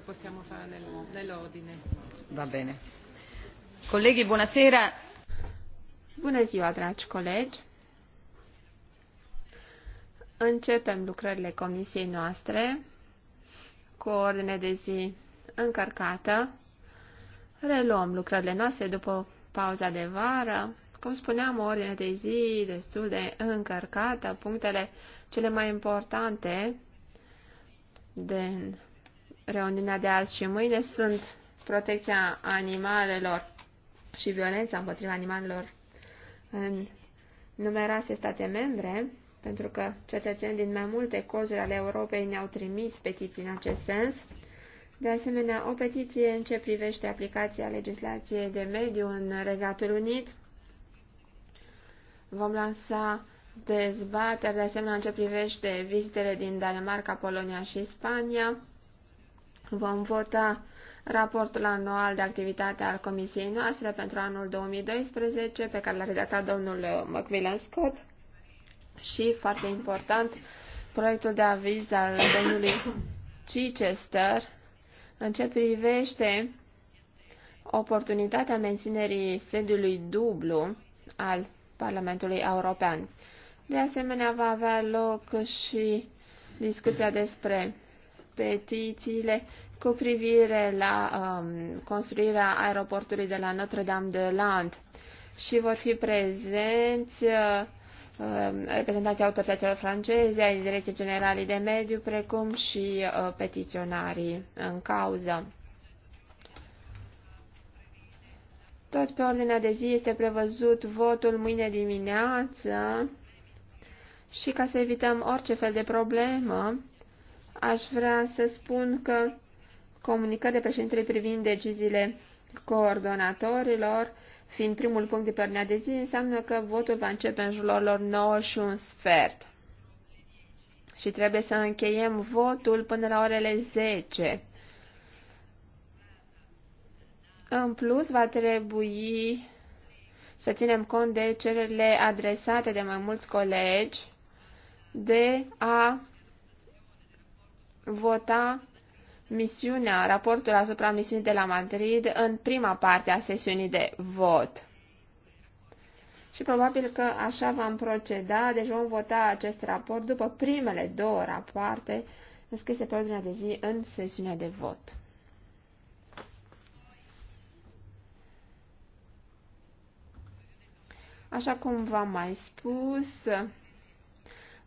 possiamo fare nel, nell'ordine. Va bene. Colleghi, buonasera. Bună ziua, dragi colegi. Începem lucrările comisiei noastre cu o ordine de zi încărcată. Reluăm lucrările noastre după pauza de vară. Cum spuneam, o ordine de zi destul de încărcată, punctele cele mai importante din reuniunea de azi și mâine sunt protecția animalelor și violența împotriva animalelor în numeroase state membre, pentru că cetățeni din mai multe cozuri ale Europei ne-au trimis petiții în acest sens. De asemenea, o petiție în ce privește aplicația legislației de mediu în Regatul Unit. Vom lansa dezbateri, de asemenea, în ce privește vizitele din Danemarca, Polonia și Spania. Vom vota raportul anual de activitate al comisiei noastre pentru anul 2012, pe care l-a redactat domnul Macmillan Scott și, foarte important, proiectul de aviz al domnului Chichester în ce privește oportunitatea menținerii sediului dublu al Parlamentului European. De asemenea, va avea loc și discuția despre petițiile cu privire la um, construirea aeroportului de la Notre-Dame-de-Land și vor fi prezenți uh, um, reprezentanții autorităților franceze, ai Direcției Generale de Mediu, precum și uh, petiționarii în cauză. Tot pe ordinea de zi este prevăzut votul mâine dimineață și ca să evităm orice fel de problemă, aș vrea să spun că comunicările președintelui privind deciziile coordonatorilor, fiind primul punct de pernea de zi, înseamnă că votul va începe în jurul lor 9 și un sfert. Și trebuie să încheiem votul până la orele 10. În plus, va trebui să ținem cont de cererile adresate de mai mulți colegi de a vota misiunea, raportul asupra misiunii de la Madrid în prima parte a sesiunii de vot. Și probabil că așa vom proceda, deci vom vota acest raport după primele două rapoarte înscrise pe ordinea de zi în sesiunea de vot. Așa cum v-am mai spus,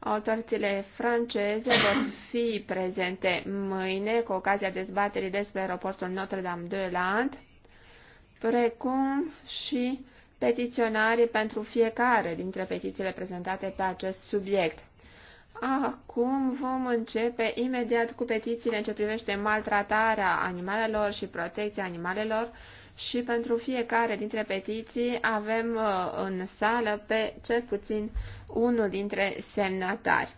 Autoritățile franceze vor fi prezente mâine cu ocazia dezbaterii despre aeroportul Notre-Dame de Land, precum și petiționarii pentru fiecare dintre petițiile prezentate pe acest subiect. Acum vom începe imediat cu petițiile în ce privește maltratarea animalelor și protecția animalelor și pentru fiecare dintre petiții avem uh, în sală pe cel puțin unul dintre semnatari.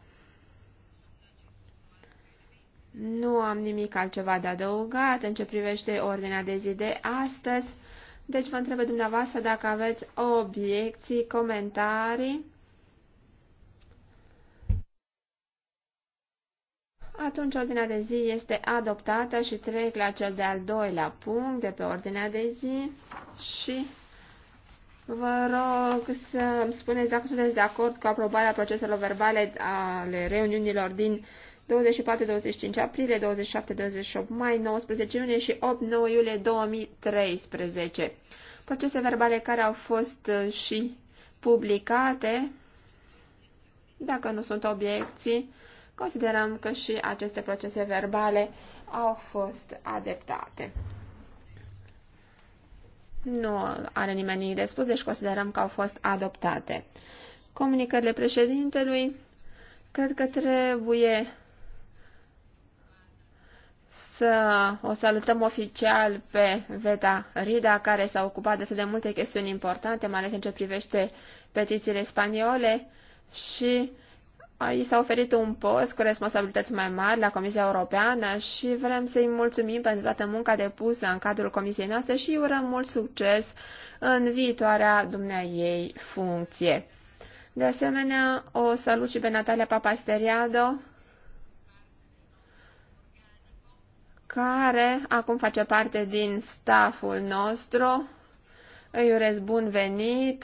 Nu am nimic altceva de adăugat în ce privește ordinea de zi de astăzi, deci vă întreb dumneavoastră dacă aveți obiecții, comentarii. Atunci ordinea de zi este adoptată și trec la cel de-al doilea punct de pe ordinea de zi și Vă rog să îmi spuneți dacă sunteți de acord cu aprobarea proceselor verbale ale reuniunilor din 24-25 aprilie, 27-28 mai, 19 iunie și 8-9 iulie 2013. Procese verbale care au fost și publicate, dacă nu sunt obiecții, considerăm că și aceste procese verbale au fost adeptate. Nu are nimeni nimic de spus, deci considerăm că au fost adoptate. Comunicările președintelui, cred că trebuie să o salutăm oficial pe Veta Rida, care s-a ocupat de atât de multe chestiuni importante, mai ales în ce privește petițiile spaniole și I s-a oferit un post cu responsabilități mai mari la Comisia Europeană și vrem să-i mulțumim pentru toată munca depusă în cadrul Comisiei noastre și urăm mult succes în viitoarea ei funcție. De asemenea, o salut și pe Natalia Papasteriado, care acum face parte din staful nostru. Îi urez bun venit!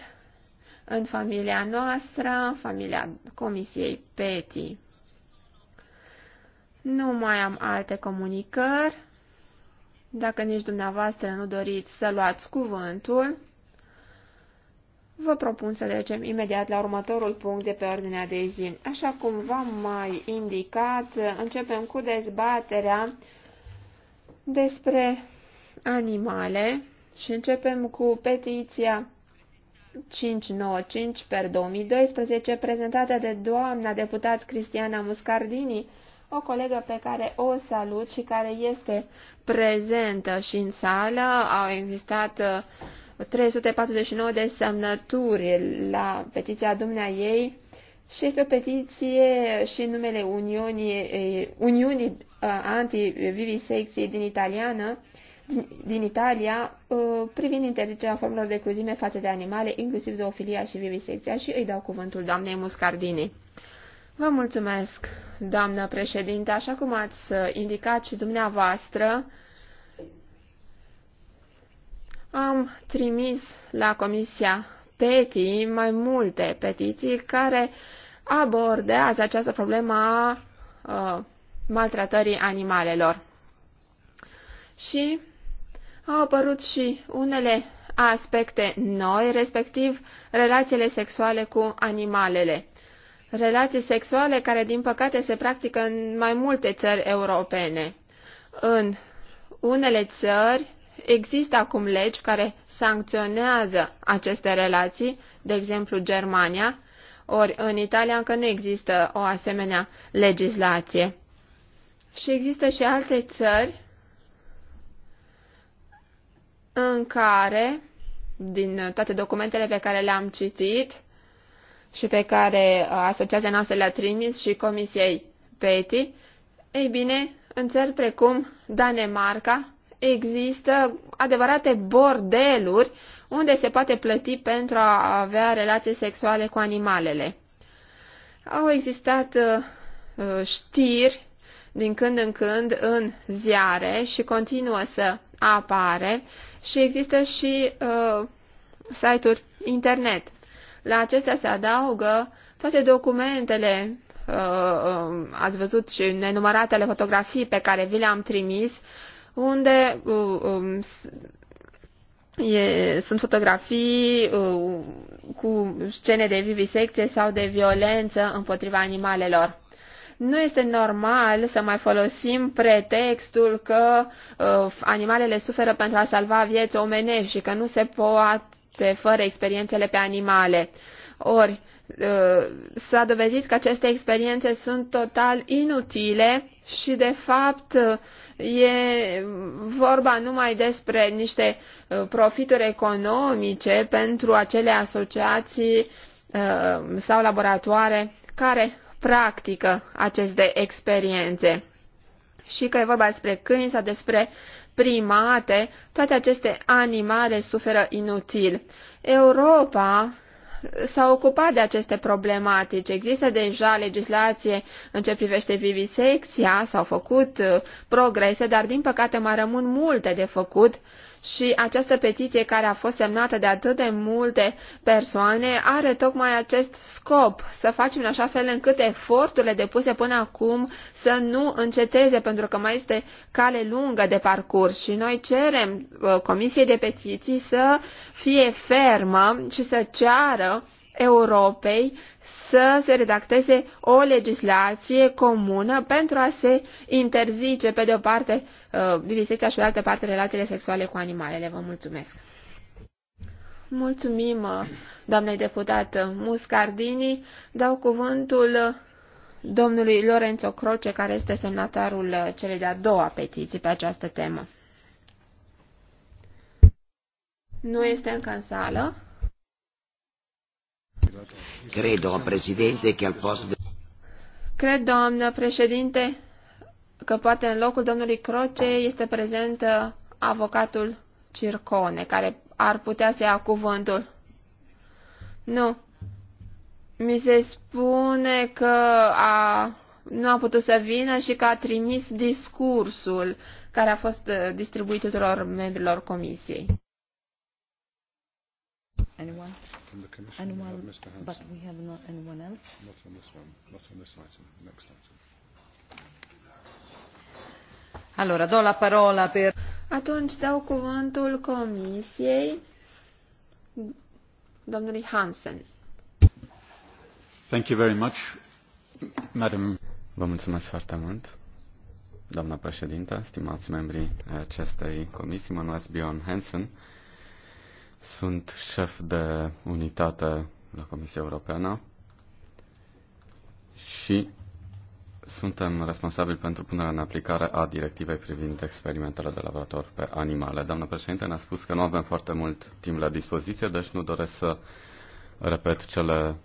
în familia noastră, în familia Comisiei PETI. Nu mai am alte comunicări. Dacă nici dumneavoastră nu doriți să luați cuvântul, vă propun să trecem imediat la următorul punct de pe ordinea de zi. Așa cum v-am mai indicat, începem cu dezbaterea despre animale și începem cu petiția 595 per 2012, prezentată de doamna deputat Cristiana Muscardini, o colegă pe care o salut și care este prezentă și în sală. Au existat 349 uh, de semnături la petiția dumnea ei și este o petiție și numele Uniunii, Uniunii uh, Anti-Vivisecției din italiană, din Italia uh, privind interzicerea formelor de cruzime față de animale, inclusiv zoofilia și vivisecția și îi dau cuvântul doamnei Muscardini. Vă mulțumesc, doamnă președinte, așa cum ați uh, indicat și dumneavoastră, am trimis la Comisia PETI mai multe petiții care abordează această problemă a, a uh, maltratării animalelor. Și au apărut și unele aspecte noi, respectiv relațiile sexuale cu animalele. Relații sexuale care, din păcate, se practică în mai multe țări europene. În unele țări există acum legi care sancționează aceste relații, de exemplu Germania, ori în Italia încă nu există o asemenea legislație. Și există și alte țări în care, din toate documentele pe care le-am citit și pe care uh, asociația noastră le-a trimis și Comisiei PETI, ei bine, în țări precum Danemarca există adevărate bordeluri unde se poate plăti pentru a avea relații sexuale cu animalele. Au existat uh, uh, știri din când în când în ziare și continuă să apare și există și uh, site-uri internet. La acestea se adaugă toate documentele, uh, ați văzut și nenumăratele fotografii pe care vi le-am trimis, unde uh, um, e, sunt fotografii uh, cu scene de vivisecție sau de violență împotriva animalelor. Nu este normal să mai folosim pretextul că uh, animalele suferă pentru a salva vieți omenești și că nu se poate fără experiențele pe animale. Ori, uh, s-a dovedit că aceste experiențe sunt total inutile și, de fapt, e vorba numai despre niște uh, profituri economice pentru acele asociații uh, sau laboratoare care practică aceste experiențe. Și că e vorba despre câini sau despre primate, toate aceste animale suferă inutil. Europa s-a ocupat de aceste problematici. Există deja legislație în ce privește vivisecția, s-au făcut uh, progrese, dar din păcate mai rămân multe de făcut și această petiție care a fost semnată de atât de multe persoane are tocmai acest scop, să facem în așa fel încât eforturile depuse până acum să nu înceteze, pentru că mai este cale lungă de parcurs și noi cerem uh, Comisiei de Petiții să fie fermă și să ceară Europei să se redacteze o legislație comună pentru a se interzice, pe de o parte, vivisecția uh, și pe de altă parte relațiile sexuale cu animalele. Vă mulțumesc! Mulțumim, uh, doamnei deputat Muscardini. Dau cuvântul domnului Lorenzo Croce, care este semnatarul uh, celei de-a doua petiții pe această temă. Nu este încă în sală. Credo, președinte, că al post de... Cred, doamnă președinte, că poate în locul domnului Croce este prezent uh, avocatul Circone, care ar putea să ia cuvântul. Nu. Mi se spune că a, nu a putut să vină și că a trimis discursul care a fost uh, distribuit tuturor membrilor comisiei. Anyone? from the Commission, anyone, we Mr. Hansen. But we have not anyone else? Not on this one. Not on this item. Next item. Allora, do la parola per... Atunci dau cuvântul Comisiei domnului Hansen. Thank you very much, madam. Vă mulțumesc foarte mult, doamna președintă, stimați membrii acestei comisii. Mă numesc Bjorn Hansen sunt șef de unitate la Comisia Europeană și suntem responsabili pentru punerea în aplicare a directivei privind experimentele de laborator pe animale. Doamna președinte ne-a spus că nu avem foarte mult timp la dispoziție, deci nu doresc să repet cele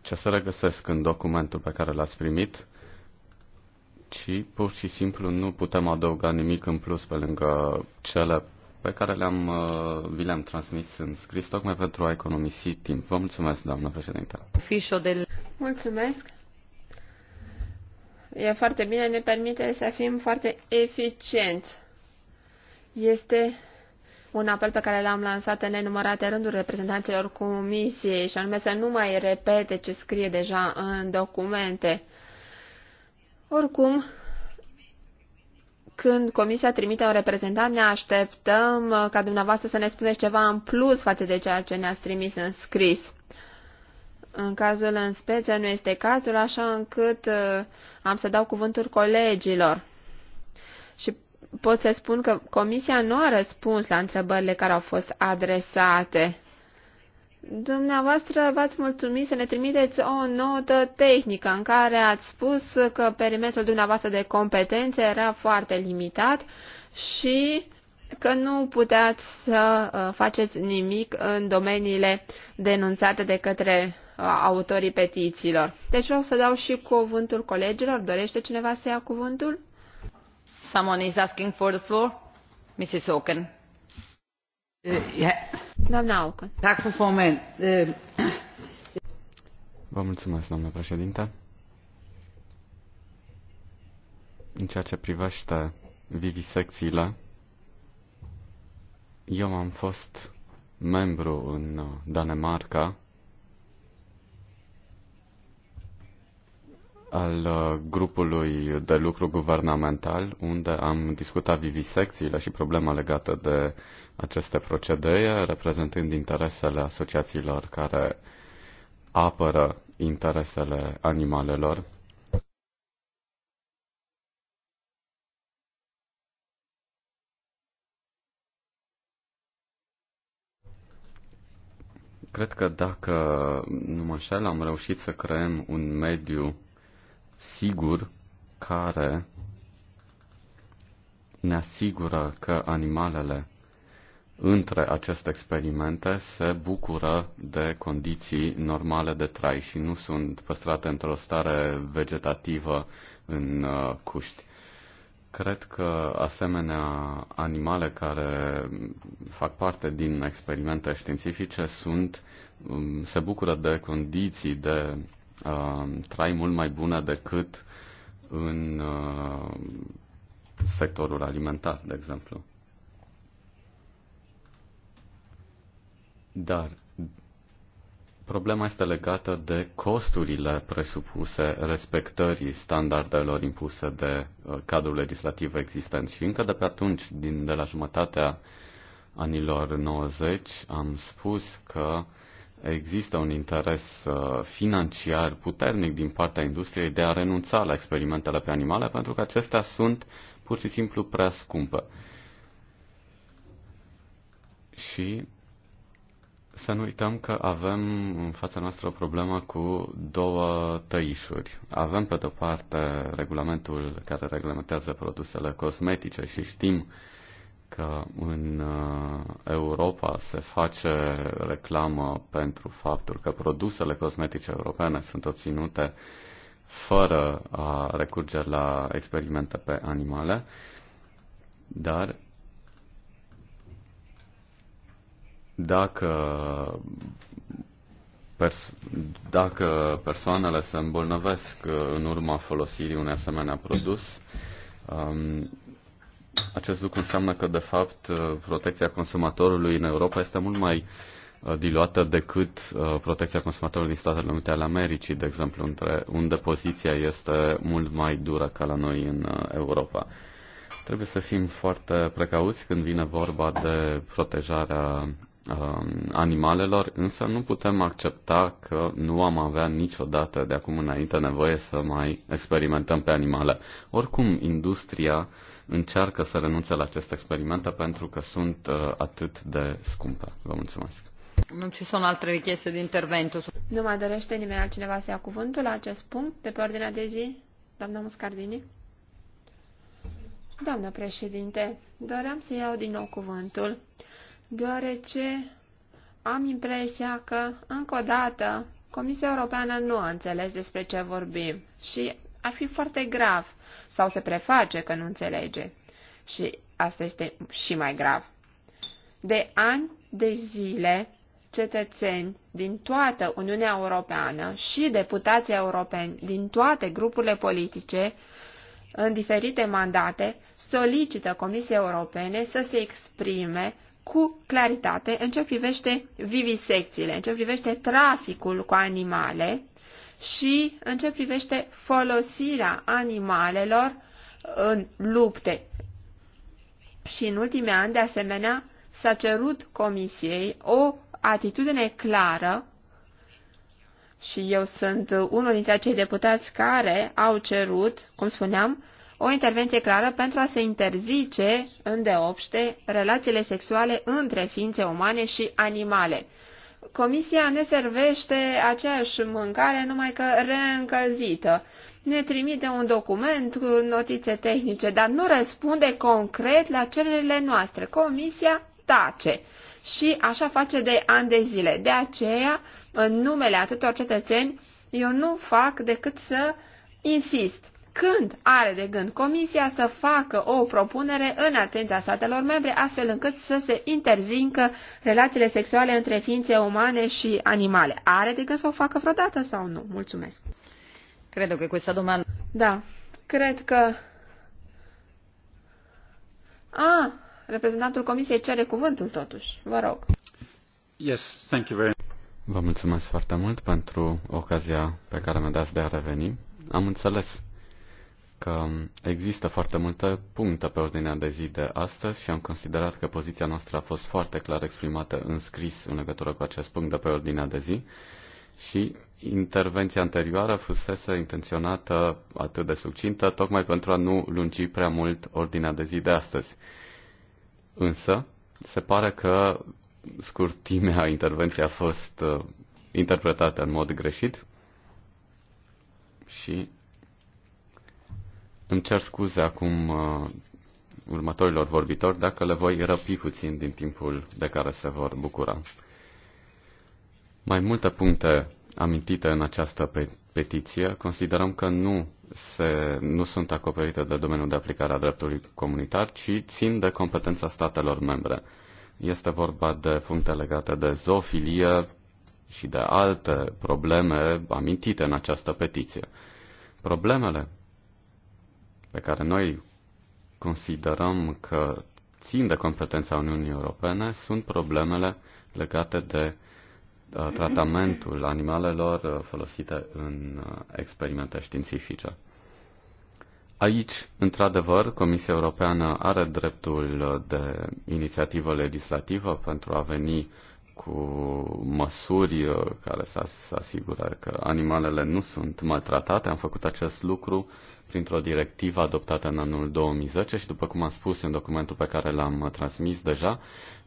ce se regăsesc în documentul pe care l-ați primit, ci pur și simplu nu putem adăuga nimic în plus pe lângă cele pe care le-am, uh, vi le-am transmis în scris tocmai pentru a economisi timp. Vă mulțumesc, doamnă președinte. Fișo de... Mulțumesc. E foarte bine, ne permite să fim foarte eficienți. Este un apel pe care l-am lansat în nenumărate rânduri reprezentanților comisiei și anume să nu mai repete ce scrie deja în documente. Oricum, când comisia trimite un reprezentant, ne așteptăm uh, ca dumneavoastră să ne spuneți ceva în plus față de ceea ce ne-ați trimis în scris. În cazul în speță nu este cazul, așa încât uh, am să dau cuvântul colegilor. Și pot să spun că comisia nu a răspuns la întrebările care au fost adresate. Dumneavoastră v-ați mulțumit să ne trimiteți o notă tehnică în care ați spus că perimetrul dumneavoastră de competențe era foarte limitat și că nu puteați să uh, faceți nimic în domeniile denunțate de către uh, autorii petițiilor. Deci vreau să dau și cuvântul colegilor. Dorește cineva să ia cuvântul? Someone is asking for the floor. Mrs. Hawken. Uh, yeah. Doamna Aucă. Vă mulțumesc, doamna președinte. În ceea ce privește vivisecțiile, eu am fost membru în Danemarca al uh, grupului de lucru guvernamental, unde am discutat vivisecțiile și problema legată de aceste procedee, reprezentând interesele asociațiilor care apără interesele animalelor. Cred că dacă nu mă am reușit să creăm un mediu sigur care ne asigură că animalele între aceste experimente se bucură de condiții normale de trai și nu sunt păstrate într-o stare vegetativă în uh, cuști. Cred că asemenea animale care fac parte din experimente științifice sunt, um, se bucură de condiții de Uh, trai mult mai bună decât în uh, sectorul alimentar, de exemplu. Dar problema este legată de costurile presupuse respectării standardelor impuse de uh, cadrul legislativ existent. Și încă de pe atunci, din, de la jumătatea anilor 90, am spus că uh, există un interes uh, financiar puternic din partea industriei de a renunța la experimentele pe animale pentru că acestea sunt pur și simplu prea scumpe. Și să nu uităm că avem în fața noastră o problemă cu două tăișuri. Avem, pe de-o parte, regulamentul care reglementează produsele cosmetice și știm uh, că în uh, Europa se face reclamă pentru faptul că produsele cosmetice europene sunt obținute fără a recurge la experimente pe animale, dar dacă, pers- dacă persoanele se îmbolnăvesc în urma folosirii unui asemenea produs, um, acest lucru înseamnă că, de fapt, uh, protecția consumatorului în Europa este mult mai uh, diluată decât uh, protecția consumatorului din Statele Unite ale Americii, de exemplu, între, unde poziția este mult mai dură ca la noi în Europa. Trebuie să fim foarte precauți când vine vorba de protejarea um, animalelor, însă nu putem accepta că nu am avea niciodată de acum înainte nevoie să mai experimentăm pe animale. Oricum, industria încearcă să renunțe la aceste experimente pentru că sunt uh, atât de scumpe. Vă mulțumesc. Nu ci sunt alte chestii de intervenție. Nu mai dorește nimeni altcineva să ia cuvântul la acest punct de pe ordinea de zi? Doamna Muscardini? Doamna președinte, doream să iau din nou cuvântul, deoarece am impresia că, încă o dată, Comisia Europeană nu a înțeles despre ce vorbim și ar fi foarte grav sau se preface că nu înțelege. Și asta este și mai grav. De ani de zile, cetățeni din toată Uniunea Europeană și deputații europeni din toate grupurile politice în diferite mandate solicită Comisiei Europene să se exprime cu claritate în ce privește vivisecțiile, în ce privește traficul cu animale și în ce privește folosirea animalelor în lupte. Și în ultimii ani, de asemenea, s-a cerut Comisiei o atitudine clară și eu sunt unul dintre acei deputați care au cerut, cum spuneam, o intervenție clară pentru a se interzice îndeopște relațiile sexuale între ființe umane și animale. Comisia ne servește aceeași mâncare, numai că reîncălzită. Ne trimite un document cu notițe tehnice, dar nu răspunde concret la cererile noastre. Comisia tace și așa face de ani de zile. De aceea, în numele atâtor cetățeni, eu nu fac decât să insist când are de gând Comisia să facă o propunere în atenția statelor membre, astfel încât să se interzincă relațiile sexuale între ființe umane și animale. Are de gând să o facă vreodată sau nu? Mulțumesc. Cred că questa domanda... Da, cred că... A, reprezentantul Comisiei cere cuvântul totuși. Vă rog. Yes, thank you very much. Vă mulțumesc foarte mult pentru ocazia pe care mi-a dat de a reveni. Am înțeles că există foarte multe puncte pe ordinea de zi de astăzi și am considerat că poziția noastră a fost foarte clar exprimată în scris în legătură cu acest punct de pe ordinea de zi și intervenția anterioară fusese intenționată atât de succintă tocmai pentru a nu lungi prea mult ordinea de zi de astăzi. Însă, se pare că scurtimea intervenției a fost uh, interpretată în mod greșit și îmi cer scuze acum uh, următorilor vorbitori dacă le voi răpi puțin din timpul de care se vor bucura. Mai multe puncte amintite în această pe- petiție considerăm că nu, se, nu sunt acoperite de domeniul de aplicare a dreptului comunitar, ci țin de competența statelor membre. Este vorba de puncte legate de zoofilie și de alte probleme amintite în această petiție. Problemele pe care noi considerăm că țin de competența Uniunii Europene sunt problemele legate de uh, tratamentul animalelor uh, folosite în uh, experimente științifice. Aici, într-adevăr, Comisia Europeană are dreptul de inițiativă legislativă pentru a veni cu măsuri care să, să asigure că animalele nu sunt maltratate. Am făcut acest lucru printr-o directivă adoptată în anul 2010 și, după cum am spus în documentul pe care l-am transmis deja,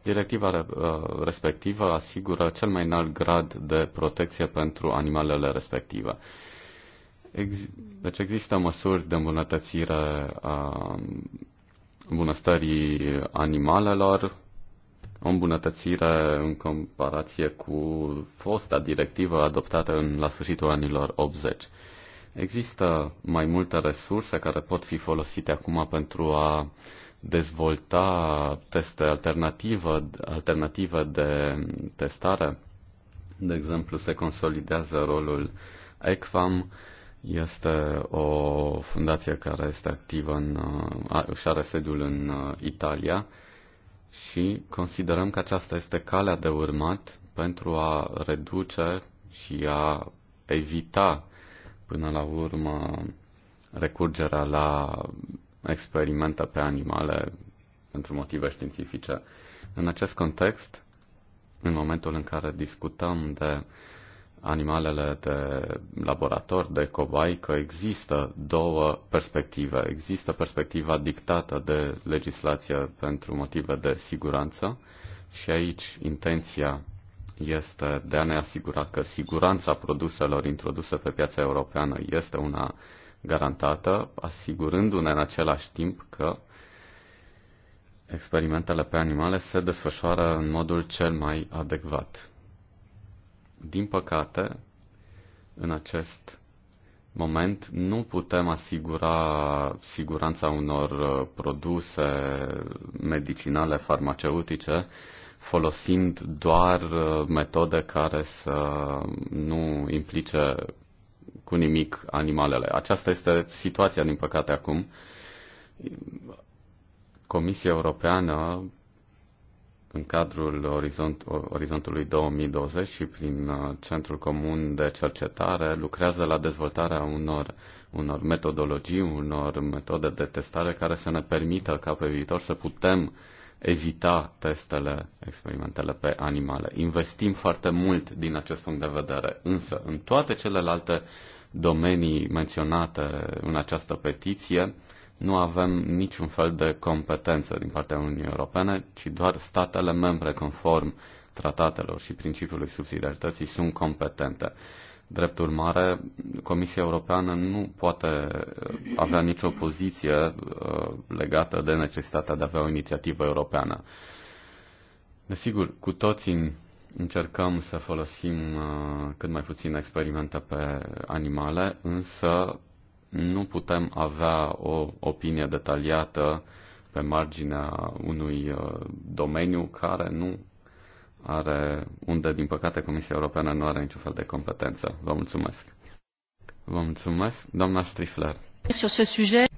directiva uh, respectivă asigură cel mai înalt grad de protecție pentru animalele respective. Deci există măsuri de îmbunătățire a bunăstării animalelor, o îmbunătățire în comparație cu fosta directivă adoptată în, la sfârșitul anilor 80. Există mai multe resurse care pot fi folosite acum pentru a dezvolta teste alternative, alternative de testare. De exemplu, se consolidează rolul ECFAM, este o fundație care este activă în, și are sediul în uh, Italia și considerăm că aceasta este calea de urmat pentru a reduce și a evita până la urmă recurgerea la experimente pe animale pentru motive științifice. În acest context, în momentul în care discutăm de animalele de laborator, de cobai, că există două perspective. Există perspectiva dictată de legislație pentru motive de siguranță și aici intenția este de a ne asigura că siguranța produselor introduse pe piața europeană este una garantată, asigurându-ne în același timp că experimentele pe animale se desfășoară în modul cel mai adecvat. Din păcate, în acest moment nu putem asigura siguranța unor produse medicinale, farmaceutice, folosind doar uh, metode care să nu implice cu nimic animalele. Aceasta este situația, din păcate, acum. Comisia Europeană, în cadrul orizont, Orizontului 2020 și prin uh, Centrul Comun de Cercetare, lucrează la dezvoltarea unor, unor metodologii, unor metode de testare care să ne permită ca pe viitor să putem uh, evita testele experimentele pe animale. Investim foarte mult din acest punct de vedere, însă în toate celelalte domenii menționate în această petiție, nu avem niciun fel de competență din partea Uniunii Europene, ci doar statele membre, conform tratatelor și principiului subsidiarității, sunt competente. Drept urmare, Comisia Europeană nu poate uh, avea nicio poziție uh, legată de necesitatea de a avea o inițiativă europeană. Desigur, cu toții încercăm să folosim uh, cât mai puțin experimente pe animale, însă nu putem avea o opinie detaliată pe marginea unui domeniu care nu are, unde, din păcate, Comisia Europeană nu are niciun fel de competență. Vă mulțumesc. Vă mulțumesc, doamna Strifler.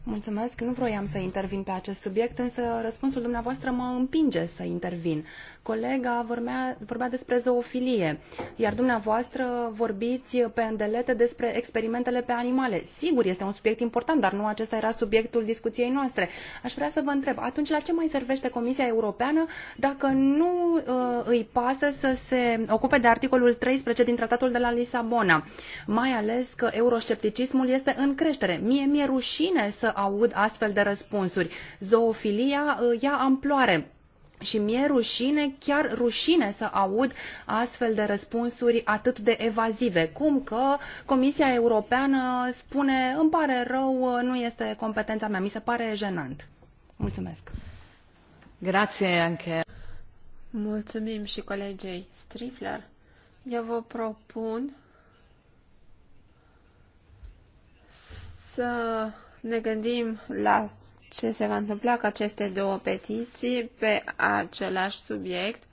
Mulțumesc, nu vroiam să intervin pe acest subiect, însă răspunsul dumneavoastră mă împinge să intervin. Colega vorbea, vorbea despre zoofilie, iar dumneavoastră vorbiți pe îndelete despre experimentele pe animale. Sigur, este un subiect important, dar nu acesta era subiectul discuției noastre. Aș vrea să vă întreb, atunci la ce mai servește Comisia Europeană dacă nu uh, îi pasă să se ocupe de articolul 13 din Tratatul de la Lisabona, mai ales că euroscepticismul este în creștere. Mie mi-e rușine să aud astfel de răspunsuri. Zoofilia ă, ia amploare. Și mi-e rușine, chiar rușine să aud astfel de răspunsuri atât de evazive, cum că Comisia Europeană spune îmi pare rău, ă, nu este competența mea, mi se pare jenant. Mulțumesc. Grație, Anche. Mulțumim și colegei Strifler. Eu vă propun să ne gândim la ce se va întâmpla cu aceste două petiții pe același subiect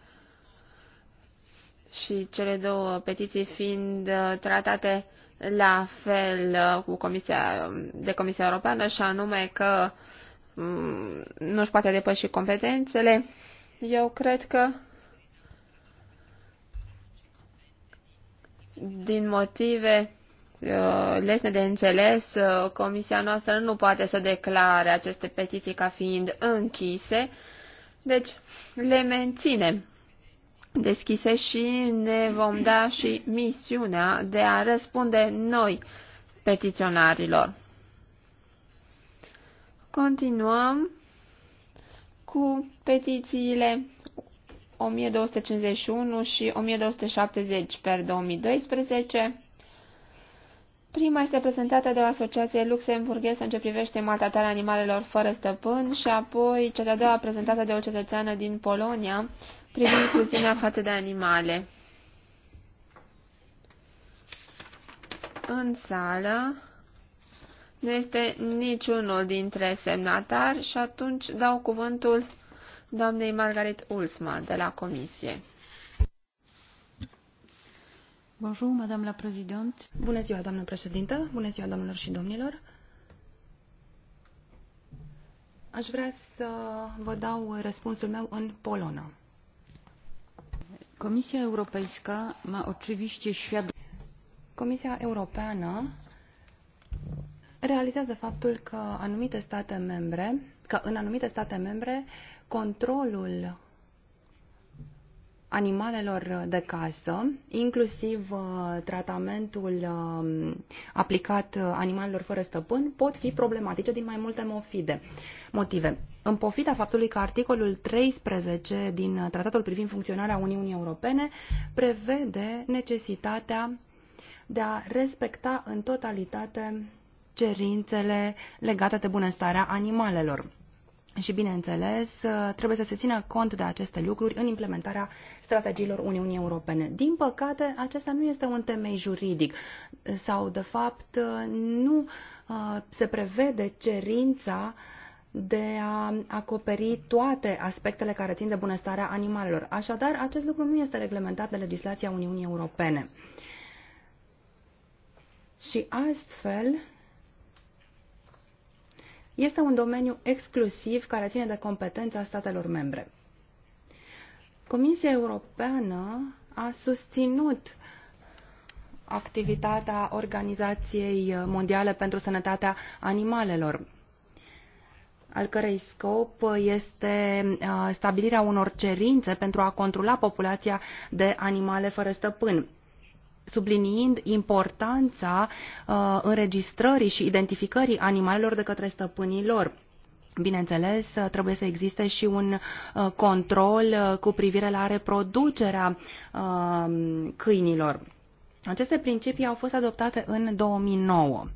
și cele două petiții fiind uh, tratate la fel uh, cu Comisia, de Comisia Europeană și anume că mm, nu își poate depăși competențele, eu cred că din motive Uh, lesne de înțeles, uh, comisia noastră nu poate să declare aceste petiții ca fiind închise, deci le menținem deschise și ne vom da și misiunea de a răspunde noi petiționarilor. Continuăm cu petițiile 1251 și 1270 per 2012 Prima este prezentată de o asociație luxemburgheză în ce privește maltratarea animalelor fără stăpân și apoi cea de-a doua prezentată de o cetățeană din Polonia privind cruzimea față de animale. În sală nu este niciunul dintre semnatari și atunci dau cuvântul doamnei Margaret Ulsma de la Comisie. Bonjour, Madame la Présidente. Bună ziua, doamnă președintă. Bună ziua, doamnelor și domnilor. Aș vrea să vă dau răspunsul meu în polonă. Comisia Europejska ma oczywiście świadomość. Comisia Europeană realizează faptul că anumite state membre, că în anumite state membre controlul animalelor de casă, inclusiv uh, tratamentul uh, aplicat uh, animalelor fără stăpân, pot fi problematice din mai multe mofide, motive. În pofida faptului că articolul 13 din Tratatul privind funcționarea Uniunii Europene prevede necesitatea de a respecta în totalitate cerințele legate de bunăstarea animalelor. Și, bineînțeles, trebuie să se țină cont de aceste lucruri în implementarea strategiilor Uniunii Europene. Din păcate, acesta nu este un temei juridic sau, de fapt, nu uh, se prevede cerința de a acoperi toate aspectele care țin de bunăstarea animalelor. Așadar, acest lucru nu este reglementat de legislația Uniunii Europene. Și astfel, este un domeniu exclusiv care ține de competența statelor membre. Comisia Europeană a susținut activitatea Organizației Mondiale pentru Sănătatea Animalelor, al cărei scop este uh, stabilirea unor cerințe pentru a controla populația de animale fără stăpân subliniind importanța uh, înregistrării și identificării animalelor de către stăpânii lor. Bineînțeles, uh, trebuie să existe și un uh, control uh, cu privire la reproducerea câinilor. Aceste principii au fost adoptate în 2009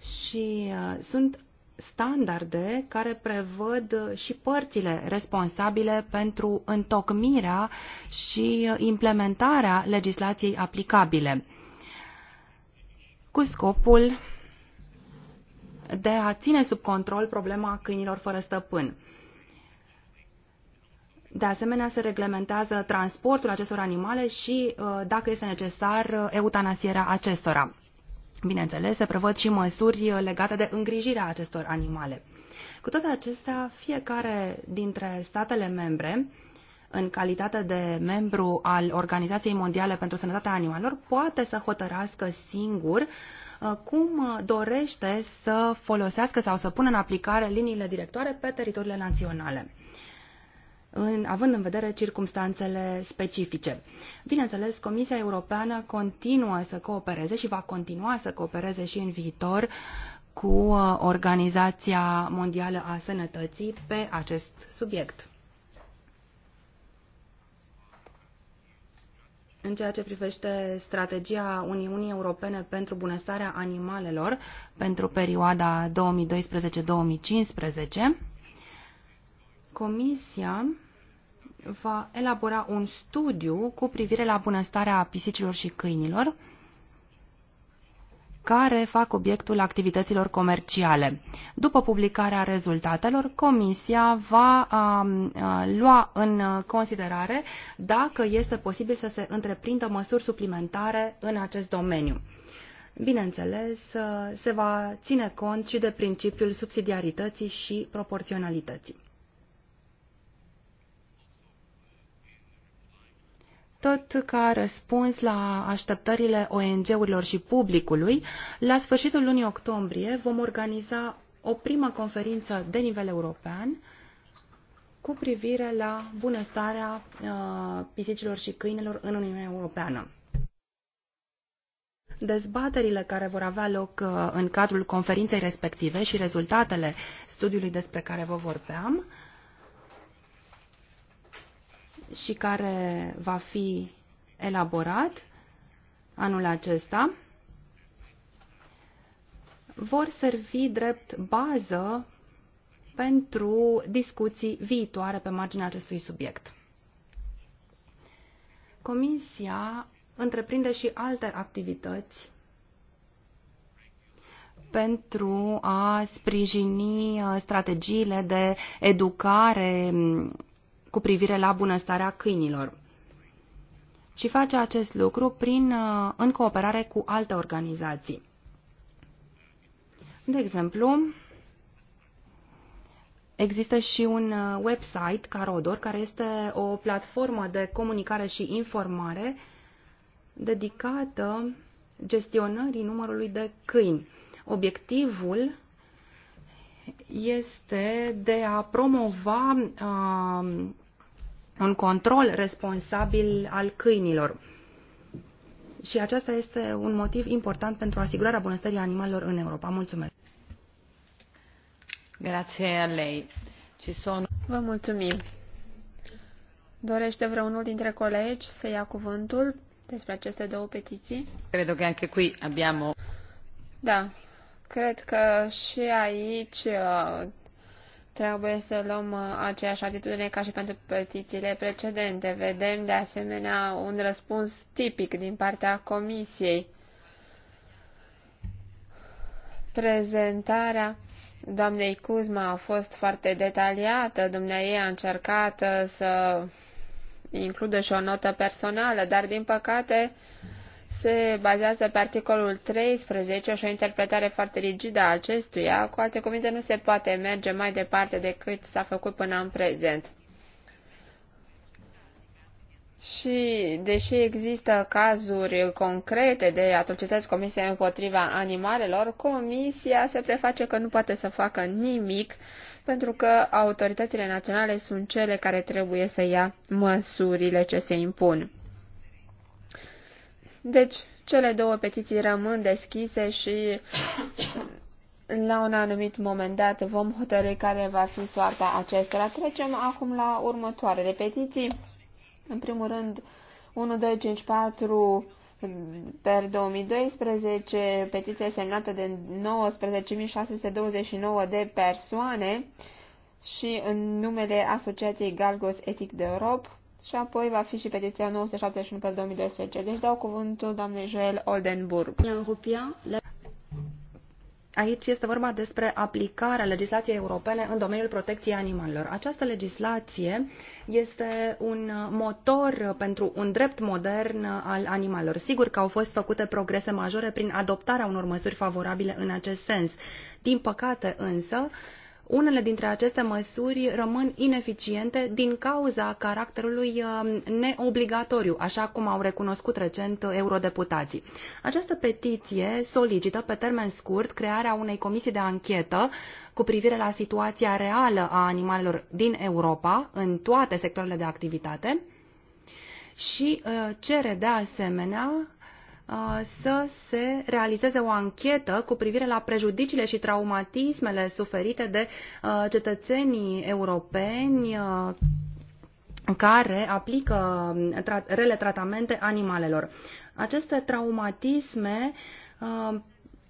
și sunt standarde care prevăd și părțile responsabile pentru întocmirea și implementarea legislației aplicabile, cu scopul de a ține sub control problema câinilor fără stăpân. De asemenea, se reglementează transportul acestor animale și, uh, dacă este necesar, uh, eutanasierea acestora. Bineînțeles, se prevăd și măsuri legate de îngrijirea acestor animale. Cu toate acestea, fiecare dintre statele membre, în calitate de membru al Organizației Mondiale pentru Sănătatea Animalelor, poate să hotărască singur uh, cum dorește să folosească sau să pună în aplicare liniile directoare pe teritoriile naționale în, având în vedere circumstanțele specifice. Bineînțeles, Comisia Europeană continuă să coopereze și va continua să coopereze și în viitor cu uh, Organizația Mondială a Sănătății pe acest subiect. În ceea ce privește strategia Uniunii Europene pentru bunăstarea animalelor pentru perioada 2012-2015, Comisia va elabora un studiu cu privire la bunăstarea pisicilor și câinilor care fac obiectul activităților comerciale. După publicarea rezultatelor, Comisia va a, um, a, uh, lua în considerare dacă este posibil să se întreprindă măsuri suplimentare în acest domeniu. Bineînțeles, uh, se va ține cont și de principiul subsidiarității și proporționalității. tot ca răspuns la așteptările ONG-urilor și publicului, la sfârșitul lunii octombrie vom organiza o primă conferință de nivel european cu privire la bunăstarea uh, pisicilor și câinilor în Uniunea Europeană. Dezbaterile care vor avea loc uh, în cadrul conferinței respective și rezultatele studiului despre care vă vorbeam și care va fi elaborat anul acesta vor servi drept bază pentru discuții viitoare pe marginea acestui subiect. Comisia întreprinde și alte activități pentru a sprijini uh, strategiile de educare mm, cu privire la bunăstarea câinilor. Și face acest lucru prin, uh, în cooperare cu alte organizații. De exemplu, Există și un uh, website, Carodor, care este o platformă de comunicare și informare dedicată gestionării numărului de câini. Obiectivul este de a promova uh, un control responsabil al câinilor. Și aceasta este un motiv important pentru asigurarea bunăstării animalelor în Europa. Mulțumesc! Grazie a lei. Ci sono... Vă mulțumim! Dorește vreunul dintre colegi să ia cuvântul despre aceste două petiții? Cred că anche qui abbiamo... Da, cred că și aici uh, trebuie să luăm uh, aceeași atitudine ca și pentru petițiile precedente. Vedem de asemenea un răspuns tipic din partea Comisiei. Prezentarea doamnei Cuzma a fost foarte detaliată, dumnea ei a încercat uh, să includă și o notă personală, dar din păcate se bazează pe articolul 13 și o interpretare foarte rigidă a acestuia. Cu alte cuvinte, nu se poate merge mai departe decât s-a făcut până în prezent. Și, deși există cazuri concrete de atrocități comise împotriva animalelor, Comisia se preface că nu poate să facă nimic pentru că autoritățile naționale sunt cele care trebuie să ia măsurile ce se impun. Deci, cele două petiții rămân deschise și la un anumit moment dat vom hotărâi care va fi soarta acestora. Trecem acum la următoarele petiții. În primul rând, 1254 per 2012, petiție semnată de 19.629 de persoane și în numele Asociației Galgos Etic de Europe, și apoi va fi și petiția 971 pe 2012. Deci dau cuvântul doamnei Joel Oldenburg. Aici este vorba despre aplicarea legislației europene în domeniul protecției animalelor. Această legislație este un motor pentru un drept modern al animalelor. Sigur că au fost făcute progrese majore prin adoptarea unor măsuri favorabile în acest sens. Din păcate însă, unele dintre aceste măsuri rămân ineficiente din cauza caracterului um, neobligatoriu, așa cum au recunoscut recent eurodeputații. Această petiție solicită pe termen scurt crearea unei comisii de anchetă cu privire la situația reală a animalelor din Europa în toate sectoarele de activitate și uh, cere de asemenea Uh, să se realizeze o anchetă cu privire la prejudiciile și traumatismele suferite de uh, cetățenii europeni uh, care aplică rele tratamente animalelor. Aceste traumatisme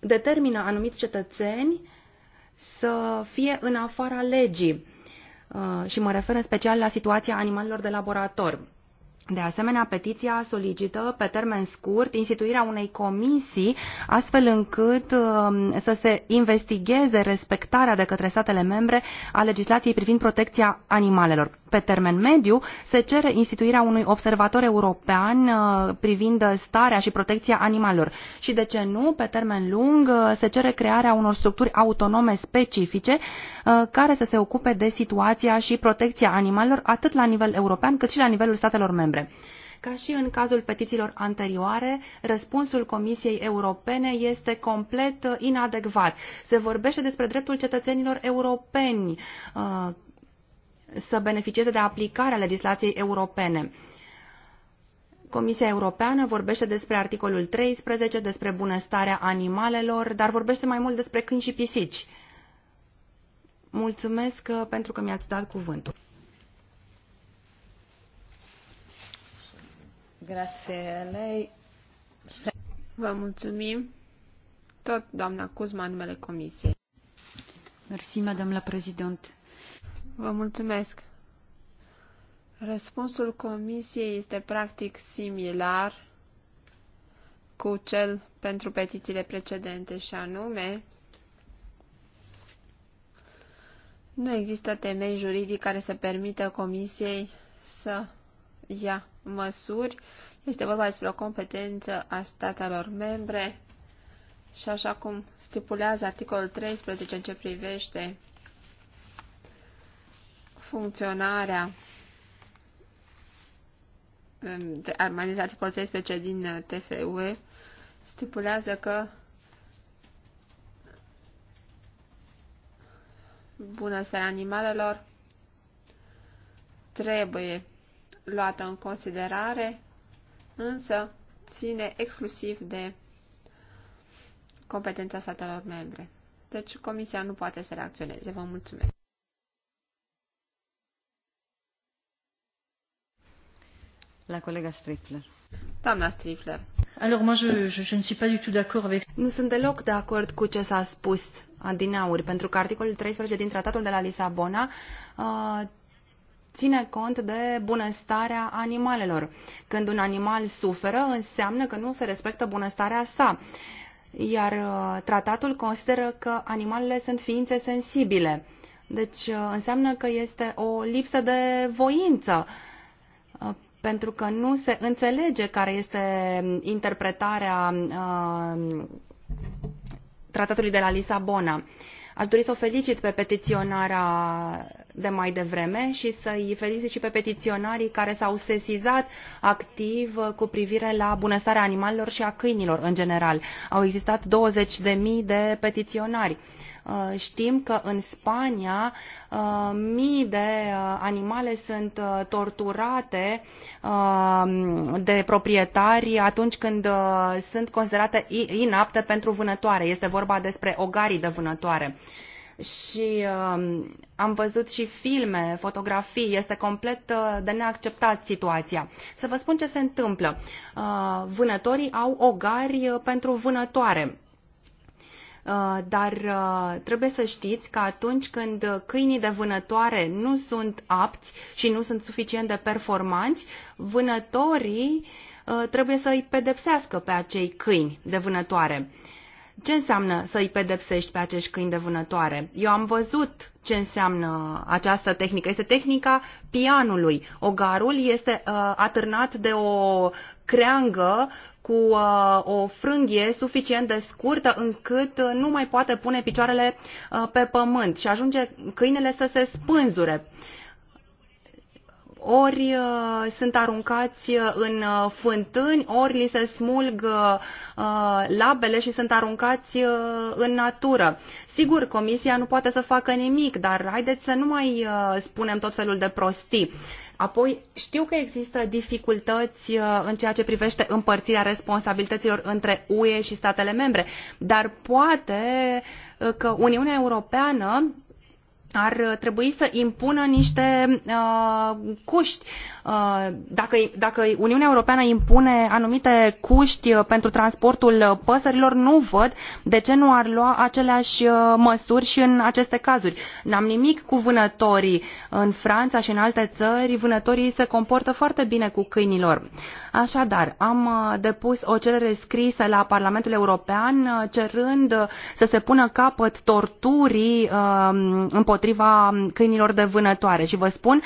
determină anumiți cetățeni să fie în afara legii și mă refer în special la situația animalelor de laborator. De asemenea, petiția solicită pe termen scurt instituirea unei comisii astfel încât um, să se investigheze respectarea de către statele membre a legislației privind protecția animalelor pe termen mediu, se cere instituirea unui observator european uh, privind starea și protecția animalelor. Și de ce nu, pe termen lung, uh, se cere crearea unor structuri autonome specifice uh, care să se ocupe de situația și protecția animalelor atât la nivel european cât și la nivelul statelor membre. Ca și în cazul petițiilor anterioare, răspunsul Comisiei Europene este complet inadecvat. Se vorbește despre dreptul cetățenilor europeni să beneficieze de aplicarea legislației europene. Comisia Europeană vorbește despre articolul 13, despre bunăstarea animalelor, dar vorbește mai mult despre câini și pisici. Mulțumesc uh, pentru că mi-ați dat cuvântul. Vă mulțumim. Tot doamna Cuzma, numele Comisiei. Mersi, la președinte. Vă mulțumesc. Răspunsul comisiei este practic similar cu cel pentru petițiile precedente și anume nu există temei juridic care să permită comisiei să ia măsuri. Este vorba despre o competență a statelor membre și așa cum stipulează articolul 13 în ce privește funcționarea armonizat articolul 13 din uh, TFUE stipulează că bunăstarea animalelor trebuie luată în considerare, însă ține exclusiv de competența statelor membre. Deci Comisia nu poate să reacționeze. Vă mulțumesc. la colega Strifler. Doamna Strifler. Alors, moi, je, je, je ne suis pas du tout d'accord avec... Nu sunt deloc de acord cu ce s-a spus adinauri, pentru că articolul 13 din tratatul de la Lisabona uh, ține cont de bunăstarea animalelor. Când un animal suferă, înseamnă că nu se respectă bunăstarea sa. Iar uh, tratatul consideră că animalele sunt ființe sensibile. Deci uh, înseamnă că este o lipsă de voință uh, pentru că nu se înțelege care este interpretarea uh, tratatului de la Lisabona. Aș dori să o felicit pe petiționarea de mai devreme și să-i felicit și pe petiționarii care s-au sesizat activ cu privire la bunăstarea animalelor și a câinilor în general. Au existat 20.000 de petiționari. Uh, Uh, știm că în Spania uh, mii de uh, animale sunt torturate de proprietari atunci când sunt considerate inapte pentru vânătoare. Este vorba despre ogarii de vânătoare și uh, am văzut și filme, fotografii, este complet uh, de neacceptat situația. Să vă spun ce se întâmplă. Uh, vânătorii au ogari pentru vânătoare Uh, dar uh, trebuie să știți că atunci când câinii de vânătoare nu sunt apți și nu sunt suficient de performanți, vânătorii uh, trebuie să îi pedepsească pe acei câini de vânătoare. Ce înseamnă să îi pedepsești pe acești câini de vânătoare? Eu am văzut ce înseamnă această tehnică. Este tehnica pianului. Ogarul este uh, atârnat de o creangă cu uh, o frânghie suficient de scurtă încât uh, nu mai poate pune picioarele uh, pe pământ și ajunge câinele să se spânzure. Uh, ori uh, sunt aruncați uh, în uh, fântâni, ori li se smulg labele și sunt aruncați în natură. Sigur, comisia nu poate să facă nimic, dar haideți să nu mai spunem tot felul de prostii. Apoi, știu că există dificultăți în ceea ce privește împărțirea responsabilităților între UE și statele membre, dar poate că Uniunea Europeană ar trebui să impună niște uh, cuști Uh, dacă, dacă Uniunea Europeană impune anumite cuști uh, pentru transportul uh, păsărilor, nu văd de ce nu ar lua aceleași măsuri și în aceste cazuri. N-am nimic cu vânătorii. În Franța și în alte țări, vânătorii se comportă foarte bine cu câinilor. Așadar, am depus o cerere scrisă la Parlamentul European cerând să se pună capăt torturii împotriva um, câinilor de vânătoare. Și vă spun,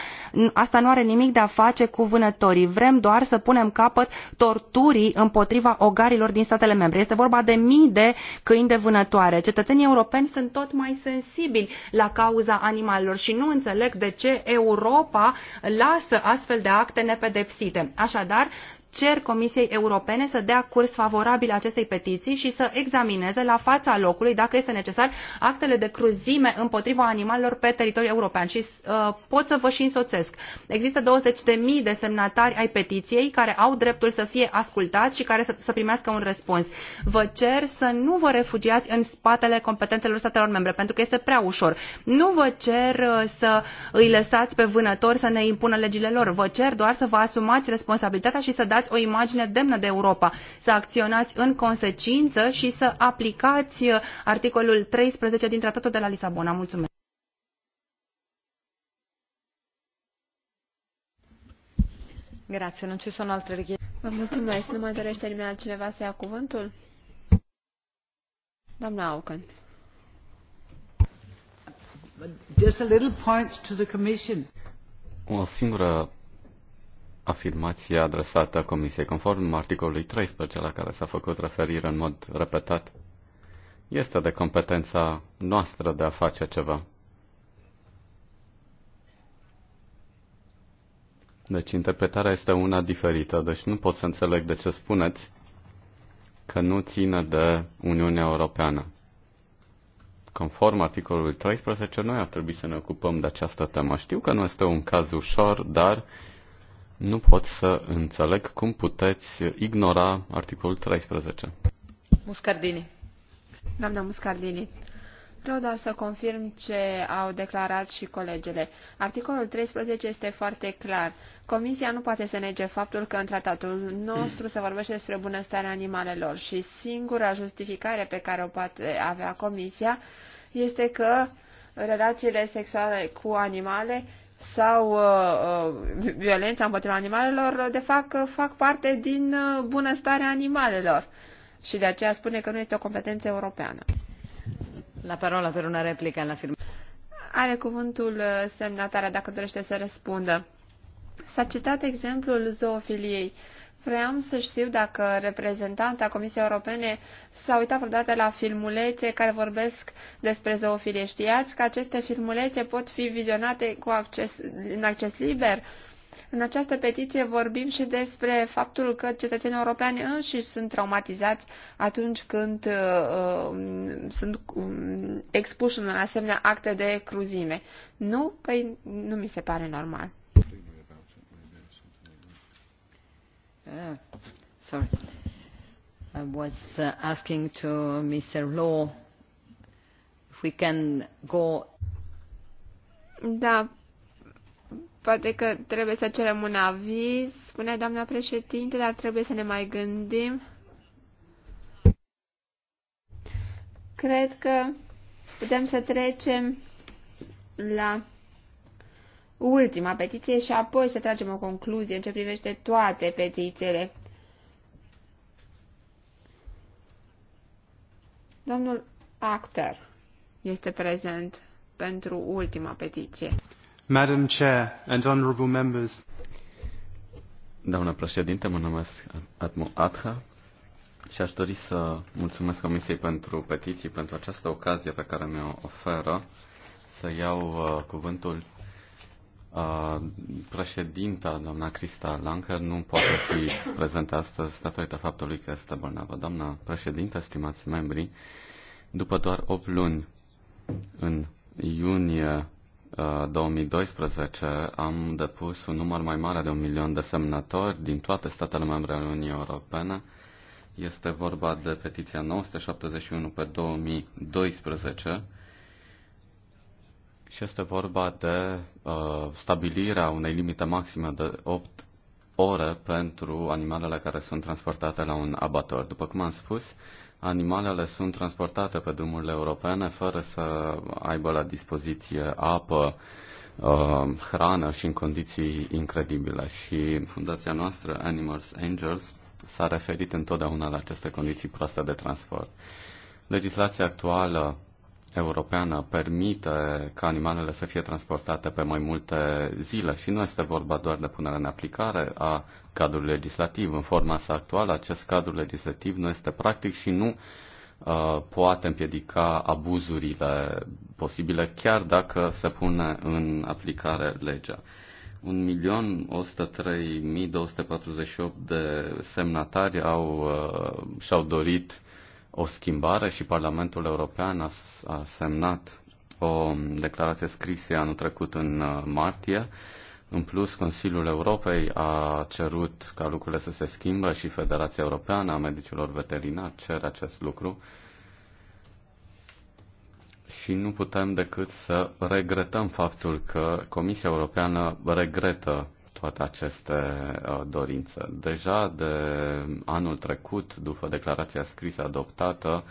asta nu are nimic de a face face cu vânătorii. Vrem doar să punem capăt torturii împotriva ogarilor din statele membre. Este vorba de mii de câini de vânătoare. Cetățenii europeni sunt tot mai sensibili la cauza animalelor și nu înțeleg de ce Europa lasă astfel de acte nepedepsite. Așadar, cer Comisiei Europene să dea curs favorabil acestei petiții și să examineze la fața locului, dacă este necesar, actele de cruzime împotriva animalelor pe teritoriul european. Și uh, pot să vă și însoțesc. Există 20.000 de semnatari ai petiției care au dreptul să fie ascultați și care să, să primească un răspuns. Vă cer să nu vă refugiați în spatele competențelor statelor membre, pentru că este prea ușor. Nu vă cer uh, să îi lăsați pe vânători să ne impună legile lor. Vă cer doar să vă asumați responsabilitatea și să dați creați o imagine demnă de Europa, să acționați în consecință și să aplicați uh, articolul 13 din Tratatul de la Lisabona. Mulțumesc! Grazie, non ci sono altre richieste. Vă mulțumesc. Nu mai dorește nimeni altcineva să ia cuvântul? Doamna Auken. Just a little point to the commission. O singola afirmație adresată Comisiei, conform articolului 13 la care s-a făcut referire în mod repetat, este de competența noastră de a face ceva. Deci interpretarea este una diferită, deci nu pot să înțeleg de ce spuneți că nu ține de Uniunea Europeană. Conform articolului 13, noi ar trebui să ne ocupăm de această temă. Știu că nu este un caz ușor, dar uh, nu pot să înțeleg cum puteți ignora articolul 13. Muscardini. Doamna Muscardini, Vreau doar să confirm ce au declarat și colegele. Articolul 13 este foarte clar. Comisia nu poate să nege faptul că în tratatul nostru se vorbește despre bunăstarea animalelor și singura justificare pe care o poate avea Comisia este că relațiile sexuale cu animale sau uh, uh, violența împotriva animalelor, uh, de fapt, uh, fac parte din bunăstarea animalelor. Și de aceea spune că nu este o competență europeană. La parola per una replică la firma. Are cuvântul semnatarea dacă dorește să răspundă. S-a citat exemplul zoofiliei. Uh, Vreau să știu dacă reprezentanta Comisiei Europene s-a uitat vreodată la filmulețe care vorbesc despre zoofilie. Știați că aceste filmulețe pot fi vizionate cu acces, în acces liber? În această petiție vorbim și despre faptul că cetățenii europeni înșiși sunt traumatizați atunci când uh, um, sunt um, expuși în asemenea acte de cruzime. Nu? Păi nu mi se pare normal. Uh, sorry. I was uh, asking to Mr. Law if we can go... Da, poate că trebuie să cerem un aviz, spune doamna președinte, dar trebuie să ne mai gândim. Cred că putem să trecem la ultima petiție și apoi să tragem o concluzie în ce privește toate petițiile. Domnul Acter este prezent pentru ultima petiție. Madam Chair and honorable members. Doamna președinte, mă numesc admo Adha și aș dori să mulțumesc Comisiei pentru petiții, pentru această ocazie pe care mi-o oferă să iau uh, cuvântul Președinta, doamna Crista Lancă, nu poate fi prezentă astăzi datorită faptului că este bolnavă. Doamna președintă, stimați membri, după doar 8 luni, în iunie 2012, am depus un număr mai mare de un milion de semnători din toate statele membre ale Uniunii Europene. Este vorba de petiția 971 pe 2012, și este vorba de uh, stabilirea unei limite maxime de 8 ore pentru animalele care sunt transportate la un abator. După cum am spus, animalele sunt transportate pe drumurile europene fără să aibă la dispoziție apă, uh, hrană și în condiții incredibile. Și fundația noastră, Animals Angels, s-a referit întotdeauna la aceste condiții proaste de transport. Legislația actuală europeană permite ca animalele să fie transportate pe mai multe zile și nu este vorba doar de punerea în aplicare a cadrului legislativ. În forma sa actuală, acest cadru legislativ nu este practic și nu uh, poate împiedica abuzurile posibile, chiar dacă se pune în aplicare legea. 1.103.248 de semnatari au, uh, și-au dorit uh, o schimbare și Parlamentul European a, a semnat o declarație scrisă anul trecut în uh, martie. În plus, Consiliul Europei a cerut ca lucrurile să se schimbă și Federația Europeană a Medicilor Veterinari cere acest lucru și nu putem decât să regretăm faptul că Comisia Europeană regretă toate aceste uh, dorințe. Deja de anul trecut, după declarația scrisă adoptată,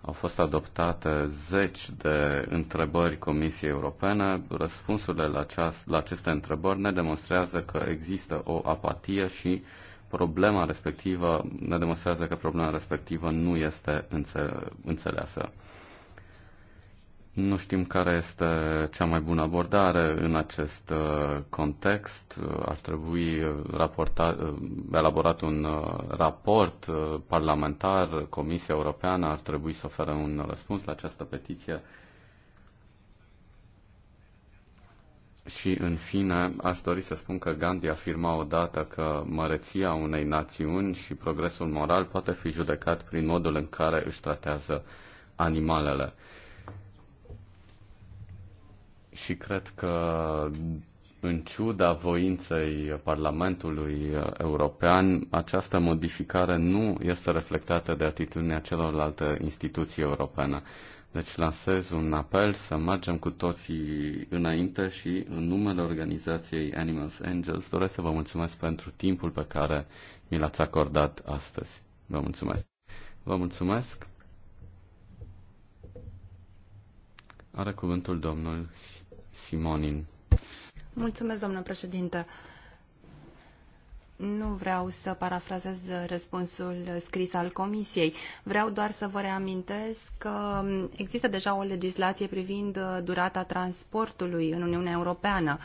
au fost adoptate zeci de întrebări Comisiei Europene. Răspunsurile la, aceast, la aceste întrebări ne demonstrează că există o apatie și problema respectivă ne demonstrează că problema respectivă nu este înțeleasă. Nu știm care este cea mai bună abordare în acest uh, context. Uh, ar trebui uh, raporta, elaborat un raport parlamentar, Comisia Europeană ar trebui să ofere un răspuns la această petiție. Și, în fine, aș dori să spun că Gandhi afirma odată că măreția unei națiuni și progresul moral poate fi judecat prin modul în care își tratează animalele și cred că în ciuda voinței Parlamentului European, această modificare nu este reflectată de atitudinea celorlalte instituții europene. Deci lansez un apel să mergem cu toții înainte și în numele organizației Animals Angels doresc să vă mulțumesc pentru timpul pe care mi l-ați acordat astăzi. Vă mulțumesc. Vă mulțumesc. Are cuvântul domnul Simonin. Mulțumesc, domnule președinte. Nu vreau să parafrazez răspunsul scris al Comisiei. Vreau doar să vă reamintesc că există deja o legislație privind durata transportului în Uniunea Europeană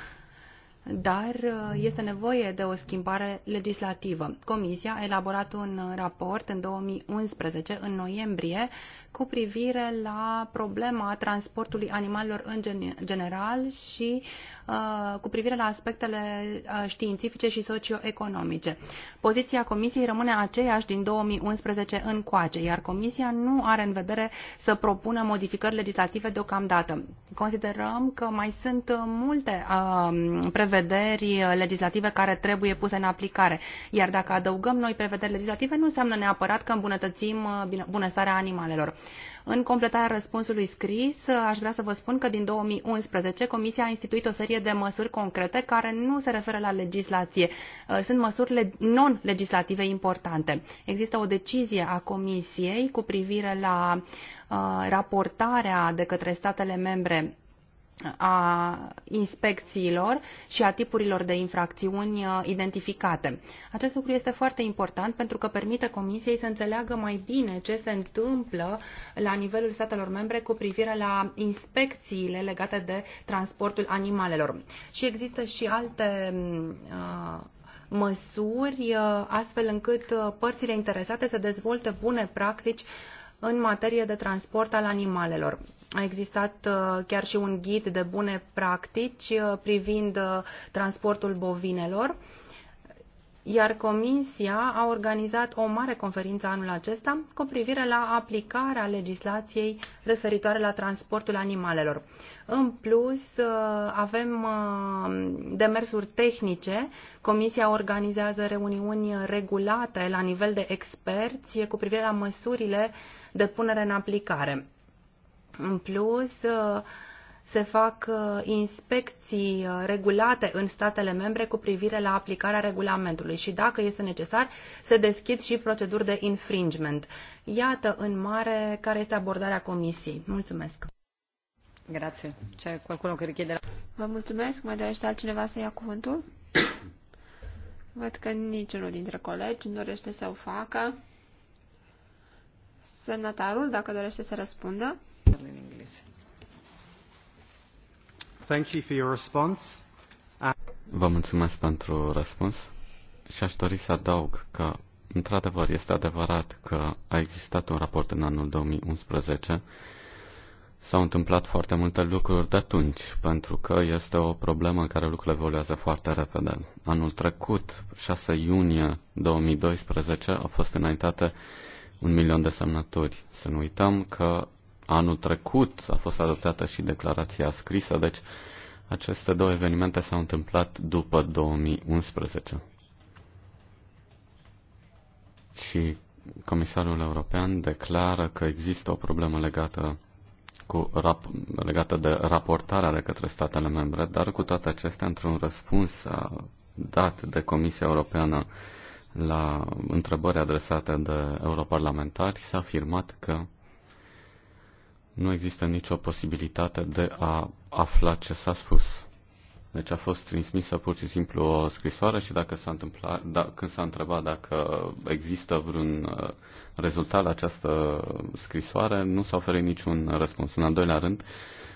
dar uh, este nevoie de o schimbare legislativă. Comisia a elaborat un uh, raport în 2011, în noiembrie, cu privire la problema transportului animalelor în general și uh, cu privire la aspectele uh, științifice și socioeconomice. Poziția Comisiei rămâne aceeași din 2011 încoace, iar Comisia nu are în vedere să propună modificări legislative deocamdată. Considerăm că mai sunt multe uh, prevederi prevederi uh, legislative care trebuie puse în aplicare. Iar dacă adăugăm noi prevederi legislative, nu înseamnă neapărat că îmbunătățim uh, bunăstarea animalelor. În completarea răspunsului scris, uh, aș vrea să vă spun că din 2011 Comisia a instituit o serie de măsuri concrete care nu se referă la legislație. Sunt măsuri non-legislative importante. Există o decizie a Comisiei cu privire la raportarea de către statele membre a inspecțiilor și a tipurilor de infracțiuni uh, identificate. Acest lucru este foarte important pentru că permite Comisiei să înțeleagă mai bine ce se întâmplă la nivelul statelor membre cu privire la inspecțiile legate de transportul animalelor. Și există și alte mm, uh, măsuri uh, astfel încât părțile interesate să dezvolte bune practici în materie de transport al animalelor. A existat uh, chiar și un ghid de bune practici uh, privind uh, transportul bovinelor iar Comisia a organizat o mare conferință anul acesta cu privire la aplicarea legislației referitoare la transportul animalelor. În plus, uh, avem uh, demersuri tehnice. Comisia organizează reuniuni regulate la nivel de experți cu privire la măsurile de punere în aplicare. În plus, uh, se fac uh, inspecții uh, regulate în statele membre cu privire la aplicarea regulamentului și, dacă este necesar, se deschid și proceduri de infringement. Iată, în mare, care este abordarea Comisiei. Mulțumesc! Grație. C'è qualcuno che richiede la... Vă mulțumesc. Mai dorește altcineva să ia cuvântul? Văd că niciunul dintre colegi nu dorește să o facă. Semnatarul, dacă dorește să răspundă. Thank you for your response. Vă mulțumesc pentru răspuns și aș dori să adaug că, într-adevăr, este adevărat că a existat un raport în anul 2011. S-au întâmplat foarte multe lucruri de atunci, pentru că este o problemă în care lucrurile evoluează foarte repede. Anul trecut, 6 iunie 2012, au fost înaintate un milion de semnături. Să nu uităm că anul trecut a fost adoptată și declarația scrisă, deci aceste două evenimente s-au întâmplat după 2011. Și Comisarul European declară că există o problemă legată, cu rap- legată de raportarea de către statele membre, dar cu toate acestea, într-un răspuns dat de Comisia Europeană la întrebări adresate de europarlamentari, s-a afirmat că nu există nicio posibilitate de a afla ce s-a spus. Deci a fost transmisă pur și simplu o scrisoare și dacă s-a întâmplat, da, când s-a întrebat dacă există vreun uh, rezultat la această scrisoare, nu s-a oferit niciun răspuns. În al doilea rând,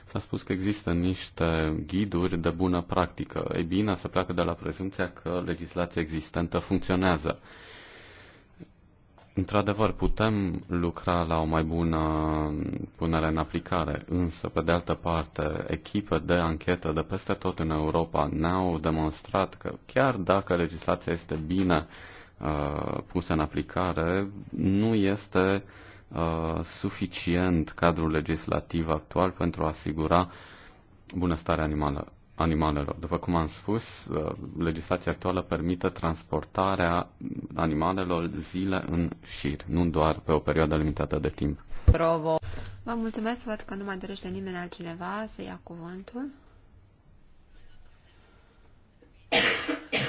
s-a spus că există niște ghiduri de bună practică. Ei bine, se pleacă de la prezumția că legislația existentă funcționează. Într-adevăr, putem lucra la o mai bună punere în aplicare, însă, pe de altă parte, echipe de anchetă de peste tot în Europa ne-au demonstrat că chiar dacă legislația este bine uh, pusă în aplicare, nu este uh, suficient cadrul legislativ actual pentru a asigura bunăstarea animală animalelor. După cum am spus, uh, legislația actuală permite transportarea animalelor zile în șir, nu doar pe o perioadă limitată de timp. Bravo! Vă mulțumesc, văd că nu mai dorește nimeni altcineva să ia cuvântul.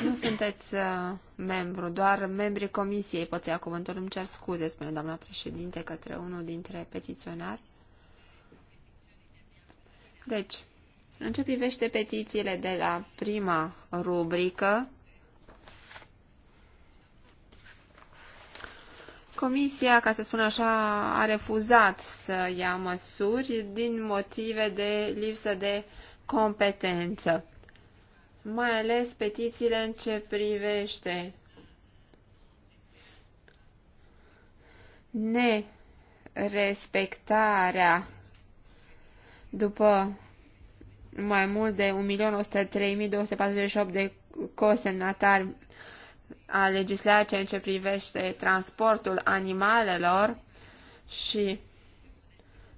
nu sunteți uh, membru, doar membrii comisiei pot să ia cuvântul. Îmi cer scuze, spune doamna președinte, către unul dintre petiționari. Deci, în ce privește petițiile de la prima rubrică, Comisia, ca să spun așa, a refuzat să ia măsuri din motive de lipsă de competență, mai ales petițiile în ce privește nerespectarea după mai mult de 1.103.248 de cosemnatari a legislației în ce privește transportul animalelor și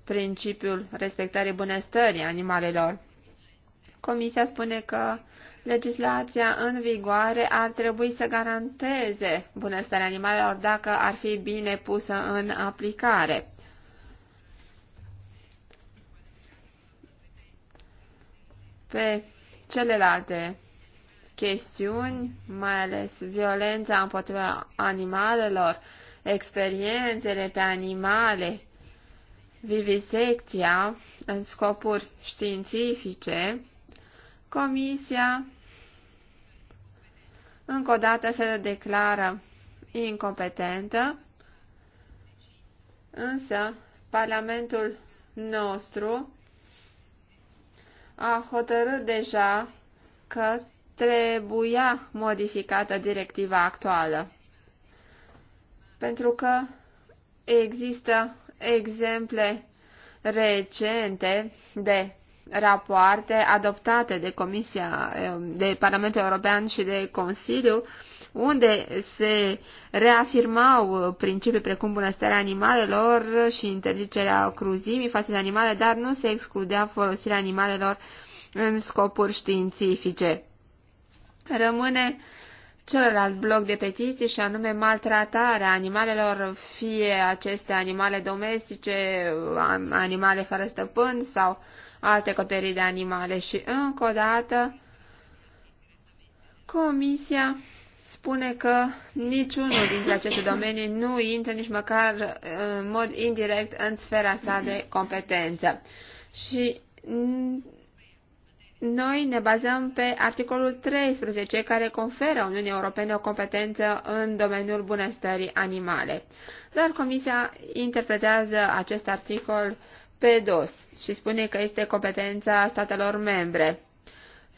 principiul respectării bunăstării animalelor. Comisia spune că legislația în vigoare ar trebui să garanteze bunăstarea animalelor dacă ar fi bine pusă în aplicare. Pe celelalte chestiuni, mai ales violența împotriva animalelor, experiențele pe animale, vivisecția în scopuri științifice, comisia încă o dată se declară incompetentă, însă Parlamentul nostru a hotărât deja că trebuia modificată directiva actuală. Pentru că există exemple recente de rapoarte adoptate de Comisia de Parlamentul European și de Consiliu unde se reafirmau principii precum bunăstarea animalelor și interzicerea cruzimii față de animale, dar nu se excludea folosirea animalelor în scopuri științifice. Rămâne celălalt bloc de petiții și anume maltratarea animalelor, fie aceste animale domestice, animale fără stăpân sau alte coterii de animale. Și încă o dată, Comisia spune că niciunul dintre aceste domenii nu intră nici măcar uh, în mod indirect în sfera sa de competență. Și noi ne bazăm pe articolul 13 care conferă Uniunii Europene o competență în domeniul bunăstării animale. Dar Comisia interpretează acest articol pe dos și spune că este competența statelor membre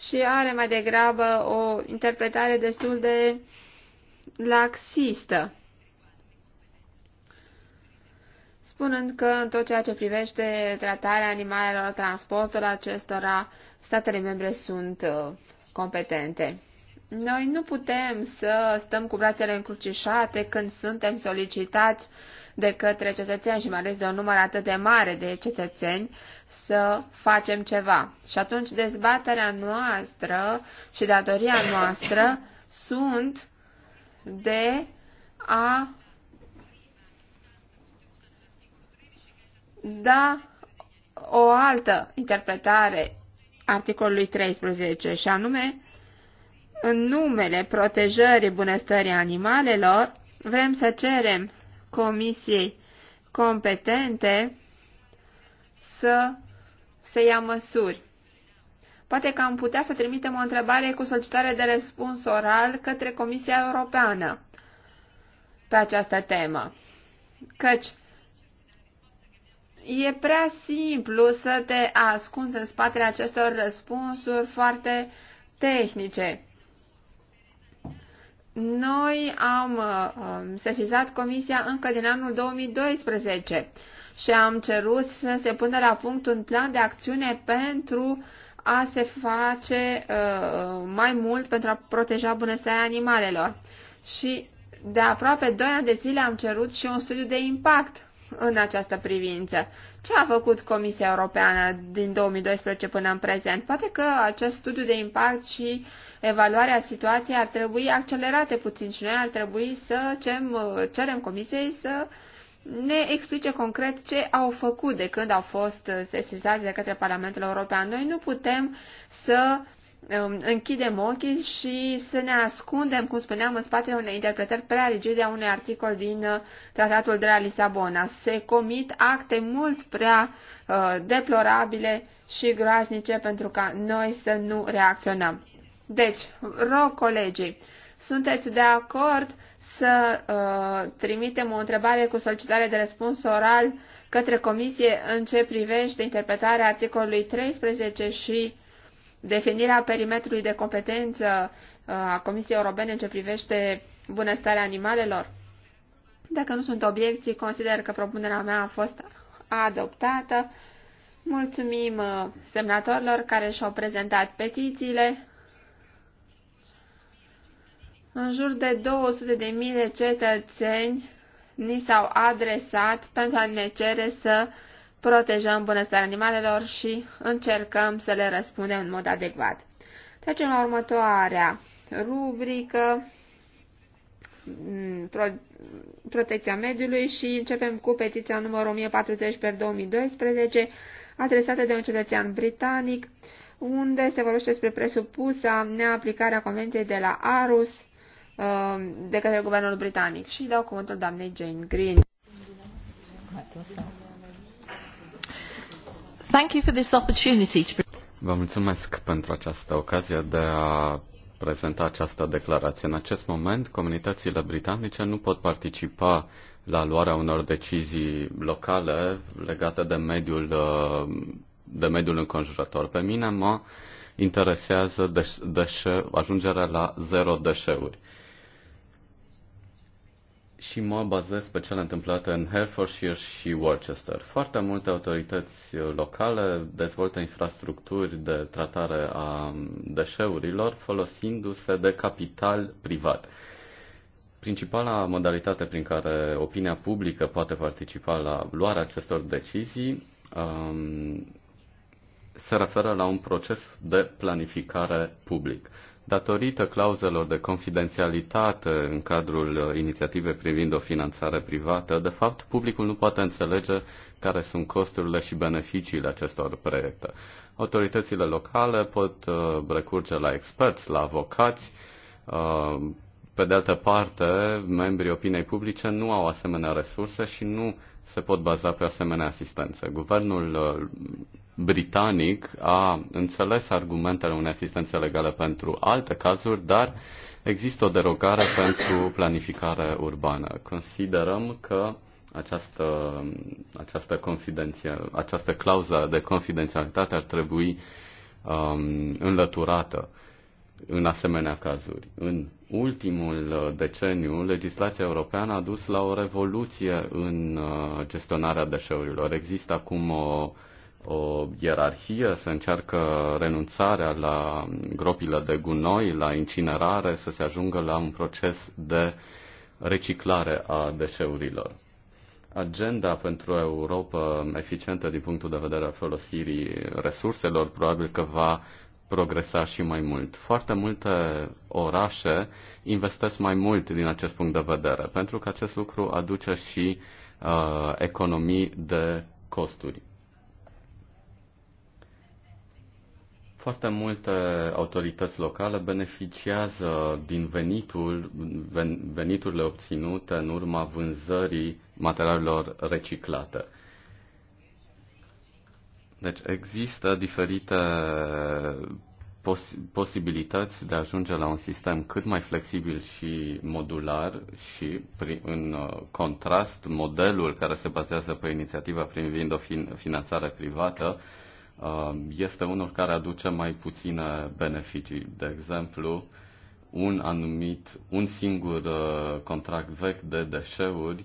și are mai degrabă o interpretare destul de laxistă, spunând că în tot ceea ce privește tratarea animalelor, transportul acestora, statele membre sunt uh, competente. Noi nu putem să stăm cu brațele încrucișate când suntem solicitați uh, de către cetățeni și mai ales de un număr atât de mare de cetățeni să facem ceva. Și atunci dezbaterea noastră și datoria noastră sunt de a da o altă interpretare articolului 13 și anume în numele protejării bunăstării animalelor vrem să cerem comisiei competente să se ia măsuri. Poate că am putea să trimitem o întrebare cu solicitare de răspuns oral către Comisia Europeană pe această temă. Căci e prea simplu să te ascunzi în spatele acestor răspunsuri foarte tehnice. Noi am uh, sesizat comisia încă din anul 2012 și am cerut să se pună la punct un plan de acțiune pentru a se face uh, mai mult pentru a proteja bunăstarea animalelor. Și de aproape 2 ani de zile am cerut și un studiu de impact în această privință. Ce a făcut Comisia Europeană din 2012 până în prezent? Poate că acest studiu de impact și evaluarea situației ar trebui accelerate puțin și noi ar trebui să cem, cerem Comisiei să ne explice concret ce au făcut de când au fost sesizați de către Parlamentul European. Noi nu putem să uh, Um, închidem ochii și să ne ascundem, cum spuneam, în spatele unei interpretări prea rigide a unui articol din uh, Tratatul de la Lisabona. Se comit acte mult prea uh, deplorabile și groaznice pentru ca noi să nu reacționăm. Deci, rog colegii, sunteți de acord să uh, trimitem o întrebare cu solicitare de răspuns oral către comisie în ce privește interpretarea articolului 13 și definirea perimetrului de competență uh, a Comisiei Europene în ce privește bunăstarea animalelor? Dacă nu sunt obiecții, consider că propunerea mea a fost adoptată. Mulțumim uh, semnatorilor care și-au prezentat petițiile. În jur de 200.000 de cetățeni ni s-au adresat pentru a ne cere să protejăm bunăstarea animalelor și încercăm să le răspundem în mod adecvat. Trecem la următoarea rubrică, mm, pro, protecția mediului și începem cu petiția numărul 1040 pe 2012, adresată de un cetățean britanic, unde se vorbește despre presupusa neaplicarea convenției de la Arus uh, de către guvernul britanic. Și dau cuvântul doamnei Jane Green. Matosa. Thank you for this opportunity to... Vă mulțumesc pentru această ocazie de a prezenta această declarație. În acest moment, comunitățile britanice nu pot participa la luarea unor decizii locale legate de mediul, uh, de mediul înconjurător. Pe mine mă interesează deș- deș- ajungerea la zero deșeuri și mă bazez pe cele întâmplate în Herefordshire și Worcester. Foarte multe autorități locale dezvoltă infrastructuri de tratare a deșeurilor folosindu-se de capital privat. Principala modalitate prin care opinia publică poate participa la luarea acestor decizii um, se referă la un proces de planificare public. Datorită clauzelor de confidențialitate în cadrul uh, inițiativei privind o finanțare privată, de fapt, publicul nu poate înțelege care sunt costurile și beneficiile acestor proiecte. Autoritățile locale pot uh, recurge la experți, la avocați. Uh, pe de altă parte, membrii opiniei publice nu au asemenea resurse și nu se pot baza pe asemenea asistență. Guvernul uh, britanic a înțeles argumentele unei asistențe legale pentru alte cazuri, dar există o derogare pentru planificare urbană. Considerăm că această, această, această clauză de confidențialitate ar trebui um, înlăturată în asemenea cazuri. În ultimul uh, deceniu, legislația europeană a dus la o revoluție în uh, gestionarea deșeurilor. Există acum o, o ierarhie, se încearcă renunțarea la gropile de gunoi, la incinerare, să se ajungă la un proces de reciclare a deșeurilor. Agenda pentru Europa eficientă din punctul de vedere al folosirii resurselor probabil că va progresa și mai mult. Foarte multe orașe investesc mai mult din acest punct de vedere, pentru că acest lucru aduce și uh, economii de costuri. Foarte multe autorități locale beneficiază din venitul, ven, veniturile obținute în urma vânzării materialelor reciclate. Deci există diferite pos- posibilități de a ajunge la un sistem cât mai flexibil și modular și în uh, contrast modelul care se bazează pe inițiativa privind o fin- finanțare privată uh, este unul care aduce mai puține beneficii. De exemplu, un anumit, un singur uh, contract vechi de deșeuri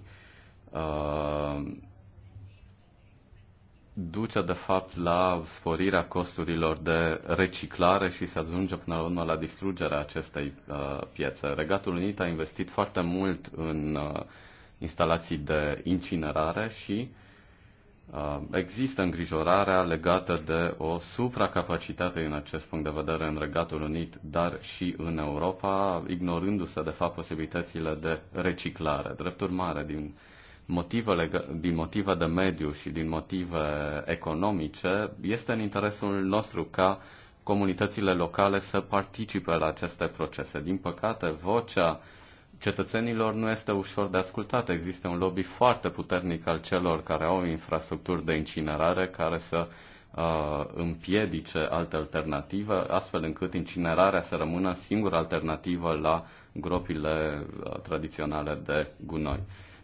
duce de fapt la sporirea costurilor de reciclare și se ajunge până la urmă la distrugerea acestei uh, piețe. Regatul Unit a investit foarte mult în uh, instalații de incinerare și uh, există îngrijorarea legată de o supracapacitate în acest punct de vedere în Regatul Unit, dar și în Europa, ignorându-se de fapt posibilitățile de reciclare. Drept urmare, din motivele, din motive de mediu și din motive economice, este în interesul nostru ca comunitățile locale să participe la aceste procese. Din păcate, vocea cetățenilor nu este ușor de ascultat. Există un lobby foarte puternic al celor care au infrastructuri de incinerare care să uh, împiedice alte alternative, astfel încât incinerarea să rămână singura alternativă la gropile uh, tradiționale de gunoi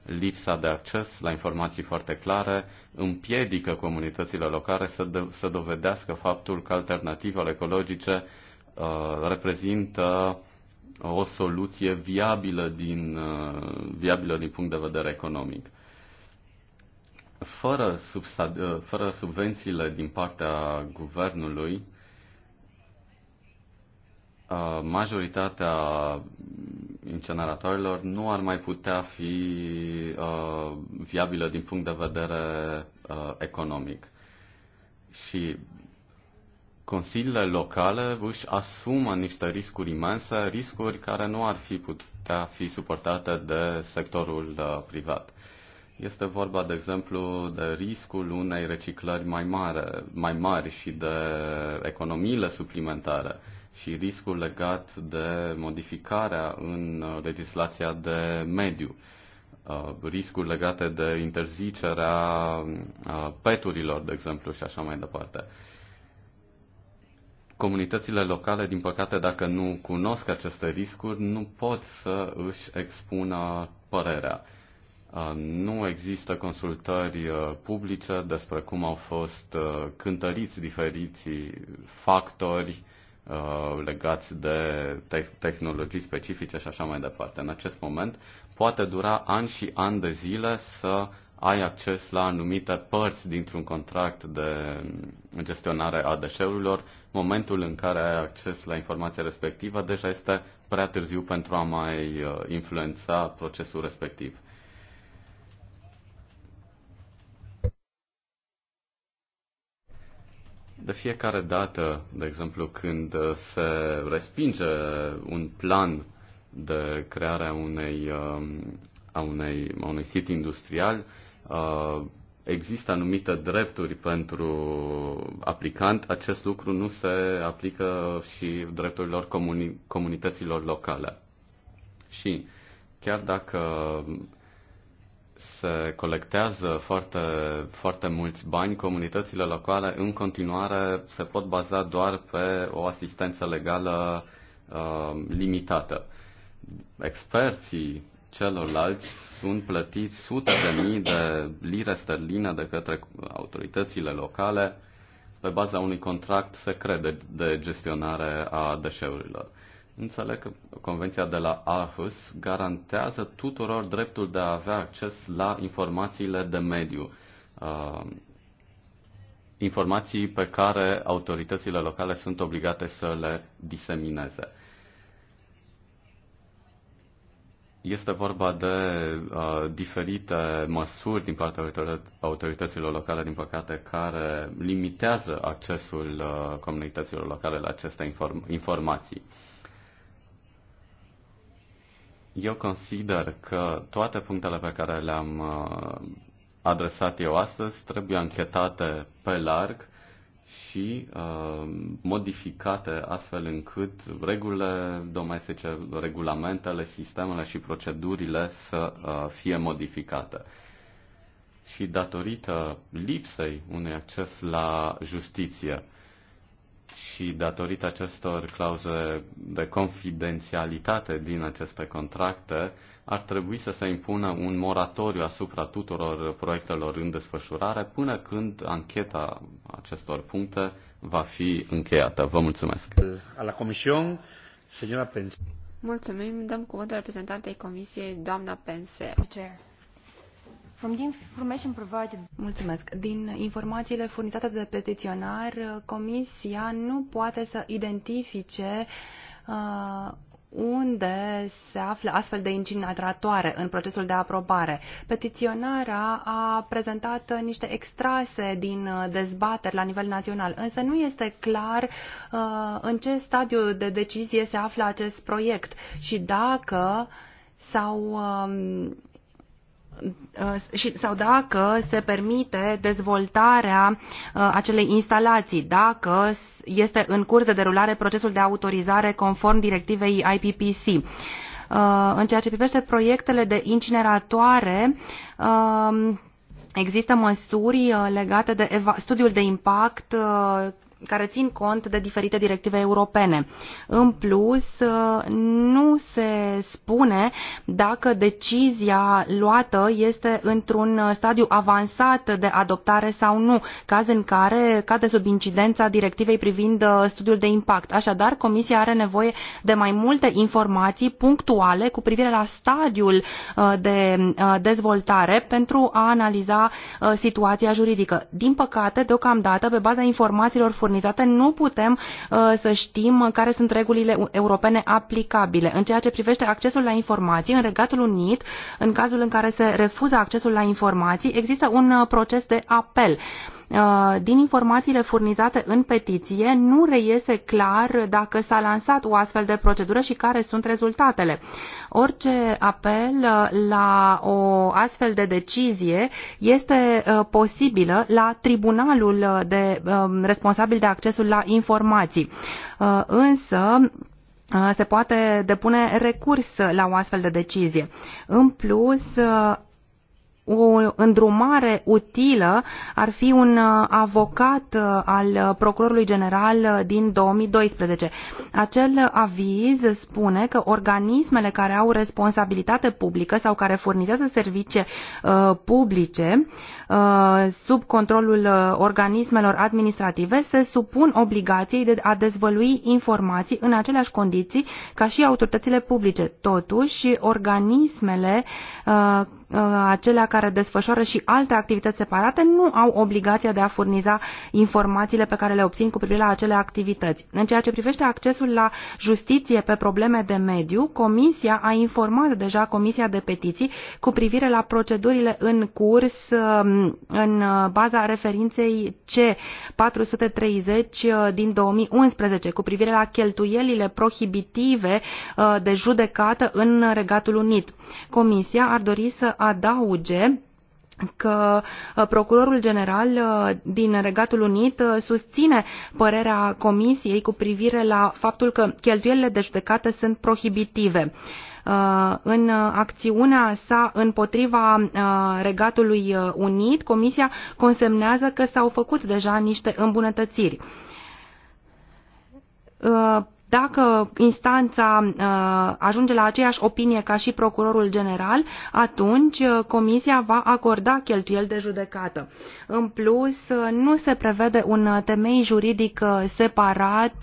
lipsa de acces la informații foarte clare împiedică comunitățile locale să, de- să dovedească faptul că alternativele ecologice uh, reprezintă o soluție viabilă din, uh, viabilă din punct de vedere economic. Fără, uh, fără subvențiile din partea guvernului, Uh, majoritatea incineratoarelor nu ar mai putea fi uh, viabilă din punct de vedere uh, economic. Și consiliile locale își asumă niște riscuri imense, riscuri care nu ar fi putea fi suportate de sectorul uh, privat. Este vorba, de exemplu, de riscul unei reciclări mai, mare, mai mari și de economiile suplimentare. Uh, și riscul legat de modificarea în uh, legislația de mediu, uh, riscuri legate de interzicerea uh, peturilor, de exemplu, și așa mai departe. Comunitățile locale, din păcate, dacă nu cunosc aceste riscuri, nu pot să își expună părerea. Nu există consultări publice despre cum au fost cântăriți diferiți factori Uh, legați de te- tehnologii specifice și așa mai departe. În acest moment poate dura ani și ani de zile să ai acces la anumite părți dintr-un contract de gestionare a deșeurilor. Momentul în care ai acces la informația respectivă deja este prea târziu pentru a mai uh, influența procesul respectiv. De fiecare dată, de exemplu, când uh, se respinge un plan de creare um, a unei, a unei, a unei sit industrial, uh, există anumite drepturi pentru aplicant, acest lucru nu se aplică și drepturilor comuni- comunităților locale. Și chiar dacă se colectează foarte, foarte mulți bani, comunitățile locale în continuare se pot baza doar pe o asistență legală uh, limitată. Experții celorlalți sunt plătiți sute de mii de lire sterline de către autoritățile locale pe baza unui contract secret de, de gestionare a deșeurilor. Înțeleg că Convenția de la Aarhus garantează tuturor dreptul de a avea acces la informațiile de mediu, uh, informații pe care autoritățile locale sunt obligate să le disemineze. Este vorba de uh, diferite măsuri din partea autorităților locale, din păcate, care limitează accesul uh, comunităților locale la aceste inform- informații. Eu consider că toate punctele pe care le-am uh, adresat eu astăzi trebuie anchetate pe larg și uh, modificate astfel încât regulile domestice, regulamentele, sistemele și procedurile să uh, fie modificate. Și datorită lipsei unui acces la justiție, și datorită acestor clauze de confidențialitate din aceste contracte, ar trebui să se impună un moratoriu asupra tuturor proiectelor în desfășurare până când ancheta acestor puncte va fi încheiată. Vă mulțumesc. A la comision, señora Pence. Mulțumim. Dăm cuvântul reprezentantei Comisiei, doamna Pense. Chair. Mulțumesc. Din informațiile furnizate de petiționar, Comisia nu poate să identifice uh, unde se află astfel de incineratoare în procesul de aprobare. Petiționarea a prezentat niște extrase din uh, dezbateri la nivel național, însă nu este clar uh, în ce stadiu de decizie se află acest proiect și dacă sau Uh, Uh, și, sau dacă se permite dezvoltarea uh, acelei instalații, dacă este în curs de derulare procesul de autorizare conform directivei IPPC. Uh, în ceea ce privește proiectele de incineratoare, um, există măsuri legate de studiul de impact care țin cont de diferite directive europene. În plus, uh, nu se spune dacă decizia luată este într-un stadiu avansat de adoptare sau nu, caz în care cade sub incidența directivei privind uh, studiul de impact. Așadar, Comisia are nevoie de mai multe informații punctuale cu privire la stadiul uh, de dezvoltare pentru a analiza situația juridică. Din păcate, deocamdată, pe baza informațiilor furnizate, uniformitate, nu putem uh, să știm care sunt regulile europene aplicabile. În ceea ce privește accesul la informații, în Regatul Unit, în cazul în care se refuză accesul la informații, există un uh, proces de apel Uh, din informațiile furnizate în petiție nu reiese clar dacă s-a lansat o astfel de procedură și care sunt rezultatele. Orice apel uh, la o astfel de decizie este uh, posibilă la tribunalul de, um, responsabil de accesul la informații. Însă, se poate depune recurs la o astfel de decizie. În plus, o îndrumare utilă ar fi un uh, avocat uh, al uh, procurorului general din 2012. Acel aviz spune că organismele care au responsabilitate publică sau care furnizează servicii publice sub controlul organismelor administrative se supun obligației de a dezvălui informații în aceleași condiții ca și autoritățile publice. Totuși, organismele Uh, acelea care desfășoară și alte activități separate nu au obligația de a furniza informațiile pe care le obțin cu privire la acele activități. În ceea ce privește accesul la justiție pe probleme de mediu, Comisia a informat deja Comisia de Petiții cu privire la procedurile în curs um, în uh, baza referinței C430 uh, din 2011 cu privire la cheltuielile prohibitive de judecată în Regatul Unit. Comisia ar dori să adauge că uh, procurorul general uh, din Regatul Unit uh, susține părerea comisiei cu privire la faptul că cheltuielile de judecată sunt prohibitive în acțiunea sa împotriva Regatului Unit, Comisia consemnează că s-au făcut deja niște îmbunătățiri dacă instanța uh, ajunge la aceeași opinie ca și procurorul general, atunci uh, comisia va acorda cheltuieli de judecată. În plus, uh, nu se prevede un temei juridic separat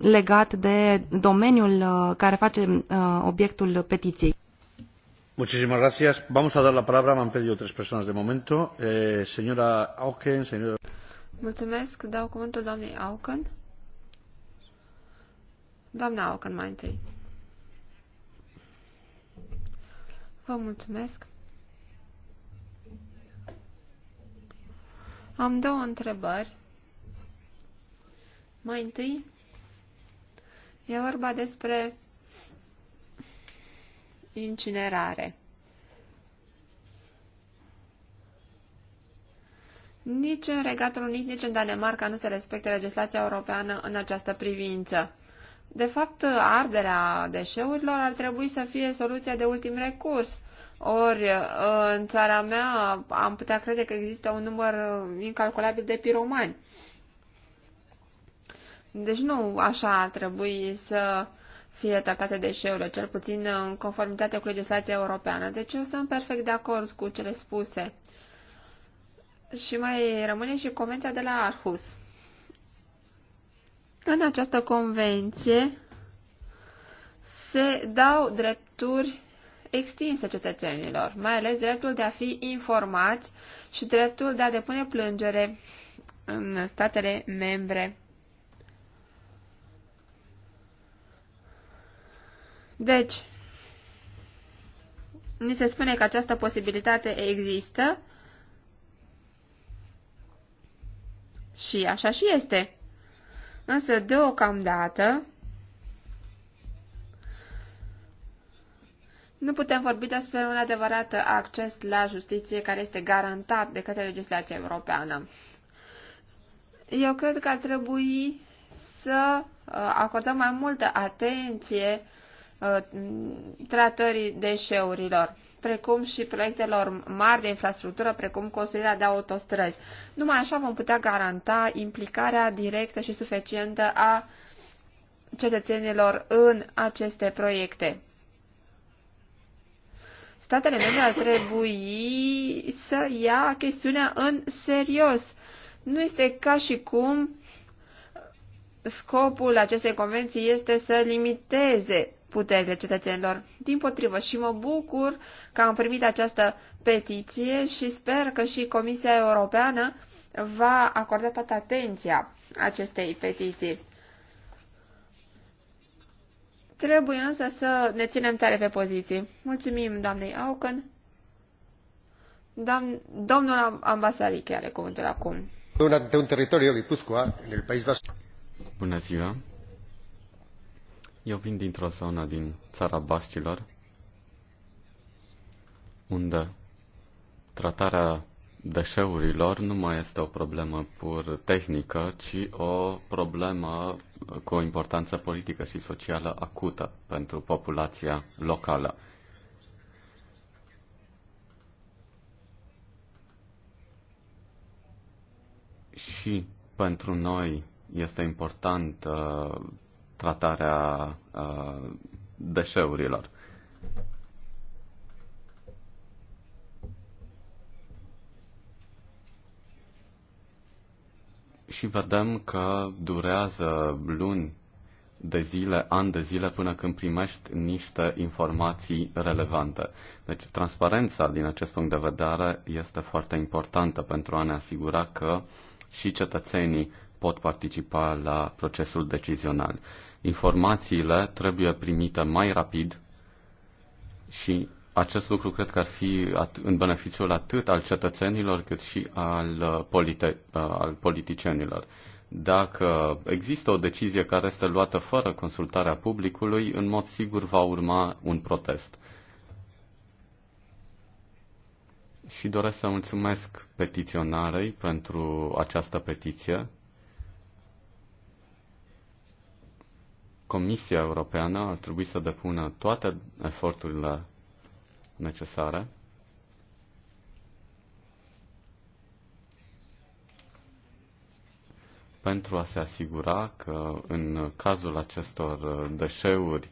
legat de domeniul care face obiectul petiției. Muchísimas gracias. Vamos a dar la palabra, me han pedido tres personas de momento. Eh, señora Auken, señora... Mulțumesc, dau cuvântul doamnei Auken. Doamna Ocan, mai întâi. Vă mulțumesc. Am două întrebări. Mai întâi, e vorba despre incinerare. Nici în Regatul Unit, nici în Danemarca nu se respectă legislația europeană în această privință. De fapt, arderea deșeurilor ar trebui să fie soluția de ultim recurs. Ori, în țara mea, am putea crede că există un număr incalculabil de piromani. Deci nu așa ar trebui să fie tratate deșeurile, cel puțin în conformitate cu legislația europeană. Deci eu sunt perfect de acord cu cele spuse. Și mai rămâne și convenția de la Arhus. În această convenție se dau drepturi extinse cetățenilor, mai ales dreptul de a fi informați și dreptul de a depune plângere în statele membre. Deci, ni se spune că această posibilitate există și așa și este. Însă, deocamdată, nu putem vorbi despre un adevărat acces la justiție care este garantat de către legislația europeană. Eu cred că ar trebui să uh, acordăm mai multă atenție uh, tratării deșeurilor precum și proiectelor mari de infrastructură, precum construirea de autostrăzi. Numai așa vom putea garanta implicarea directă și suficientă a cetățenilor în aceste proiecte. Statele membre ar trebui să ia chestiunea în serios. Nu este ca și cum scopul acestei convenții este să limiteze puterile cetățenilor. Din potrivă și mă bucur că am primit această petiție și sper că și Comisia Europeană va acorda toată atenția acestei petiții. Trebuie însă să ne ținem tare pe poziții. Mulțumim doamnei Auken. Doamn, domnul ambasarii chiar are cuvântul acum. Bună ziua! Eu vin dintr-o zonă din țara Bascilor, unde tratarea deșeurilor nu mai este o problemă pur tehnică, ci o problemă cu o importanță politică și socială acută pentru populația locală. Și pentru noi este important uh, tratarea uh, deșeurilor. Și vedem că durează luni de zile, ani de zile, până când primești niște informații relevante. Deci transparența din acest punct de vedere este foarte importantă pentru a ne asigura că și cetățenii pot participa la procesul decizional. Informațiile trebuie primite mai rapid și acest lucru cred că ar fi în beneficiul atât al cetățenilor cât și al, uh, polite- uh, al politicienilor. Dacă există o decizie care este luată fără consultarea publicului, în mod sigur va urma un protest. Și doresc să mulțumesc petiționarei pentru această petiție. Comisia Europeană ar trebui să depună toate eforturile necesare pentru a se asigura că în cazul acestor deșeuri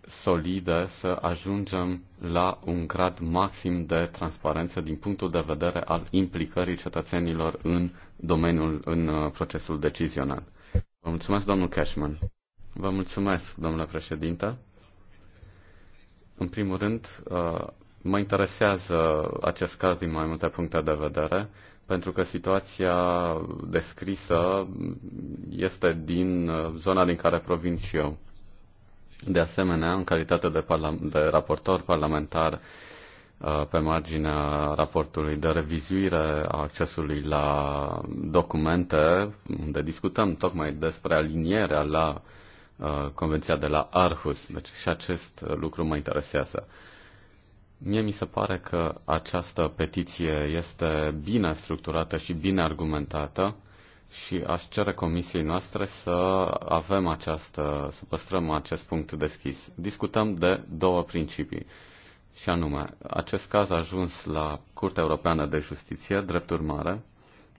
solide să ajungem la un grad maxim de transparență din punctul de vedere al implicării cetățenilor în domeniul, în procesul decizional. Vă mulțumesc, domnul Cashman. Vă mulțumesc, domnule președinte. În primul rând, uh, mă interesează acest caz din mai multe puncte de vedere, pentru că situația descrisă este din uh, zona din care provin și eu. De asemenea, în calitate de, parla- de raportor parlamentar Uh, pe marginea raportului de revizuire a accesului la documente, unde discutăm tocmai despre alinierea la uh, Convenția de la Arhus. Deci și acest lucru mă interesează. Mie mi se pare că această petiție este bine structurată și bine argumentată și aș cere comisiei noastre să avem această, să păstrăm acest punct deschis. Discutăm de două principii. Și anume, acest caz a ajuns la Curtea Europeană de Justiție, drept urmare,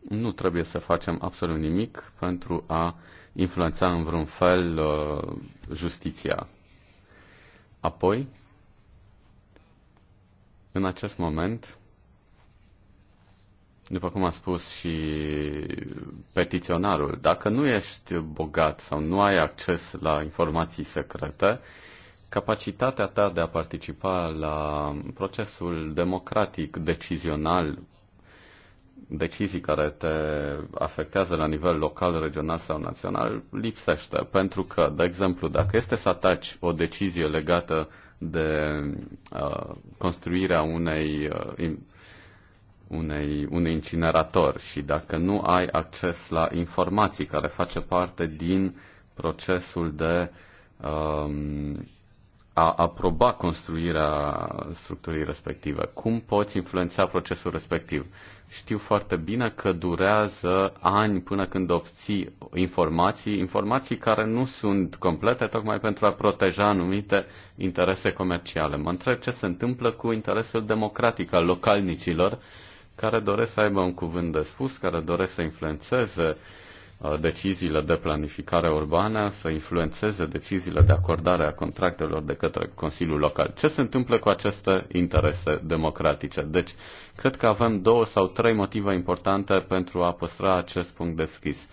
nu trebuie să facem absolut nimic pentru a influența în vreun fel uh, justiția. Apoi, în acest moment, după cum a spus și petiționarul, dacă nu ești bogat sau nu ai acces la informații secrete, uh, capacitatea ta de a participa la procesul democratic, decizional, decizii care te afectează la nivel local, regional sau național, lipsește. Pentru că, de exemplu, dacă este să ataci o decizie legată de uh, construirea unei, uh, unei, unei incinerator și dacă nu ai acces la informații care face parte din procesul de um, a aproba construirea structurii respective? Cum poți influența procesul respectiv? Știu foarte bine că durează ani până când obții informații, informații care nu sunt complete tocmai pentru a proteja anumite interese comerciale. Mă întreb ce se întâmplă cu interesul democratic al localnicilor care doresc să aibă un cuvânt de spus, care doresc să influențeze uh, Uh, deciziile de planificare urbană, să influențeze deciziile de acordare a contractelor de către Consiliul Local. Ce se întâmplă cu aceste interese democratice? Deci, cred că avem două sau trei motive importante pentru a păstra acest punct deschis.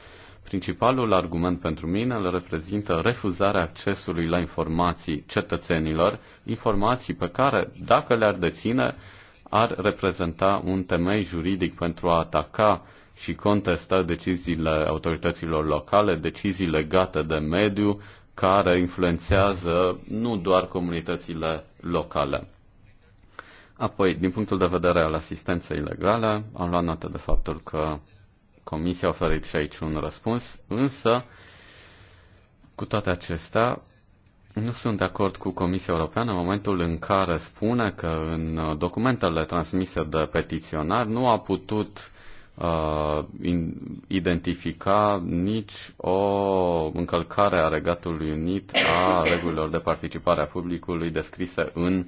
Principalul argument pentru mine îl reprezintă refuzarea accesului la informații cetățenilor, informații pe care, dacă le-ar deține, ar reprezenta un temei juridic pentru a ataca și contesta deciziile autorităților locale, decizii legate de mediu, care influențează nu doar comunitățile locale. Apoi, din punctul de vedere al asistenței legale, am luat notă de faptul că Comisia a oferit și aici un răspuns, însă, cu toate acestea, nu sunt de acord cu Comisia Europeană în momentul în care spune că în documentele transmise de petiționar nu a putut uh, identifica nici o încălcare a Regatului Unit a regulilor de participare a publicului descrise în,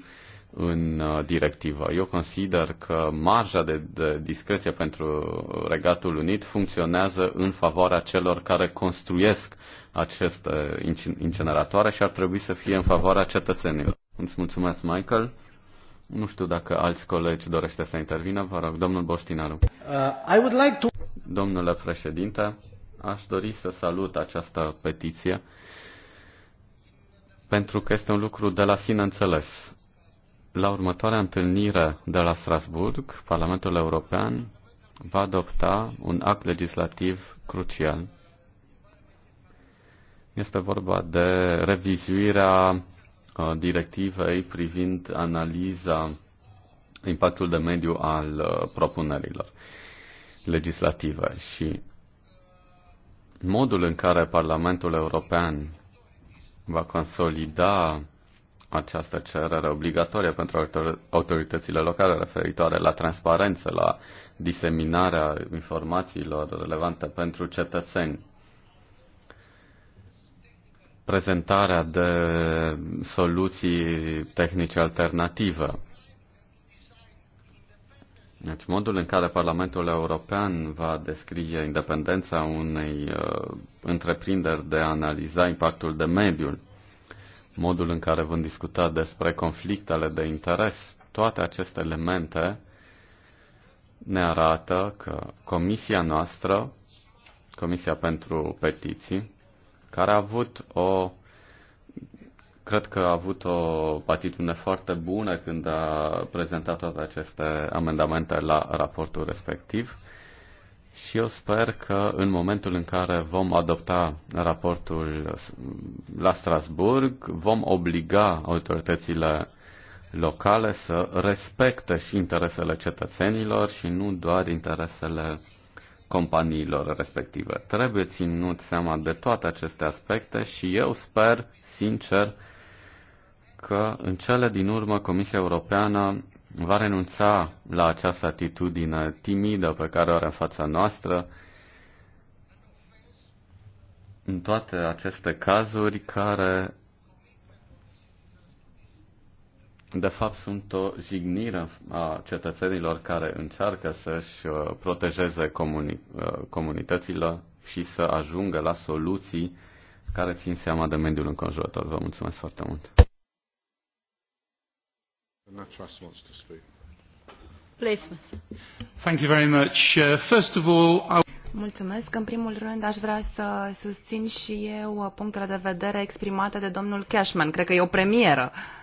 în uh, directivă. Eu consider că marja de, de discreție pentru Regatul Unit funcționează în favoarea celor care construiesc aceste incineratoare și ar trebui să fie în favoarea cetățenilor. Îți mulțumesc, Michael. Nu știu dacă alți colegi dorește să intervină. Vă rog, domnul Boștinaru. Uh, I would like to... Domnule președinte, aș dori să salut această petiție pentru că este un lucru de la sine înțeles. La următoarea întâlnire de la Strasburg, Parlamentul European va adopta un act legislativ crucial. Este vorba de revizuirea Uh, directivei privind analiza impactul de mediu al uh, propunerilor legislative și modul în care Parlamentul European va consolida această cerere obligatorie pentru autoritățile locale referitoare la transparență, la diseminarea informațiilor relevante pentru cetățeni prezentarea de soluții tehnice alternative. Deci modul în care Parlamentul European va descrie independența unei uh, întreprinderi de a analiza impactul de mediul, modul în care vom discuta despre conflictele de interes, toate aceste elemente ne arată că comisia noastră, Comisia pentru Petiții, care a avut o cred că a avut o atitudine foarte bună când a prezentat toate aceste amendamente la raportul respectiv și eu sper că în momentul în care vom adopta raportul la Strasburg, vom obliga autoritățile locale să respecte și interesele cetățenilor și nu doar interesele companiilor respective. Trebuie ținut seama de toate aceste aspecte și eu sper, sincer, că în cele din urmă Comisia Europeană va renunța la această atitudine timidă pe care o are în fața noastră în toate aceste cazuri care de fapt sunt o jignire a cetățenilor care încearcă să-și uh, protejeze comuni- uh, comunitățile și să ajungă la soluții care țin seama de mediul înconjurător. Vă mulțumesc foarte mult. Thank you very much. Uh, first of all, I... Mulțumesc. În primul rând, aș vrea să susțin și eu punctele de vedere exprimate de domnul Cashman. Cred că e o premieră. Uh,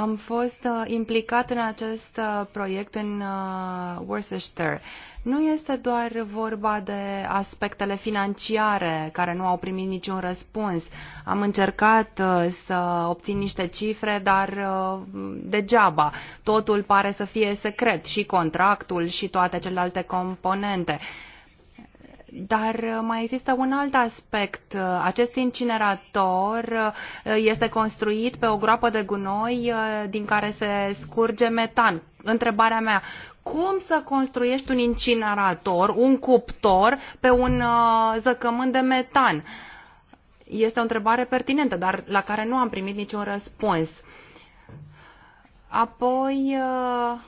am fost uh, implicat în acest uh, proiect în uh, Worcester. Nu este doar vorba de aspectele financiare care nu au primit niciun răspuns. Am încercat să obțin niște cifre, dar degeaba. Totul pare să fie secret, și contractul și toate celelalte componente. Dar uh, mai există un alt aspect. Uh, acest incinerator uh, este construit pe o groapă de gunoi din care se scurge metan. Întrebarea mea, cum să construiești un incinerator, un cuptor pe un zăcământ de metan? Este o întrebare pertinentă, dar la care nu am primit niciun răspuns. Apoi, uh,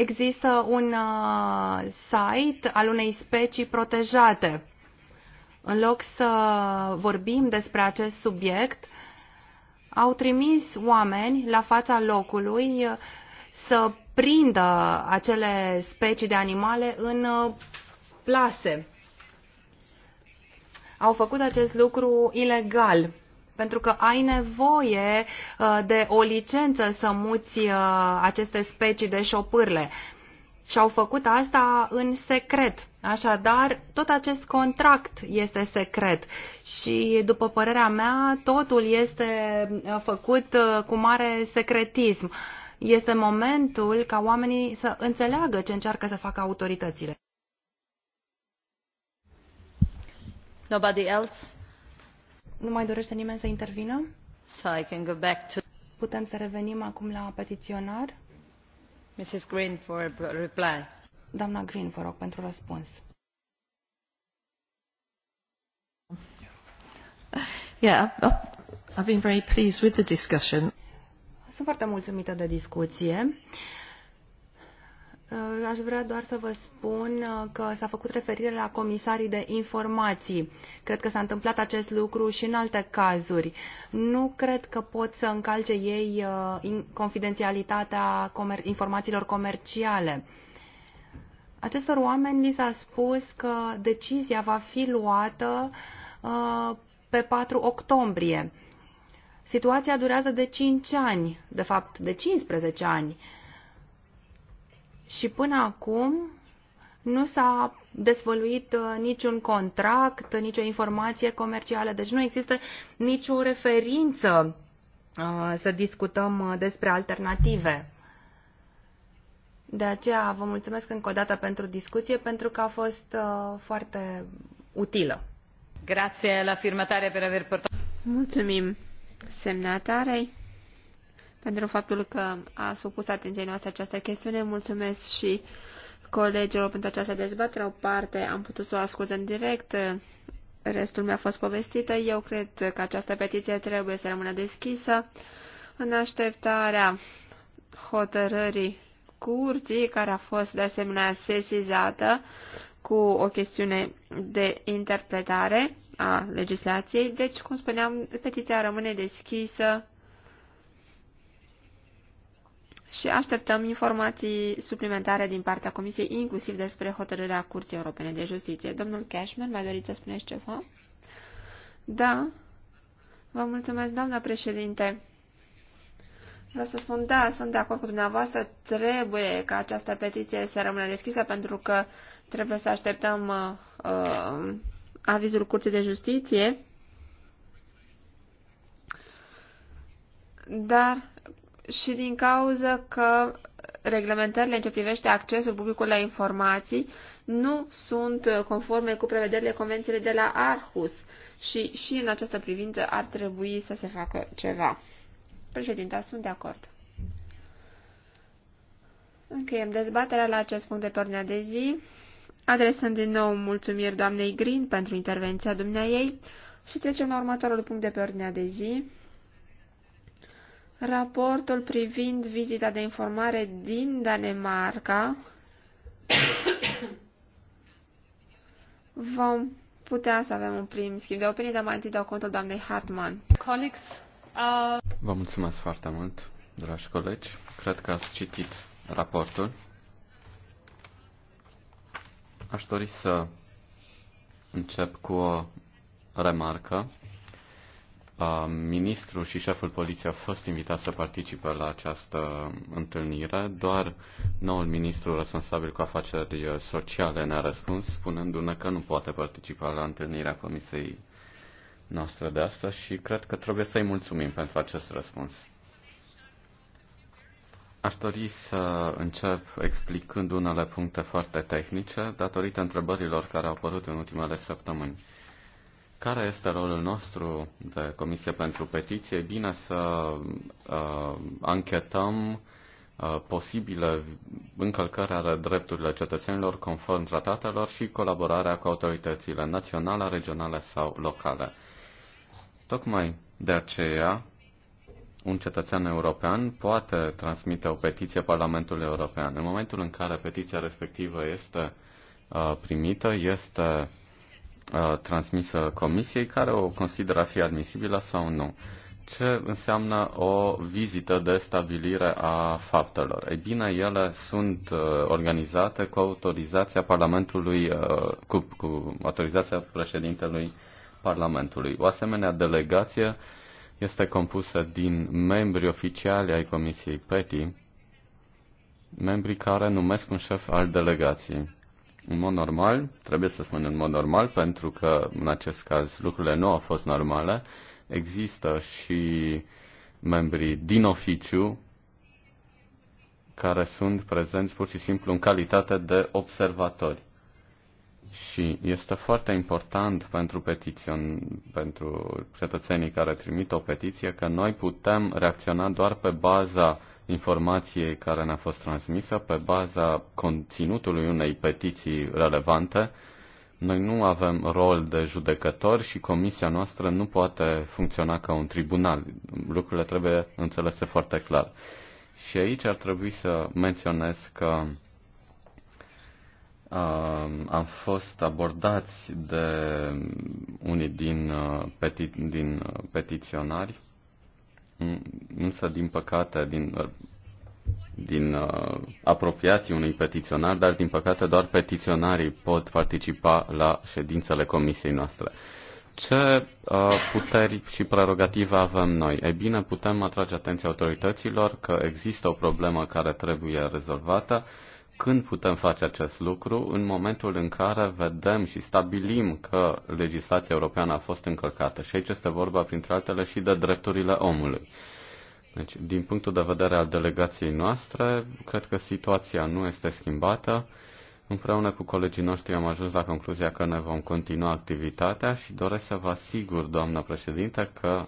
există un uh, site al unei specii protejate. În loc să vorbim despre acest subiect, au trimis oameni la fața locului uh, să prindă acele specii de animale în uh, plase. Au făcut acest lucru ilegal pentru că ai nevoie uh, de o licență să muți uh, aceste specii de șopârle. Și au făcut asta în secret. Așadar, tot acest contract este secret și, după părerea mea, totul este uh, făcut cu mare secretism. Este momentul ca oamenii să înțeleagă ce încearcă să facă autoritățile. Nobody else? Nu mai dorește nimeni să intervină? So I can go back to... Putem să revenim acum la petiționar. Mrs. Green for a reply. Doamna Green, vă rog, pentru răspuns. Yeah, I've been very pleased with the discussion. Sunt foarte mulțumită de discuție. Uh, Uh, aș vrea doar să vă spun uh, că s-a făcut referire la comisarii de informații. Cred că s-a întâmplat acest lucru și în alte cazuri. Nu cred că pot să încalce ei uh, confidențialitatea informațiilor comerciale. Acestor oameni li s-a spus că decizia va fi luată pe 4 octombrie. Situația durează de 5 ani, de fapt de 15 ani și până acum nu s-a dezvăluit uh, niciun contract, nicio informație comercială, deci nu există nicio referință uh, să discutăm uh, despre alternative. De aceea vă mulțumesc încă o dată pentru discuție, pentru că a fost foarte utilă. Grație la firmatare pentru aver portat. Mulțumim semnatarei pentru faptul că a supus atenției noastre această chestiune. Mulțumesc și colegilor pentru această dezbatere. O parte am putut să o ascult în direct, restul mi-a fost povestită. Eu cred că această petiție trebuie să rămână deschisă în așteptarea hotărârii curții, care a fost de asemenea sesizată cu o chestiune de interpretare a legislației. Deci, cum spuneam, petiția rămâne deschisă și așteptăm informații suplimentare din partea Comisiei, inclusiv despre hotărârea Curții Europene de Justiție. Domnul Cashman, mai doriți să spuneți ceva? Da. Vă mulțumesc, doamna președinte. Vreau să spun, da, sunt de acord cu dumneavoastră, trebuie ca această petiție să rămână deschisă pentru că trebuie să așteptăm uh, uh, avizul Curții de Justiție. Dar și din cauza că reglementările în ce privește accesul publicului la informații nu sunt conforme cu prevederile convenției de la Arhus și și în această privință ar trebui să se facă ceva. Președinta, sunt de acord. Încheiem dezbaterea la acest punct de pornea de zi, adresând din nou mulțumiri doamnei Green pentru intervenția ei și trecem la următorul punct de pe ordinea de zi, raportul privind vizita de informare din Danemarca, vom putea să avem un prim schimb de opinie, dar mai întâi dau contul doamnei Hartman. Colegs, uh... Vă mulțumesc foarte mult, dragi colegi. Cred că ați citit raportul. Aș dori să încep cu o remarcă ministrul și șeful poliției au fost invitați să participe la această întâlnire, doar noul ministru responsabil cu afaceri sociale ne-a răspuns, spunându-ne că nu poate participa la întâlnirea comisiei noastre de astăzi și cred că trebuie să-i mulțumim pentru acest răspuns. Aș dori să încep explicând unele puncte foarte tehnice, datorită întrebărilor care au apărut în ultimele săptămâni. Care este rolul nostru de Comisie pentru Petiție? E bine să uh, anchetăm uh, posibile încălcări ale drepturilor cetățenilor conform tratatelor și colaborarea cu autoritățile naționale, regionale sau locale. Tocmai de aceea, un cetățean european poate transmite o petiție Parlamentului European. În momentul în care petiția respectivă este uh, primită, este Uh, transmisă comisiei care o consideră a fi admisibilă sau nu. Ce înseamnă o vizită de stabilire a faptelor? Ei bine, ele sunt uh, organizate cu autorizația Parlamentului, uh, cu, cu autorizația președintelui Parlamentului. O asemenea delegație este compusă din membri oficiali ai Comisiei PETI, membri care numesc un șef al delegației în mod normal, trebuie să spun în mod normal, pentru că în acest caz lucrurile nu au fost normale, există și membrii din oficiu care sunt prezenți pur și simplu în calitate de observatori. Și este foarte important pentru petițion, pentru cetățenii care trimit o petiție că noi putem reacționa doar pe baza informație care ne-a fost transmisă pe baza conținutului unei petiții relevante. Noi nu avem rol de judecători și comisia noastră nu poate funcționa ca un tribunal. Lucrurile trebuie înțelese foarte clar. Și aici ar trebui să menționez că uh, am fost abordați de unii din, uh, peti- din uh, petiționari însă, din păcate, din, uh, din uh, apropiații unui petiționar, dar, din păcate, doar petiționarii pot participa la ședințele comisiei noastre. Ce uh, puteri și prerogative avem noi? Ei bine, putem atrage atenția autorităților că există o problemă care trebuie rezolvată, uh, când putem face acest lucru? În momentul în care vedem și stabilim că legislația europeană a fost încălcată. Și aici este vorba, printre altele, și de drepturile omului. Deci, din punctul de vedere al delegației noastre, cred că situația nu este schimbată. Împreună cu colegii noștri am ajuns la concluzia că ne vom continua activitatea și doresc să vă asigur, doamna președinte, că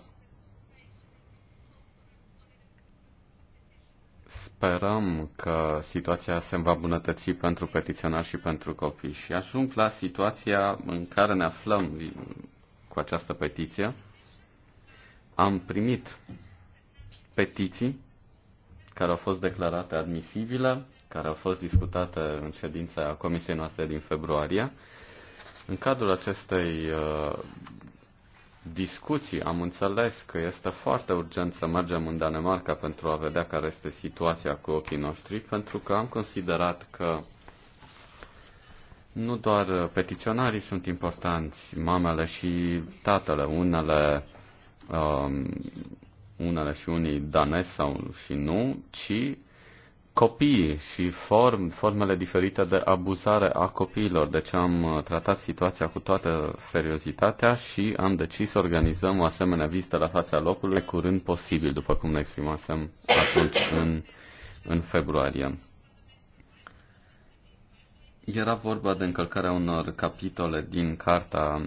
sperăm că situația se va îmbunătăți pentru petiționari și pentru copii. Și ajung la situația în care ne aflăm cu această petiție. Am primit petiții care au fost declarate admisibile, care au fost discutate în ședința comisiei noastre din februarie. În cadrul acestei uh, discuții. Am înțeles că este foarte urgent să mergem în Danemarca pentru a vedea care este situația cu ochii noștri, pentru că am considerat că nu doar petiționarii sunt importanți, mamele și tatăle, unele, um, unele și unii danesi sau și nu, ci copiii și form, formele diferite de abuzare a copiilor. Deci am uh, tratat situația cu toată seriozitatea și am decis să organizăm o asemenea vizită la fața locului curând posibil, după cum ne exprimasem atunci în, în februarie. Era vorba de încălcarea unor capitole din Carta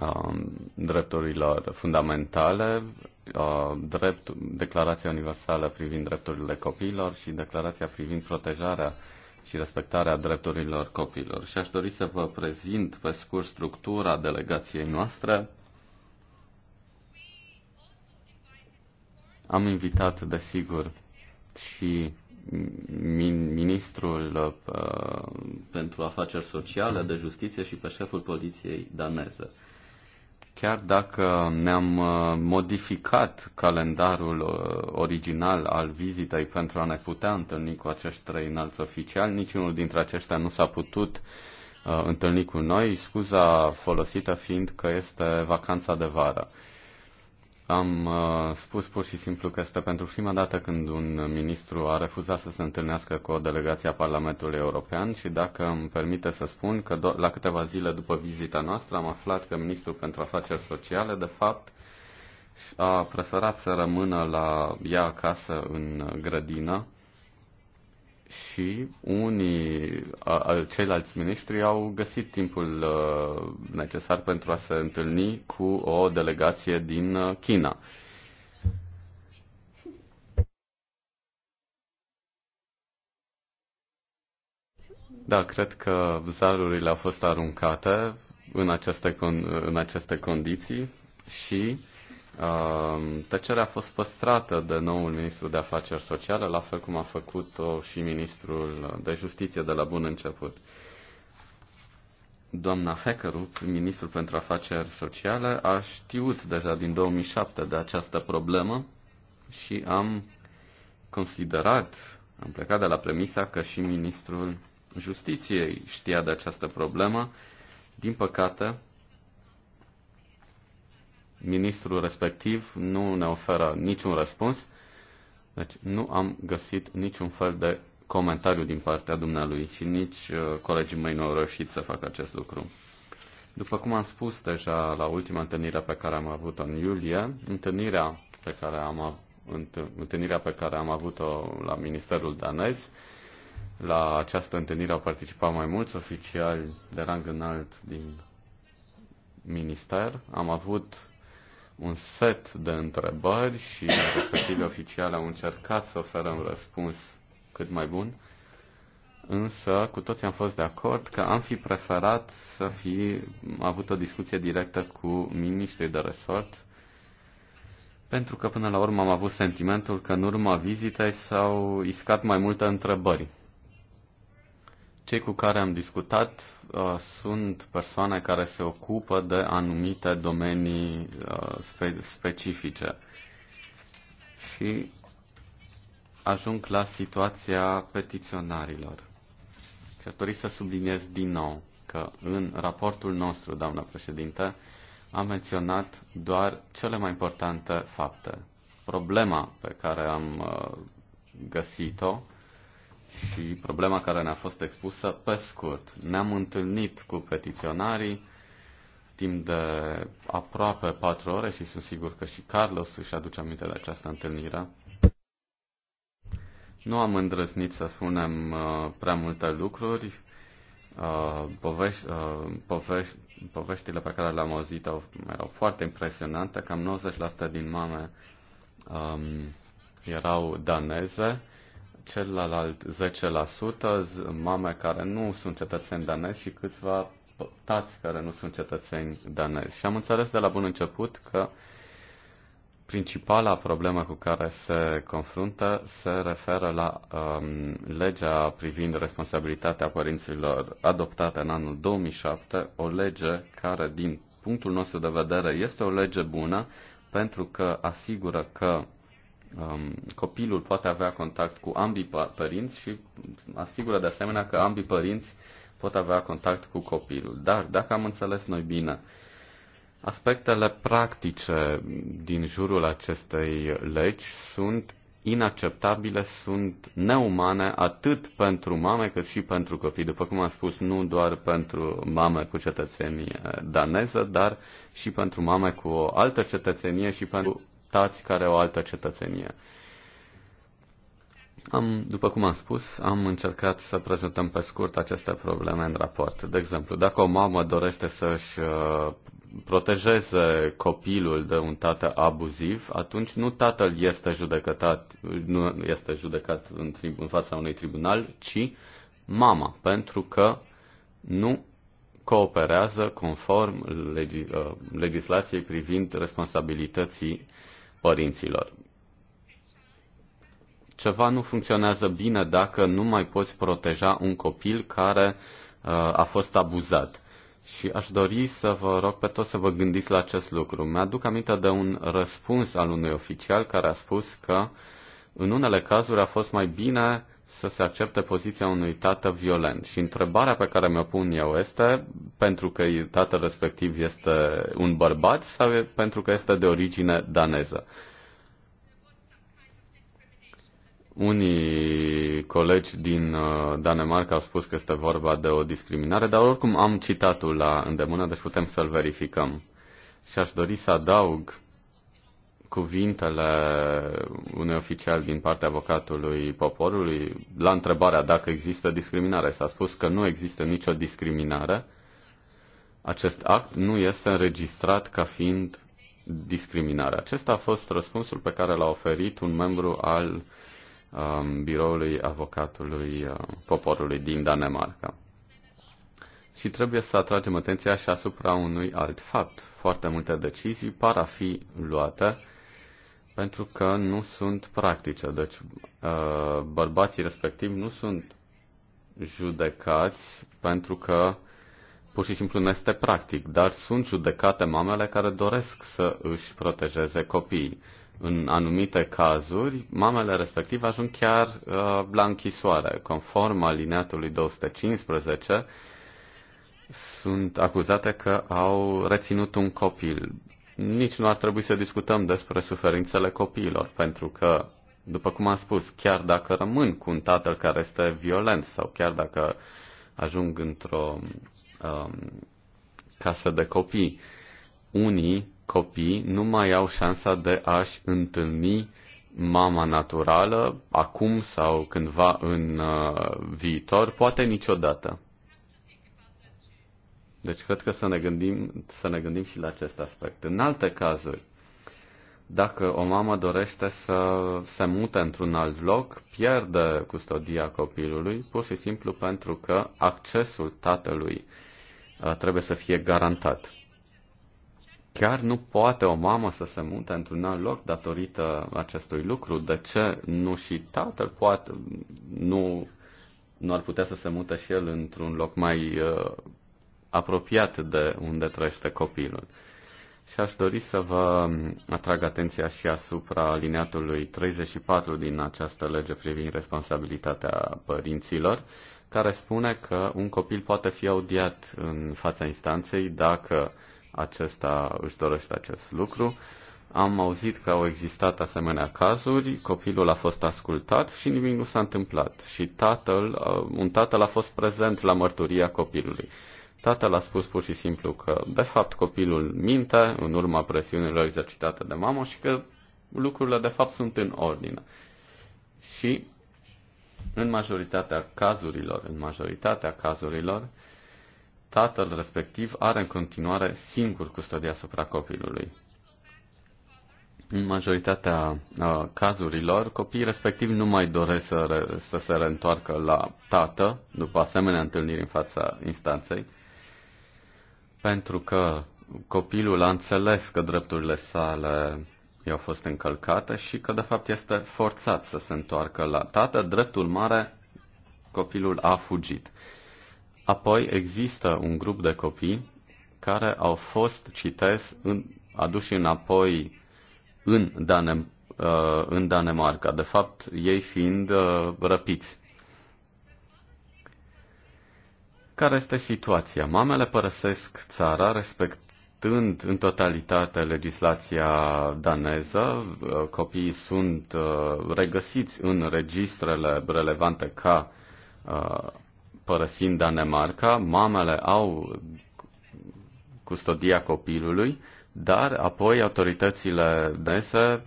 a um, Drepturilor Fundamentale dreptul, uh, drept, Declarația Universală privind drepturile copiilor și Declarația privind protejarea și respectarea drepturilor copiilor. Și aș dori să vă prezint pe scurt structura delegației noastre. Am invitat, desigur, și ministrul uh, pentru afaceri sociale, de justiție și pe șeful poliției daneză. Chiar dacă ne-am uh, modificat calendarul uh, original al vizitei pentru a ne putea întâlni cu acești trei înalți oficiali, niciunul dintre aceștia nu s-a putut uh, întâlni cu noi, scuza folosită fiind că este vacanța de vară. Am uh, spus pur și simplu că este pentru prima dată când un ministru a refuzat să se întâlnească cu o delegație a Parlamentului European și dacă îmi permite să spun că la câteva zile după vizita noastră am aflat că ministrul pentru afaceri sociale, de fapt, a preferat să rămână la ea acasă în grădină și unii, ceilalți ministri au găsit timpul uh, necesar pentru a se întâlni cu o delegație din uh, China. Da, cred că zarurile au fost aruncate în aceste, în aceste condiții și Ehm, tăcerea a fost păstrată de noul ministru de afaceri sociale, la fel cum a făcut-o și ministrul de justiție de la bun început. Doamna Heckerup, ministrul pentru afaceri sociale, a știut deja din 2007 de această problemă și am considerat, am plecat de la premisa că și ministrul justiției știa de această problemă. Din păcate, ministrul respectiv nu ne oferă niciun răspuns, deci nu am găsit niciun fel de comentariu din partea dumnealui și nici uh, colegii mei nu au reușit să facă acest lucru. După cum am spus deja la ultima întâlnire pe care am avut-o în iulie, întâlnirea pe care am, întâlnirea pe care am avut-o la Ministerul Danez, la această întâlnire au participat mai mulți oficiali de rang înalt din minister. Am avut un set de întrebări și respective oficiale au încercat să oferă un răspuns cât mai bun, însă cu toți am fost de acord că am fi preferat să fi avut o discuție directă cu ministrii de resort, pentru că până la urmă am avut sentimentul că în urma vizitei s-au iscat mai multe întrebări cei cu care am discutat uh, sunt persoane care se ocupă de anumite domenii uh, spe- specifice și ajung la situația petiționarilor. Și ar dori să subliniez din nou că în raportul nostru, doamna președinte, am menționat doar cele mai importante fapte. Problema pe care am uh, găsit-o și problema care ne-a fost expusă pe scurt. Ne-am întâlnit cu petiționarii timp de aproape patru ore și sunt sigur că și Carlos își aduce aminte de această întâlnire. Nu am îndrăznit să spunem uh, prea multe lucruri. Povești, uh, povești, uh, poveștile pe care le-am auzit au, erau foarte impresionante. Cam 90% din mame um, erau daneze celălalt 10% mame care nu sunt cetățeni danezi și câțiva tați care nu sunt cetățeni danezi. Și am înțeles de la bun început că principala problemă cu care se confruntă se referă la um, legea privind responsabilitatea părinților adoptată în anul 2007, o lege care, din punctul nostru de vedere, este o lege bună pentru că asigură că um, copilul poate avea contact cu ambii părinți și asigură de asemenea că ambii părinți pot avea contact cu copilul. Dar dacă am înțeles noi bine, aspectele practice din jurul acestei legi sunt inacceptabile, sunt neumane atât pentru mame cât și pentru copii. După cum am spus, nu doar pentru mame cu cetățenie daneză, dar și pentru mame cu o altă cetățenie și pentru adoptați care au o altă cetățenie. Am, după cum am spus, am încercat să prezentăm pe scurt aceste probleme în raport. De exemplu, dacă o mamă dorește să-și uh, protejeze copilul de un tată abuziv, atunci nu tatăl este judecat, nu este judecat în, în fața unui tribunal, ci mama, pentru că nu cooperează conform legi, uh, legislației privind responsabilității părinților. Ceva nu funcționează bine dacă nu mai poți proteja un copil care uh, a fost abuzat. Și aș dori să vă rog pe toți să vă gândiți la acest lucru. Mi-aduc aminte de un răspuns al unui oficial care a spus că în unele cazuri a fost mai bine să se accepte poziția unui tată violent. Și întrebarea pe care mi-o pun eu este pentru că tatăl respectiv este un bărbat sau pentru că este de origine daneză. Unii colegi din uh, Danemarca au spus că este vorba de o discriminare, dar oricum am citatul la îndemână, deci putem să-l verificăm. Și aș dori să adaug cuvintele unui oficial din partea avocatului poporului la întrebarea dacă există discriminare. S-a spus că nu există nicio discriminare. Acest act nu este înregistrat ca fiind discriminare. Acesta a fost răspunsul pe care l-a oferit un membru al um, biroului avocatului uh, poporului din Danemarca. Și trebuie să atragem atenția și asupra unui alt fapt. Foarte multe decizii par a fi luate pentru că nu sunt practice. Deci uh, bărbații respectivi nu sunt judecați pentru că pur și simplu nu este practic, dar sunt judecate mamele care doresc să își protejeze copiii. În anumite cazuri, mamele respective ajung chiar uh, la închisoare. Conform alineatului 215, sunt acuzate că au reținut un copil nici nu ar trebui să discutăm despre suferințele copiilor, pentru că, după cum am spus, chiar dacă rămân cu un tatăl care este violent sau chiar dacă ajung într-o um, casă de copii, unii copii nu mai au șansa de a-și întâlni mama naturală acum sau cândva în uh, viitor, poate niciodată. Deci cred că să ne gândim, să ne gândim și la acest aspect. În alte cazuri, dacă o mamă dorește să se mute într-un alt loc, pierde custodia copilului pur și simplu pentru că accesul tatălui uh, trebuie să fie garantat. Chiar nu poate o mamă să se mute într-un alt loc datorită acestui lucru. De ce nu și tatăl poate, nu, nu ar putea să se mute și el într-un loc mai uh, apropiat de unde trăiește copilul. Și aș dori să vă atrag atenția și asupra alineatului 34 din această lege privind responsabilitatea părinților, care spune că un copil poate fi audiat în fața instanței dacă acesta își dorește acest lucru. Am auzit că au existat asemenea cazuri, copilul a fost ascultat și nimic nu s-a întâmplat. Și tatăl, uh, un tatăl a fost prezent la mărturia copilului. Tatăl a spus pur și simplu că, de fapt, copilul minte în urma presiunilor exercitate de mamă și că lucrurile, de fapt, sunt în ordine. Și, în majoritatea cazurilor, în majoritatea cazurilor, tatăl respectiv are în continuare singur custodia asupra copilului. În majoritatea uh, cazurilor, copiii respectiv nu mai doresc să, re- să se reîntoarcă la tată după asemenea întâlniri în fața instanței pentru că copilul a înțeles că drepturile sale i-au fost încălcate și că de fapt este forțat să se întoarcă la tată, dreptul mare copilul a fugit. Apoi există un grup de copii care au fost, citez, în, aduși înapoi în, Danem, uh, în Danemarca, de fapt ei fiind uh, răpiți. Care este situația? Mamele părăsesc țara respectând în totalitate legislația daneză, copiii sunt uh, regăsiți în registrele relevante ca uh, părăsind Danemarca, mamele au custodia copilului, dar apoi autoritățile dese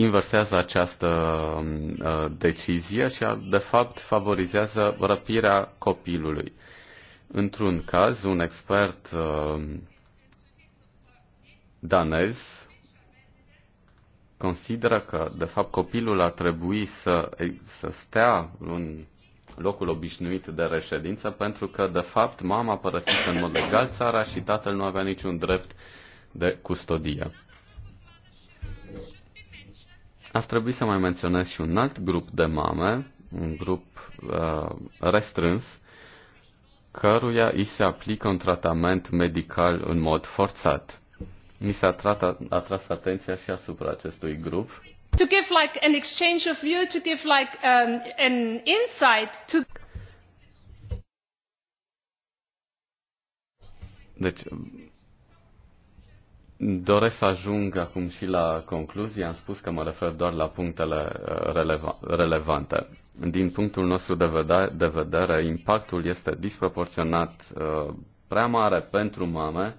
inversează această uh, decizie și, de fapt, favorizează răpirea copilului. Într-un caz, un expert uh, danez consideră că, de fapt, copilul ar trebui să, să stea în locul obișnuit de reședință, pentru că, de fapt, mama părăsise în mod legal țara și tatăl nu avea niciun drept de custodie. Ar trebui să mai menționez și un alt grup de mame, un grup uh, restrâns, căruia i se aplică un tratament medical în mod forțat. Mi s-a atras atenția și asupra acestui grup. To give like an exchange of view, to give like um, an insight to Deci, Doresc să ajung acum și la concluzie. Am spus că mă refer doar la punctele uh, releva- relevante. Din punctul nostru de vedere, de vedere impactul este disproporționat uh, prea mare pentru mame,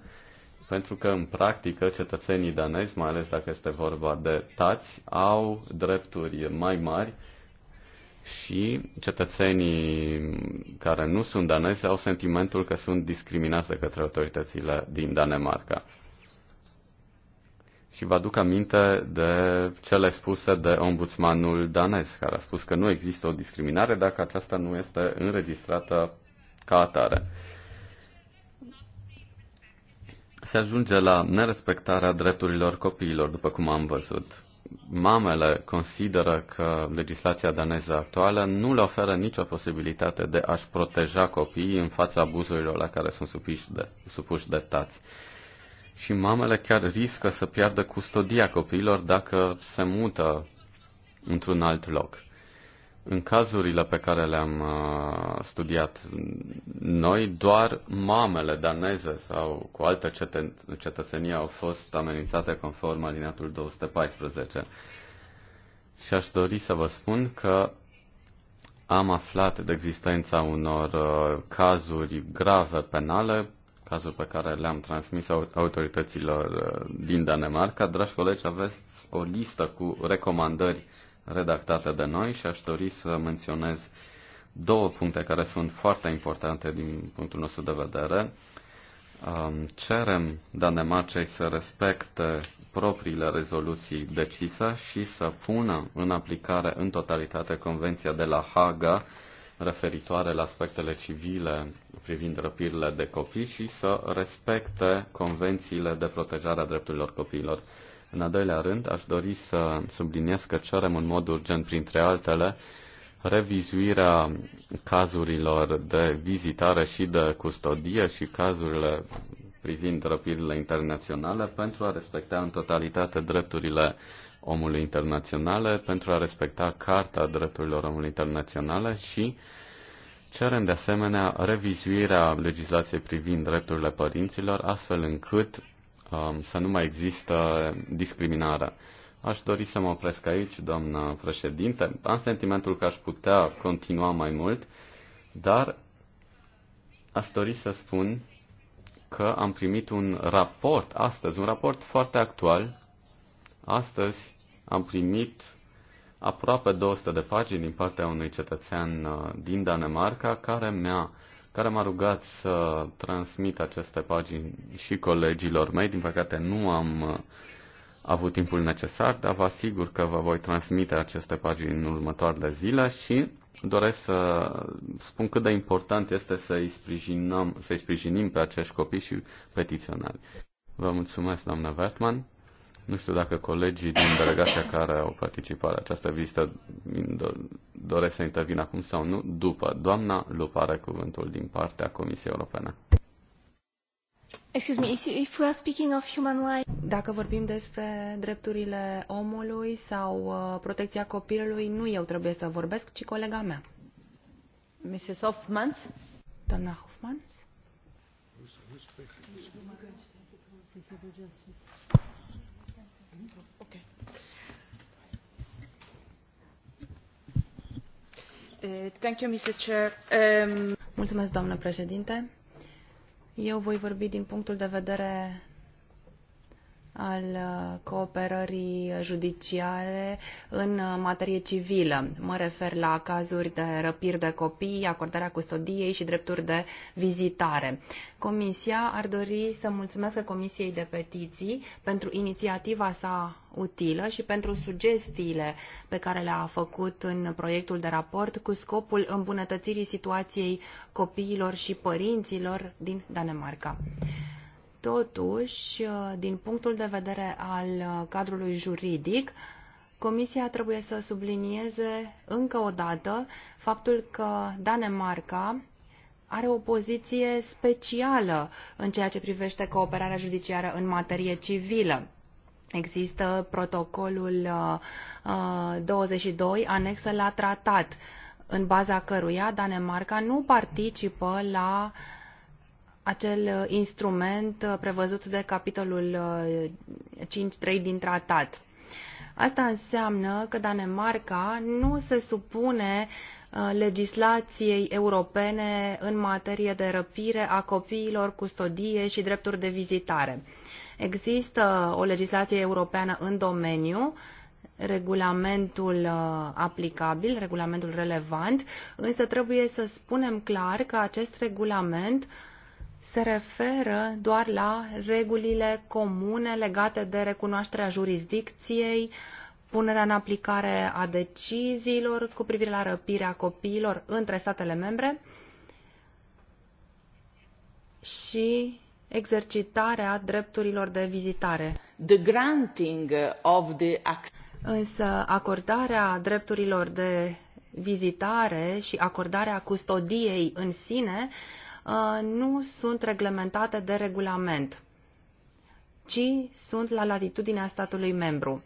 pentru că, în practică, cetățenii danezi, mai ales dacă este vorba de tați, au drepturi mai mari și cetățenii care nu sunt danezi au sentimentul că sunt discriminați de către autoritățile din Danemarca. Și vă aduc aminte de cele spuse de ombudsmanul danez, care a spus că nu există o discriminare dacă aceasta nu este înregistrată ca atare. Se ajunge la nerespectarea drepturilor copiilor, după cum am văzut. Mamele consideră că legislația daneză actuală nu le oferă nicio posibilitate de a-și proteja copiii în fața abuzurilor la care sunt supuși de, supuși de tați și mamele chiar riscă să piardă custodia copiilor dacă se mută într-un alt loc. În cazurile pe care le-am uh, studiat noi, doar mamele daneze sau cu altă cetă cetățenie au fost amenințate conform alineatul 214. Și aș dori să vă spun că am aflat de existența unor uh, cazuri grave penale cazuri pe care le-am transmis autorităților uh, din Danemarca. Dragi colegi, aveți o listă cu recomandări redactate de noi și aș dori să menționez două puncte care sunt foarte importante din punctul nostru de vedere. Um, cerem Danemarcei să respecte propriile rezoluții decise și să pună în aplicare în totalitate Convenția de la Haga referitoare la aspectele civile privind răpirile de copii și să respecte convențiile de protejare a drepturilor copiilor. În al doilea rând, aș dori să subliniez că cerem în mod urgent, printre altele, revizuirea cazurilor de vizitare și de custodie și cazurile privind răpirile internaționale pentru a respecta în totalitate drepturile omului internaționale, pentru a respecta Carta Drepturilor Omului Internaționale și cerem de asemenea revizuirea legislației privind drepturile părinților, astfel încât um, să nu mai există discriminare. Aș dori să mă opresc aici, doamnă președinte. Am sentimentul că aș putea continua mai mult, dar aș dori să spun că am primit un raport astăzi, un raport foarte actual Astăzi am primit aproape 200 de pagini din partea unui cetățean uh, din Danemarca care mi-a care m-a rugat să transmit aceste pagini și colegilor mei. Din păcate nu am uh, avut timpul necesar, dar vă asigur că vă voi transmite aceste pagini în următoarele zile și doresc să spun cât de important este să-i sprijinim, să sprijinim pe acești copii și petiționari. Vă mulțumesc, doamna Vertman. Nu știu dacă colegii din delegația care au participat la această vizită doresc să intervină acum sau nu. După, doamna Lupare cuvântul din partea Comisiei Europene. Excuse me, if we are speaking of human rights... Dacă vorbim despre drepturile omului sau uh, protecția copilului, nu eu trebuie să vorbesc, ci colega mea. Mrs. Hoffman, Doamna Hoffman. Eh, Mulțumesc, um, doamnă președinte. Eu voi vorbi din punctul de vedere al uh, cooperării judiciare în uh, materie civilă. Mă refer la cazuri de răpiri de copii, acordarea custodiei și drepturi de vizitare. Comisia ar dori să mulțumească Comisiei de Petiții pentru inițiativa sa utilă și pentru sugestiile pe care le-a făcut în proiectul de raport cu scopul îmbunătățirii situației copiilor și părinților din Danemarca. Totuși, din punctul de vedere al cadrului juridic, Comisia trebuie să sublinieze încă o dată faptul că Danemarca are o poziție specială în ceea ce privește cooperarea judiciară în materie civilă. Există protocolul 22, uh, anexă la tratat, în baza căruia Danemarca nu participă la uh, acel uh, instrument uh, prevăzut de capitolul 5.3 uh, din tratat. Asta înseamnă că Danemarca nu se supune legislației europene în materie de răpire a copiilor, custodie și drepturi de vizitare. Există o legislație europeană în domeniu, regulamentul aplicabil, regulamentul relevant, însă trebuie să spunem clar că acest regulament uh, se referă doar la regulile comune legate de recunoașterea jurisdicției, punerea în aplicare a deciziilor cu privire la răpirea copiilor între statele membre și exercitarea drepturilor de vizitare. The granting of the Însă acordarea drepturilor de vizitare și acordarea custodiei în sine Uh, nu sunt reglementate de regulament, ci sunt la latitudinea statului membru.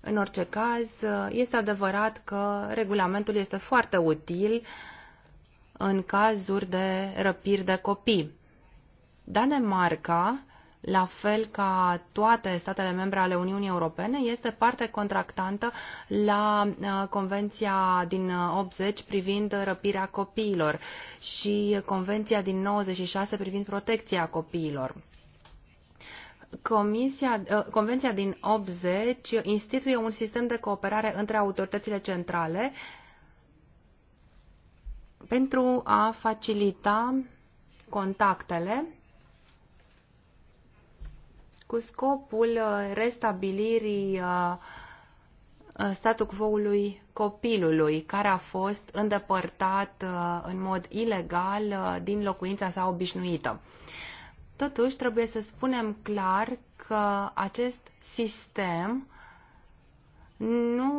În orice caz, uh, este adevărat că regulamentul este foarte util în cazuri de răpiri de copii. Danemarca la fel ca toate statele membre ale Uniunii Europene, este parte contractantă la uh, Convenția din 80 uh, privind răpirea copiilor și Convenția din 96 privind protecția copiilor. Comisia, uh, Convenția din 80 instituie un sistem de cooperare între autoritățile centrale pentru a facilita contactele cu scopul uh, restabilirii uh, uh, statul quo-ului copilului, care a fost îndepărtat în mod ilegal din locuința sa obișnuită. Totuși, trebuie să spunem clar că acest sistem nu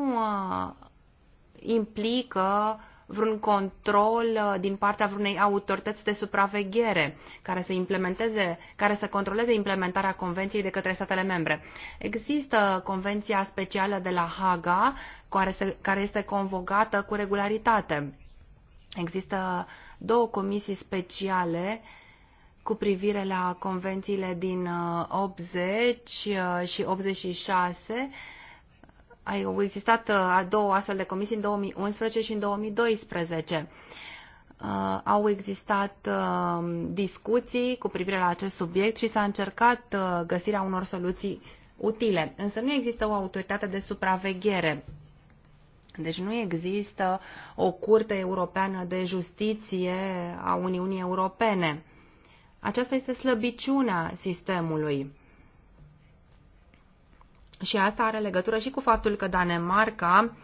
implică vreun control uh, din partea vreunei autorități de supraveghere care să implementeze, care să controleze implementarea convenției de către statele membre. Există convenția specială de la Haga care, se, care este convocată cu regularitate. Există două comisii speciale cu privire la convențiile din 80 uh, uh, și 86 au existat uh, a două astfel de comisii în 2011 și în 2012. Uh, au existat uh, discuții cu privire la acest subiect și s-a încercat găsirea unor soluții utile. Însă nu există o autoritate de supraveghere. Deci nu există o curte europeană de justiție a Uniunii Europene. Aceasta este slăbiciunea sistemului. Și asta are legătură și cu faptul că Danemarca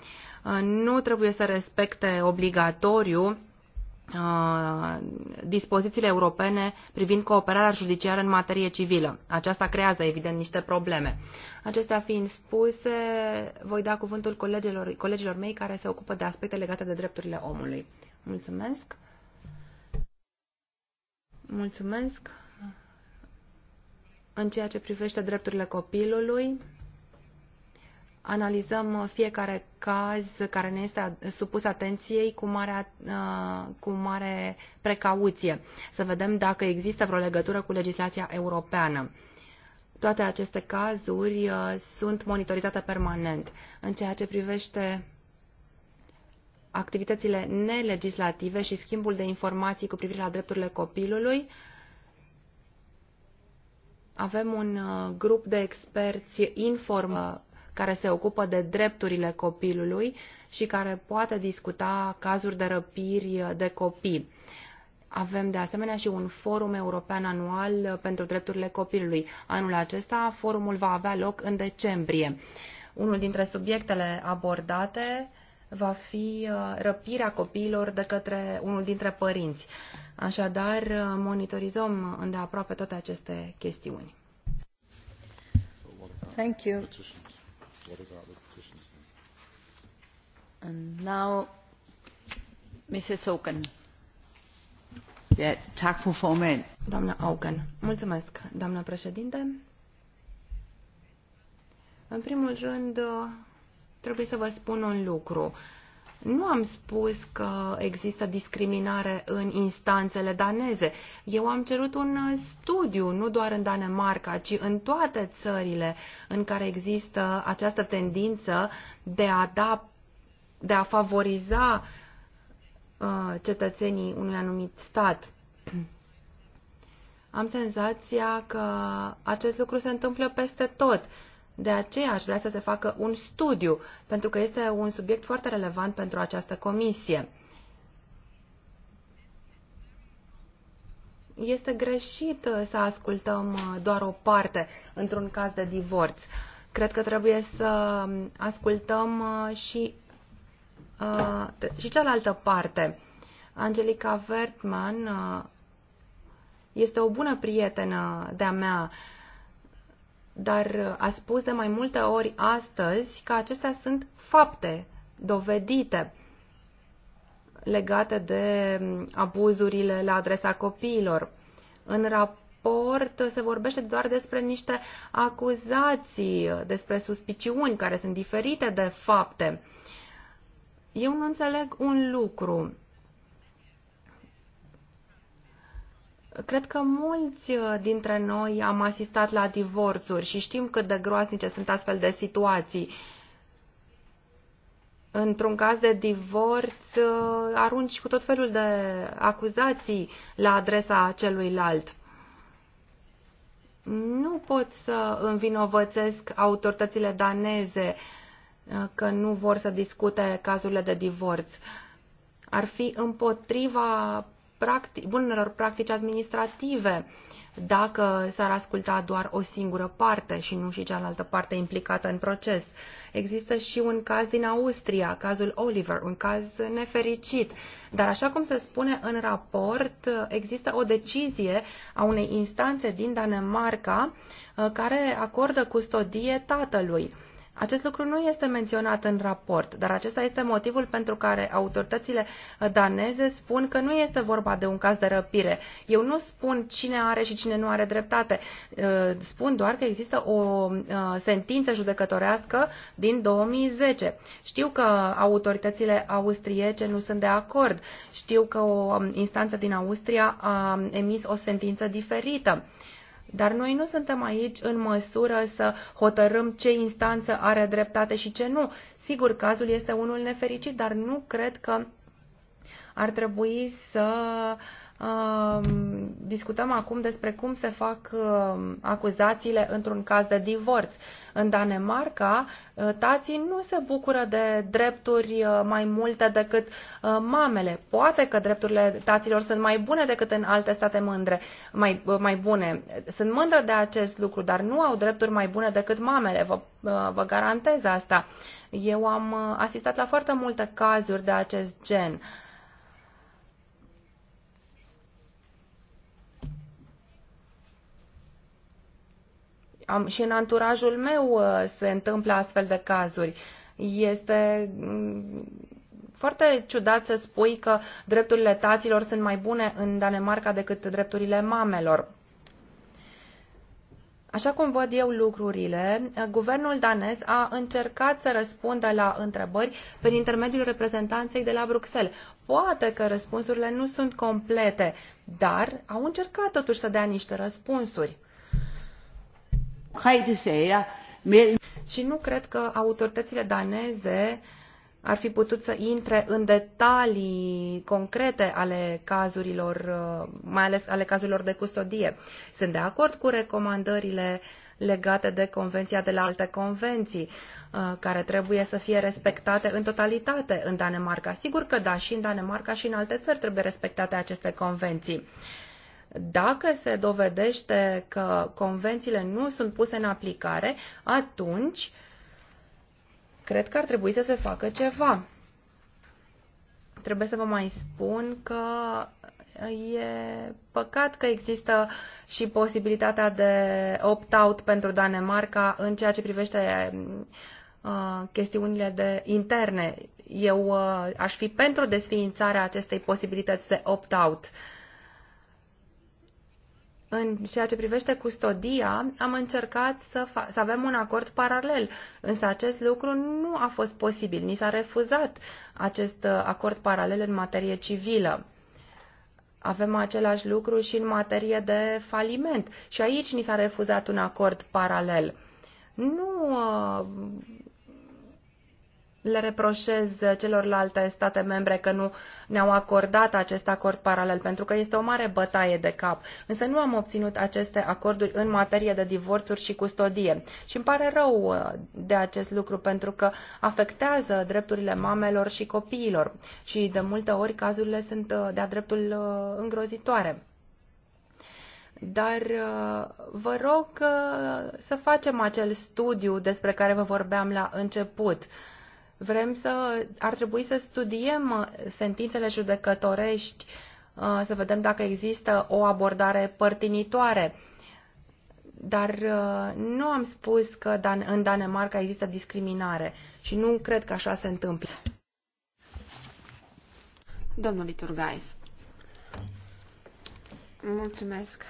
uh, nu trebuie să respecte obligatoriu uh, dispozițiile europene privind cooperarea judiciară în materie civilă. Aceasta creează, evident, niște probleme. Acestea fiind spuse, voi da cuvântul colegilor, colegilor mei care se ocupă de aspecte legate de drepturile omului. Mulțumesc! Mulțumesc! În ceea ce privește drepturile copilului, analizăm uh, fiecare caz care ne este supus atenției cu mare, uh, cu mare precauție, să vedem dacă există vreo legătură cu legislația europeană. Toate aceste cazuri uh, sunt monitorizate permanent. În ceea ce privește activitățile nelegislative și schimbul de informații cu privire la drepturile copilului, avem un grup de experți informal care se ocupă de drepturile copilului și care poate discuta cazuri de răpiri de copii. Avem de asemenea și un forum european anual pentru drepturile copilului. Anul acesta forumul va avea loc în decembrie. Unul dintre subiectele abordate va fi uh, răpirea copiilor de către unul dintre părinți. Așadar, uh, monitorizăm îndeaproape toate aceste chestiuni. Thank you what about the petitions? And now, Mrs. Hogan. Yeah, tak for formand. Doamna Hogan. Mulțumesc, doamna președinte. În primul rând, trebuie să vă spun un lucru. Uh, nu am spus că există discriminare în instanțele daneze. Eu am cerut un studiu, nu doar în Danemarca, ci în toate țările în care există această tendință de a da, de a favoriza uh, cetățenii unui anumit stat. Am senzația că acest lucru se întâmplă peste tot de aceea aș vrea să se facă un studiu, pentru că este un subiect foarte relevant pentru această comisie. Este greșit să ascultăm doar o parte într-un caz de divorț. Cred că trebuie să ascultăm și, uh, și cealaltă parte. Angelica Vertman uh, este o bună prietenă de-a mea dar uh, a spus de mai multe ori astăzi că acestea sunt fapte dovedite legate de mm, abuzurile la adresa copiilor. În raport se vorbește doar despre niște acuzații, uh, despre suspiciuni care sunt diferite de fapte. Eu nu înțeleg un lucru. Cred că mulți uh, dintre noi am asistat la divorțuri și știm cât de groaznice sunt astfel de situații. Într-un caz de divorț, uh, arunci cu tot felul de acuzații la adresa celuilalt. Nu pot să învinovățesc autoritățile daneze uh, că nu vor să discute cazurile de divorț. Ar fi împotriva practi- bunelor practici administrative dacă s-ar asculta doar o singură parte și nu și cealaltă parte implicată în proces. Există și un caz din Austria, cazul Oliver, un caz nefericit. Dar așa cum se spune în raport, există o decizie a unei instanțe din Danemarca uh, care acordă custodie tatălui. Acest lucru nu este menționat în raport, dar acesta este motivul pentru care autoritățile uh, daneze spun că nu este vorba de un caz de răpire. Eu nu spun cine are și cine nu are dreptate. Uh, spun doar că există o uh, sentință judecătorească din 2010. Știu că autoritățile austriece nu sunt de acord. Știu că o um, instanță din Austria a um, emis o sentință diferită. Dar noi nu suntem aici în măsură să hotărâm ce instanță are dreptate și ce nu. Sigur, cazul este unul nefericit, dar nu cred că ar trebui să uh, discutăm acum despre cum se fac um, acuzațiile într-un caz de divorț. În Danemarca, uh, tații nu se bucură de drepturi uh, mai multe decât uh, mamele. Poate că drepturile taților sunt mai bune decât în alte state mândre, mai, mai bune. Sunt mândră de acest lucru, dar nu au drepturi mai bune decât mamele, vă, vă garantez asta. Eu am asistat la foarte multe cazuri de acest gen. Uh, am, și în anturajul meu uh, se întâmplă astfel de cazuri. Este mm, foarte ciudat să spui că drepturile taților sunt mai bune în Danemarca decât drepturile mamelor. Așa cum văd eu lucrurile, uh, guvernul danez a încercat să răspundă la întrebări prin intermediul reprezentanței de la Bruxelles. Poate că răspunsurile nu sunt complete, dar au încercat totuși să dea niște răspunsuri. Și nu cred că autoritățile daneze ar fi putut să intre în detalii concrete ale cazurilor, uh, mai ales ale cazurilor de custodie. Sunt de acord cu recomandările legate de convenția de la alte convenții, uh, care trebuie să fie respectate în totalitate în Danemarca. Sigur că da, și în Danemarca și în alte țări trebuie respectate aceste convenții. Dacă se dovedește că convențiile nu sunt puse în aplicare, atunci cred că ar trebui să se facă ceva. Trebuie să vă mai spun că e păcat că există și posibilitatea de opt-out pentru Danemarca în ceea ce privește uh, chestiunile de interne. Eu uh, aș fi pentru desființarea acestei posibilități de opt-out. Uh, în ceea ce privește custodia, am încercat să, să avem un acord paralel, însă acest lucru nu a fost posibil. Ni s-a refuzat acest uh, acord paralel în materie civilă. Avem același lucru și în materie de faliment. Și aici ni s-a refuzat un acord paralel. Nu uh, le reproșez celorlalte state membre că nu ne-au acordat acest acord paralel, pentru că este o mare bătaie de cap. Însă nu am obținut aceste acorduri în materie de divorțuri și custodie. Și îmi pare rău uh, de acest lucru, pentru că afectează drepturile mamelor și copiilor. Și de multe ori cazurile sunt uh, de-a dreptul uh, îngrozitoare dar vă rog să facem acel studiu despre care vă vorbeam la început. Vrem să, ar trebui să studiem uh, sentințele judecătorești, uh, să vedem dacă există o abordare părtinitoare. Dar uh, nu am spus că în Danemarca există discriminare și nu cred că așa se întâmplă. Domnul Iturgais. Mulțumesc.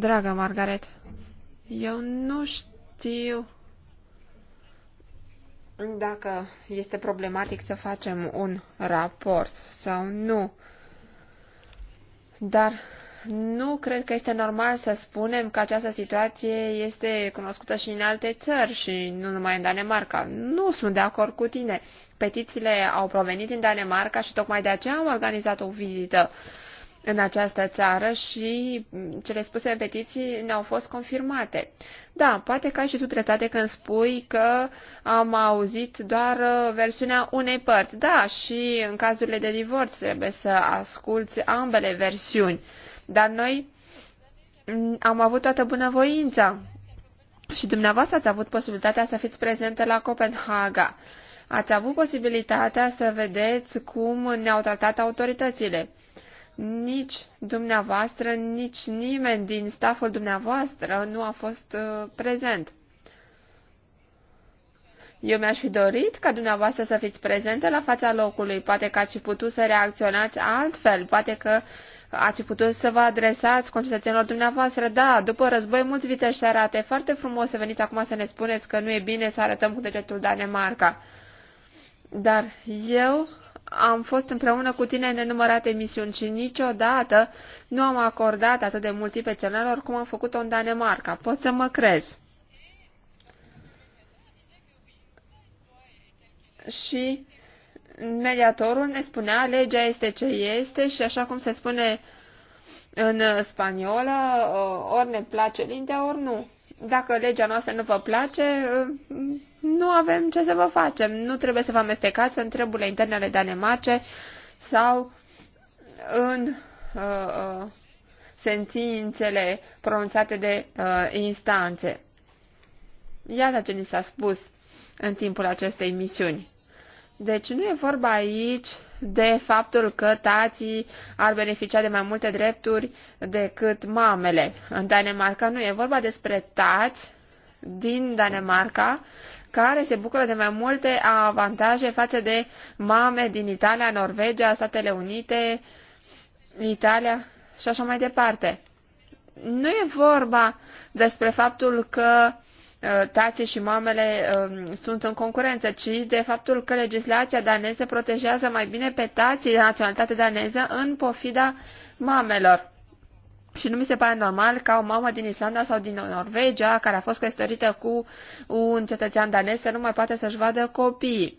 Dragă Margaret, eu nu știu dacă este problematic să facem un raport sau nu, dar nu cred că este normal să spunem că această situație este cunoscută și în alte țări și nu numai în Danemarca. Nu sunt de acord cu tine. Petițiile au provenit din Danemarca și tocmai de aceea am organizat o vizită în această țară și cele spuse în petiții ne-au fost confirmate. Da, poate că și tu dreptate când spui că am auzit doar uh, versiunea unei părți. Da, și în cazurile de divorț trebuie să asculți ambele versiuni. Dar noi mm, am avut toată bunăvoința și dumneavoastră ați avut posibilitatea să fiți prezente la Copenhaga. Ați avut posibilitatea să vedeți cum ne-au tratat autoritățile nici dumneavoastră, nici nimeni din staful dumneavoastră nu a fost uh, prezent. Eu mi-aș fi dorit ca dumneavoastră să fiți prezente la fața locului, poate că ați putut să reacționați altfel, poate că ați putut să vă adresați concetățenilor dumneavoastră. Da, după război mulți viteși arate. Foarte frumos să veniți acum să ne spuneți că nu e bine să arătăm cu degetul Danemarca. Dar eu am fost împreună cu tine în nenumărate misiuni și niciodată nu am acordat atât de mult pe pe cum am făcut-o în Danemarca. Poți să mă crezi. Și mediatorul ne spunea, legea este ce este și așa cum se spune în spaniolă, ori ne place lintea, ori nu dacă legea noastră nu vă place, nu avem ce să vă facem. Nu trebuie să vă amestecați în treburile interne ale Danemarce sau în uh, uh sentințele pronunțate de uh, instanțe. Iată ce ni s-a spus în timpul acestei misiuni. Deci nu e vorba aici de faptul că tații ar beneficia de mai multe drepturi decât mamele. În Danemarca nu e vorba despre tați din Danemarca care se bucură de mai multe avantaje față de mame din Italia, Norvegia, Statele Unite, Italia și așa mai departe. Nu e vorba despre faptul că Uh, tații și mamele um, sunt în concurență, ci de faptul că legislația daneză protejează mai bine pe tații de naționalitate daneză în pofida mamelor. Și nu mi se pare normal ca o mamă din Islanda sau din Norvegia, care a fost căsătorită cu un cetățean danez, să nu mai poate să-și vadă copiii.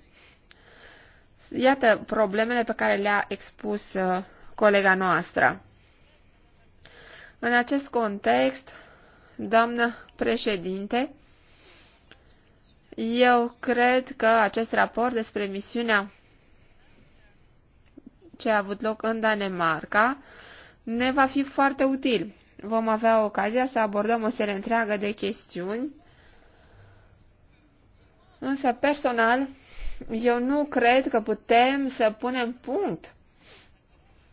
Iată problemele pe care le-a expus uh, colega noastră. În acest context, doamnă președinte, eu cred că acest raport despre misiunea ce a avut loc în Danemarca ne va fi foarte util. Vom avea ocazia să abordăm o serie întreagă de chestiuni, însă personal eu nu cred că putem să punem punct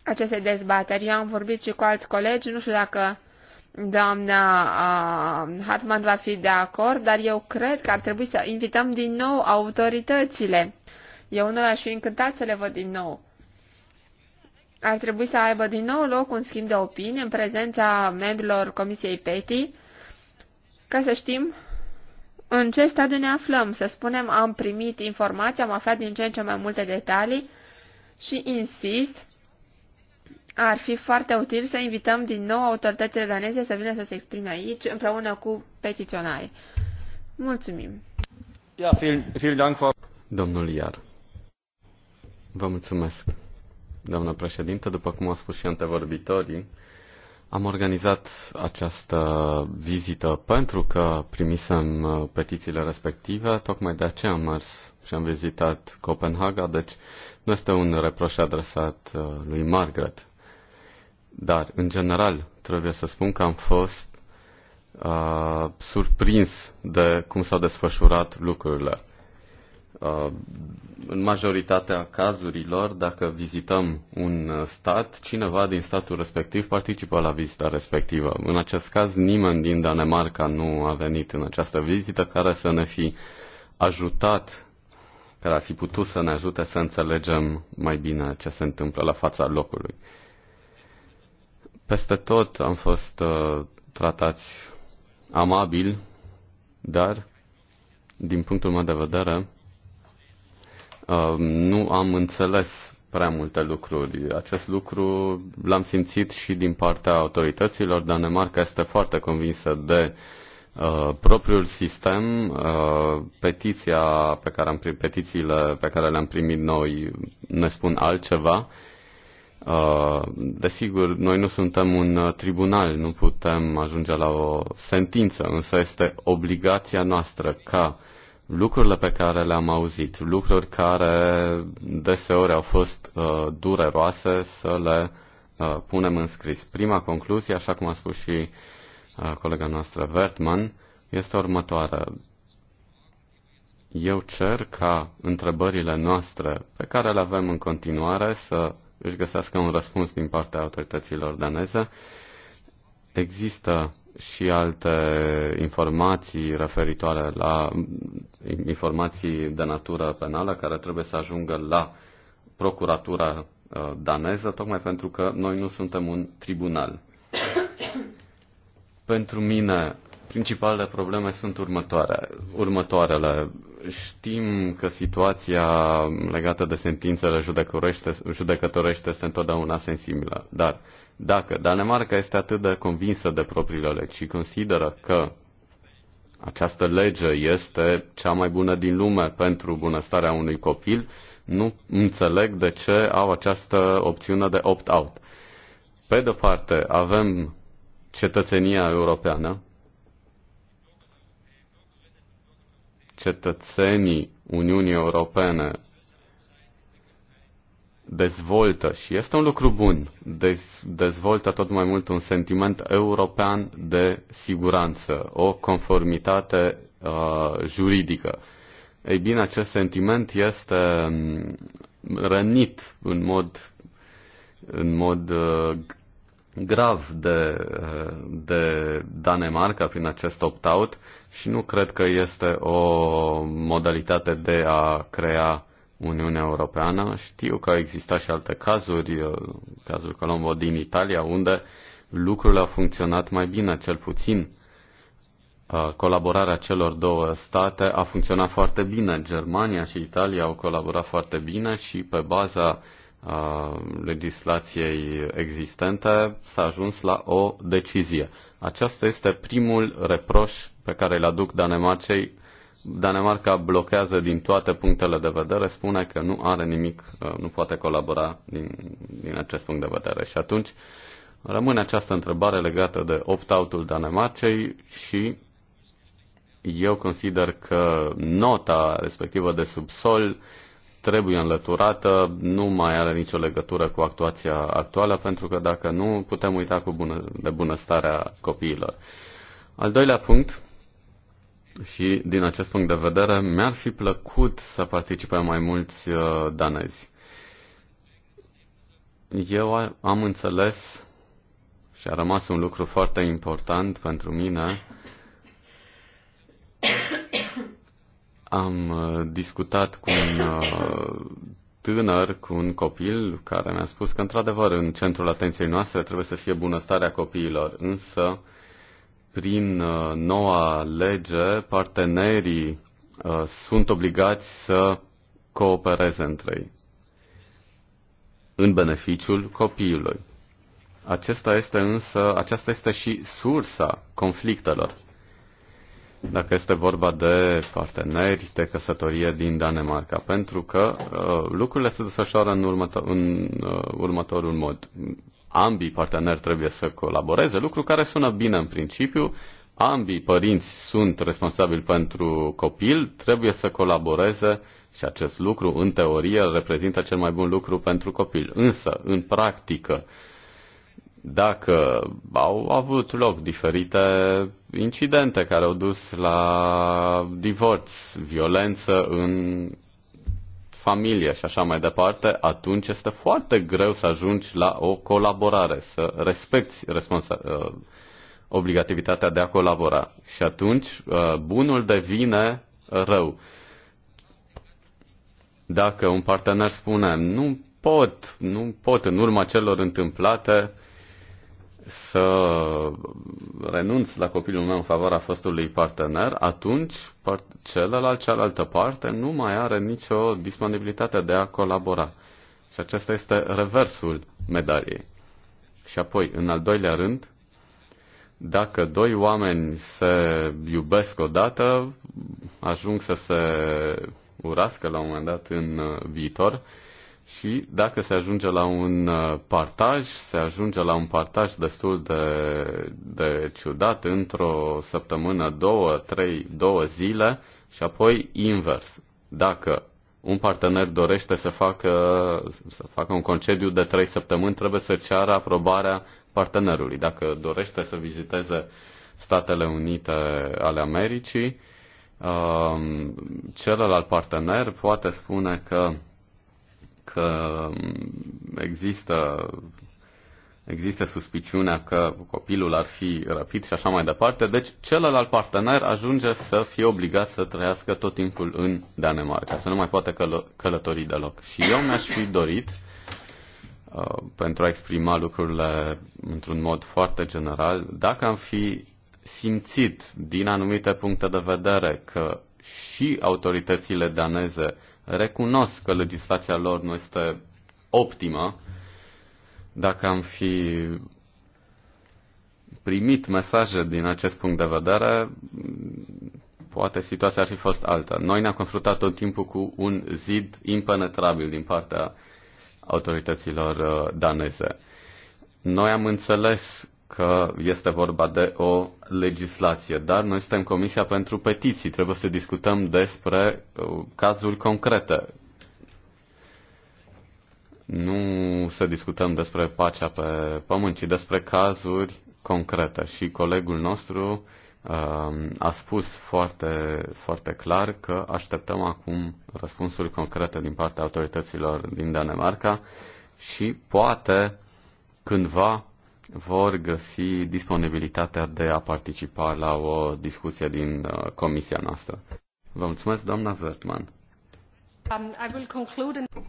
acestei dezbateri. Eu am vorbit și cu alți colegi, nu știu dacă doamna uh, Hartman va fi de acord, dar eu cred că ar trebui să invităm din nou autoritățile. Eu nu aș fi încântat să le văd din nou. Ar trebui să aibă din nou loc un schimb de opinie în prezența membrilor Comisiei PETI, ca să știm în ce stadiu ne aflăm. Să spunem, am primit informații, am aflat din ce în ce mai multe detalii și insist ar fi foarte util să invităm din nou autoritățile daneze să vină să se exprime aici împreună cu petiționari. Mulțumim! Ja, vielen, vielen Dank, Frau... Domnul Iar. Vă mulțumesc, doamnă președinte. După cum au spus și antevorbitorii, am organizat această vizită pentru că primisem uh, petițiile respective, tocmai de aceea am mers și am vizitat Copenhaga, deci nu este un reproș adresat uh, lui Margaret. Dar, în general, trebuie să spun că am fost uh, surprins de cum s-au desfășurat lucrurile. Uh, în majoritatea cazurilor, dacă vizităm un uh, stat, cineva din statul respectiv participă la vizita respectivă. În acest caz, nimeni din Danemarca nu a venit în această vizită care să ne fi ajutat, care ar fi putut să ne ajute să înțelegem mai bine ce se întâmplă la fața locului. Uh, peste tot am fost uh, tratați amabil, dar, din punctul meu de vedere, uh, nu am înțeles prea multe lucruri. Acest lucru l-am simțit și din partea autorităților. Danemarca este foarte convinsă de uh, propriul sistem. Uh, petiția pe care am, petițiile pe care le-am primit noi ne spun altceva. Uh, Uh, desigur, noi nu suntem un uh, tribunal, nu putem ajunge la o sentință, însă este obligația noastră ca lucrurile pe care le-am auzit, lucruri care deseori au fost uh, dureroase, să le uh, punem în scris. Prima concluzie, așa cum a spus și uh, colega noastră Vertman, este următoarea. Eu cer ca întrebările noastre pe care le avem în continuare să își găsească un răspuns din partea autorităților daneze. Există și alte informații referitoare la informații de natură penală care trebuie să ajungă la procuratura uh, daneză, tocmai pentru că noi nu suntem un tribunal. pentru mine Principalele probleme sunt următoare, următoarele. Știm că situația legată de sentințele judecătorește, este întotdeauna sensibilă, dar dacă Danemarca este atât de convinsă de propriile legi și consideră că această lege este cea mai bună din lume pentru bunăstarea unui copil, nu înțeleg de ce au această opțiune de opt-out. Pe de parte, avem cetățenia europeană, cetățenii Uniunii Europene dezvoltă și este un lucru bun, dez, dezvoltă tot mai mult un sentiment european de siguranță, o conformitate uh, juridică. Ei bine, acest sentiment este um, rănit în mod, în mod uh, grav de, uh, de Danemarca prin acest opt-out și nu cred că este o modalitate de a crea Uniunea Europeană. Știu că au existat și alte cazuri, uh, cazul Colombo din Italia, unde lucrurile au funcționat mai bine, cel puțin uh, colaborarea celor două state a funcționat foarte bine. Germania și Italia au colaborat foarte bine și pe baza uh, legislației existente s-a ajuns la o decizie. Aceasta este primul reproș pe care le aduc Danemarcei, Danemarca blochează din toate punctele de vedere, spune că nu are nimic, uh, nu poate colabora din, din acest punct de vedere. Și atunci rămâne această întrebare legată de opt-out-ul Danemarcei și eu consider că nota respectivă de subsol trebuie înlăturată, nu mai are nicio legătură cu actuația actuală, pentru că dacă nu, putem uita cu bună, de bunăstarea copiilor. Al doilea punct și din acest punct de vedere, mi-ar fi plăcut să participe mai mulți uh, danezi. Eu am înțeles și a rămas un lucru foarte important pentru mine. Am uh, discutat cu un uh, tânăr, cu un copil, care mi-a spus că, într-adevăr, în centrul atenției noastre trebuie să fie bunăstarea copiilor, însă prin uh, noua lege, partenerii uh, sunt obligați să coopereze între ei în beneficiul copilului. Acesta este însă, aceasta este și sursa conflictelor. Dacă este vorba de parteneri de căsătorie din Danemarca, pentru că uh, lucrurile se desfășoară în, următo- în uh, următorul mod ambii parteneri trebuie să colaboreze, lucru care sună bine în principiu. Ambii părinți sunt responsabili pentru copil, trebuie să colaboreze și acest lucru, în teorie, reprezintă cel mai bun lucru pentru copil. Însă, în practică, dacă au avut loc diferite incidente care au dus la divorț, violență în familie și așa mai departe, atunci este foarte greu să ajungi la o colaborare, să respecti responsa- uh, obligativitatea de a colabora. Și atunci uh, bunul devine uh, rău. Dacă un partener spune, nu pot, nu pot în urma celor întâmplate, uh, să renunț la copilul meu în favoarea fostului partener, atunci celălalt, cealaltă parte nu mai are nicio disponibilitate de a colabora. Și acesta este reversul medaliei. Și apoi, în al doilea rând, dacă doi oameni se iubesc odată, ajung să se urască la un moment dat în uh, viitor, și dacă se ajunge la un uh, partaj, se ajunge la un partaj destul de, de ciudat într-o săptămână, două, trei, două zile și apoi invers. Dacă un partener dorește să facă, să facă un concediu de trei săptămâni, trebuie să ceară aprobarea partenerului. Dacă dorește să viziteze Statele Unite ale Americii, um, celălalt partener poate spune că că există, există suspiciunea că copilul ar fi răpit și așa mai departe, deci celălalt partener ajunge să fie obligat să trăiască tot timpul în Danemarca, să nu mai poate căl- călători deloc. Și eu mi-aș fi dorit uh, pentru a exprima lucrurile într-un mod foarte general, dacă am fi simțit din anumite puncte de vedere că și autoritățile daneze recunosc că legislația lor nu este optimă. Dacă am fi primit mesaje din acest punct de vedere, poate situația ar fi fost alta. Noi ne-am confruntat tot timpul cu un zid impenetrabil din partea autorităților uh, daneze. Noi am înțeles că este vorba de o legislație, dar noi suntem Comisia pentru Petiții, trebuie să discutăm despre uh, cazuri concrete. Nu să discutăm despre pacea pe pământ, ci despre cazuri concrete. Și colegul nostru uh, a spus foarte, foarte clar că așteptăm acum răspunsuri concrete din partea autorităților din Danemarca și poate cândva vor găsi disponibilitatea de a participa la o discuție din uh, comisia noastră. Vă mulțumesc, doamna Wertmann. Um,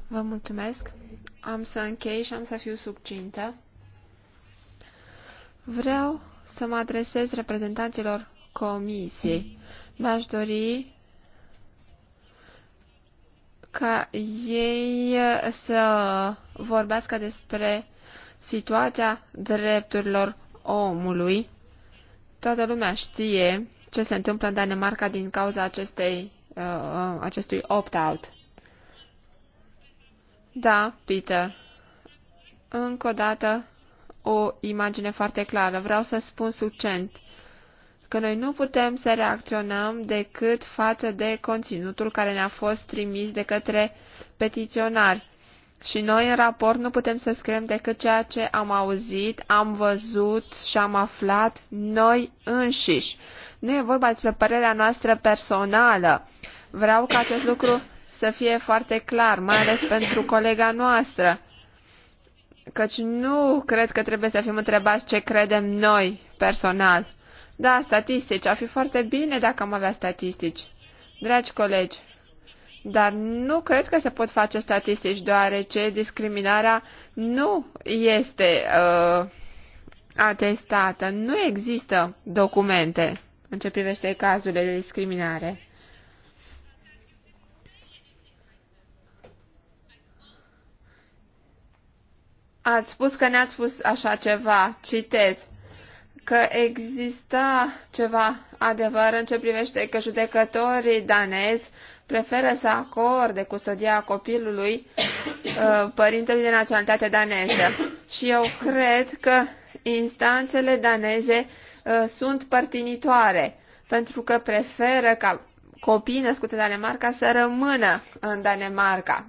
Vă mulțumesc. Am să închei și am să fiu subcintă. Vreau să mă adresez reprezentanților comisiei. Mi-aș dori ca ei să vorbească despre situația drepturilor omului. Toată lumea știe ce se întâmplă în Danemarca din cauza acestei, uh, uh, acestui opt-out. Da, Peter. Încă o dată o imagine foarte clară. Vreau să spun succent că noi nu putem să reacționăm decât față de conținutul care ne-a fost trimis de către petiționari. Și noi în raport nu putem să scriem decât ceea ce am auzit, am văzut și am aflat noi înșiși. Nu e vorba despre părerea noastră personală. Vreau ca acest lucru să fie foarte clar, mai ales pentru colega noastră. Căci nu cred că trebuie să fim întrebați ce credem noi personal. Da, statistici. Ar fi foarte bine dacă am avea statistici. Dragi colegi, dar nu cred că se pot face statistici, deoarece discriminarea nu este uh, atestată, nu există documente în ce privește cazurile de discriminare. Ați spus că ne-ați spus așa ceva, citez, că exista ceva adevăr în ce privește că judecătorii danezi preferă să acorde custodia copilului uh, părintelui de naționalitate daneză. Și eu cred că instanțele daneze uh, sunt părtinitoare, pentru că preferă ca copiii născuți în Danemarca să rămână în Danemarca.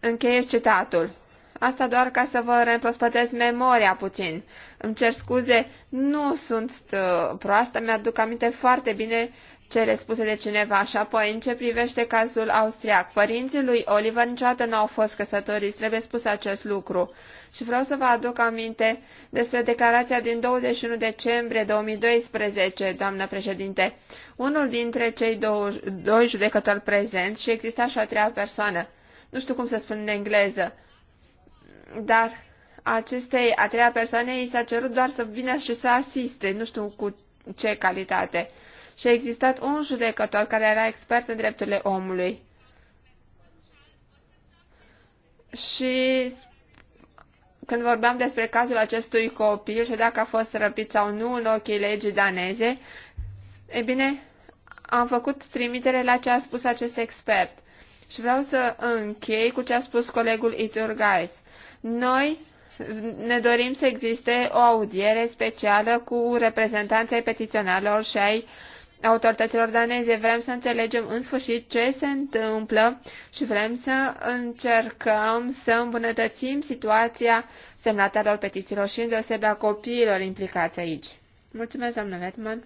Încheiesc citatul. Asta doar ca să vă reîmprospătesc memoria puțin. Îmi cer scuze, nu sunt uh, proastă, mi-aduc aminte foarte bine cele spuse de cineva și apoi în ce privește cazul austriac. Părinții lui Oliver niciodată nu au fost căsătoriți, trebuie spus acest lucru. Și vreau să vă aduc aminte despre declarația din 21 decembrie 2012, doamnă președinte. Unul dintre cei două, doi judecători prezenți și exista și a treia persoană. Nu știu cum să spun în engleză, dar acestei a treia persoane i s-a cerut doar să vină și să asiste, nu știu cu ce calitate și a existat un judecător care era expert în drepturile omului. Și când vorbeam despre cazul acestui copil și dacă a fost răpit sau nu în ochii legii daneze, e bine, am făcut trimitere la ce a spus acest expert. Și vreau să închei cu ce a spus colegul Iturgais. Noi ne dorim să existe o audiere specială cu reprezentanții petiționarilor și ai autorităților daneze. Vrem să înțelegem în sfârșit ce se întâmplă și vrem să încercăm să îmbunătățim situația semnatarilor petițiilor și îndeosebea copiilor implicați aici. Mulțumesc, doamnă Vetman.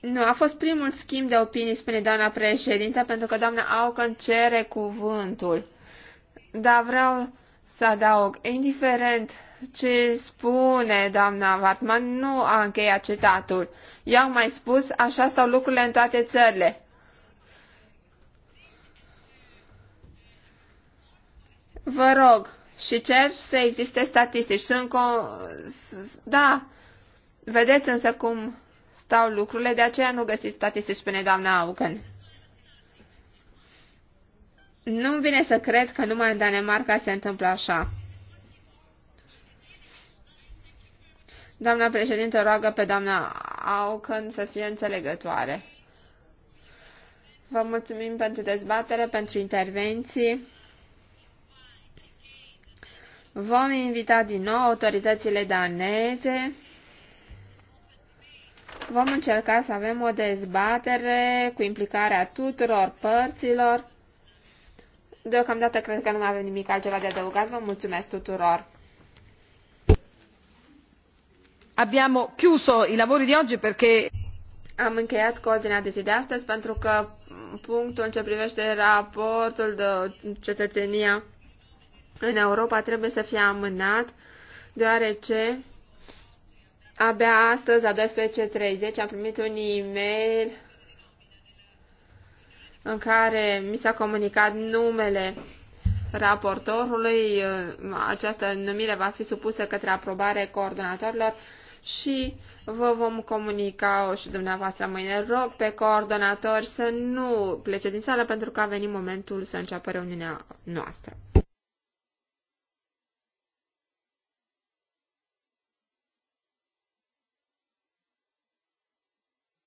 Nu, a fost primul schimb de opinii, spune doamna președinte, pentru că doamna Aucan cere cuvântul. Dar vreau să adaug, indiferent ce spune doamna Vatman nu a încheiat citatul. Eu am mai spus, așa stau lucrurile în toate țările. Vă rog și cer să existe statistici. Sunt con... Da, vedeți însă cum stau lucrurile, de aceea nu găsiți statistici, spune doamna Augen. Nu-mi vine să cred că numai în Danemarca se întâmplă așa. Doamna președinte roagă pe doamna Aucan să fie înțelegătoare. Vă mulțumim pentru dezbatere, pentru intervenții. Vom invita din nou autoritățile daneze. Vom încerca să avem o dezbatere cu implicarea tuturor părților. Deocamdată cred că nu mai avem nimic altceva de adăugat. Vă mulțumesc tuturor! abbiamo chiuso i lavori di oggi perché am încheiat cu ordinea de zi de astăzi pentru că punctul în ce privește raportul de cetățenia în Europa trebuie să fie amânat, deoarece abia astăzi, la 12.30, am primit un e-mail în care mi s-a comunicat numele raportorului. Această numire va fi supusă către aprobare coordonatorilor și vă vom comunica o și dumneavoastră mâine. Rog pe coordonatori să nu plece din sală pentru că a venit momentul să înceapă reuniunea noastră.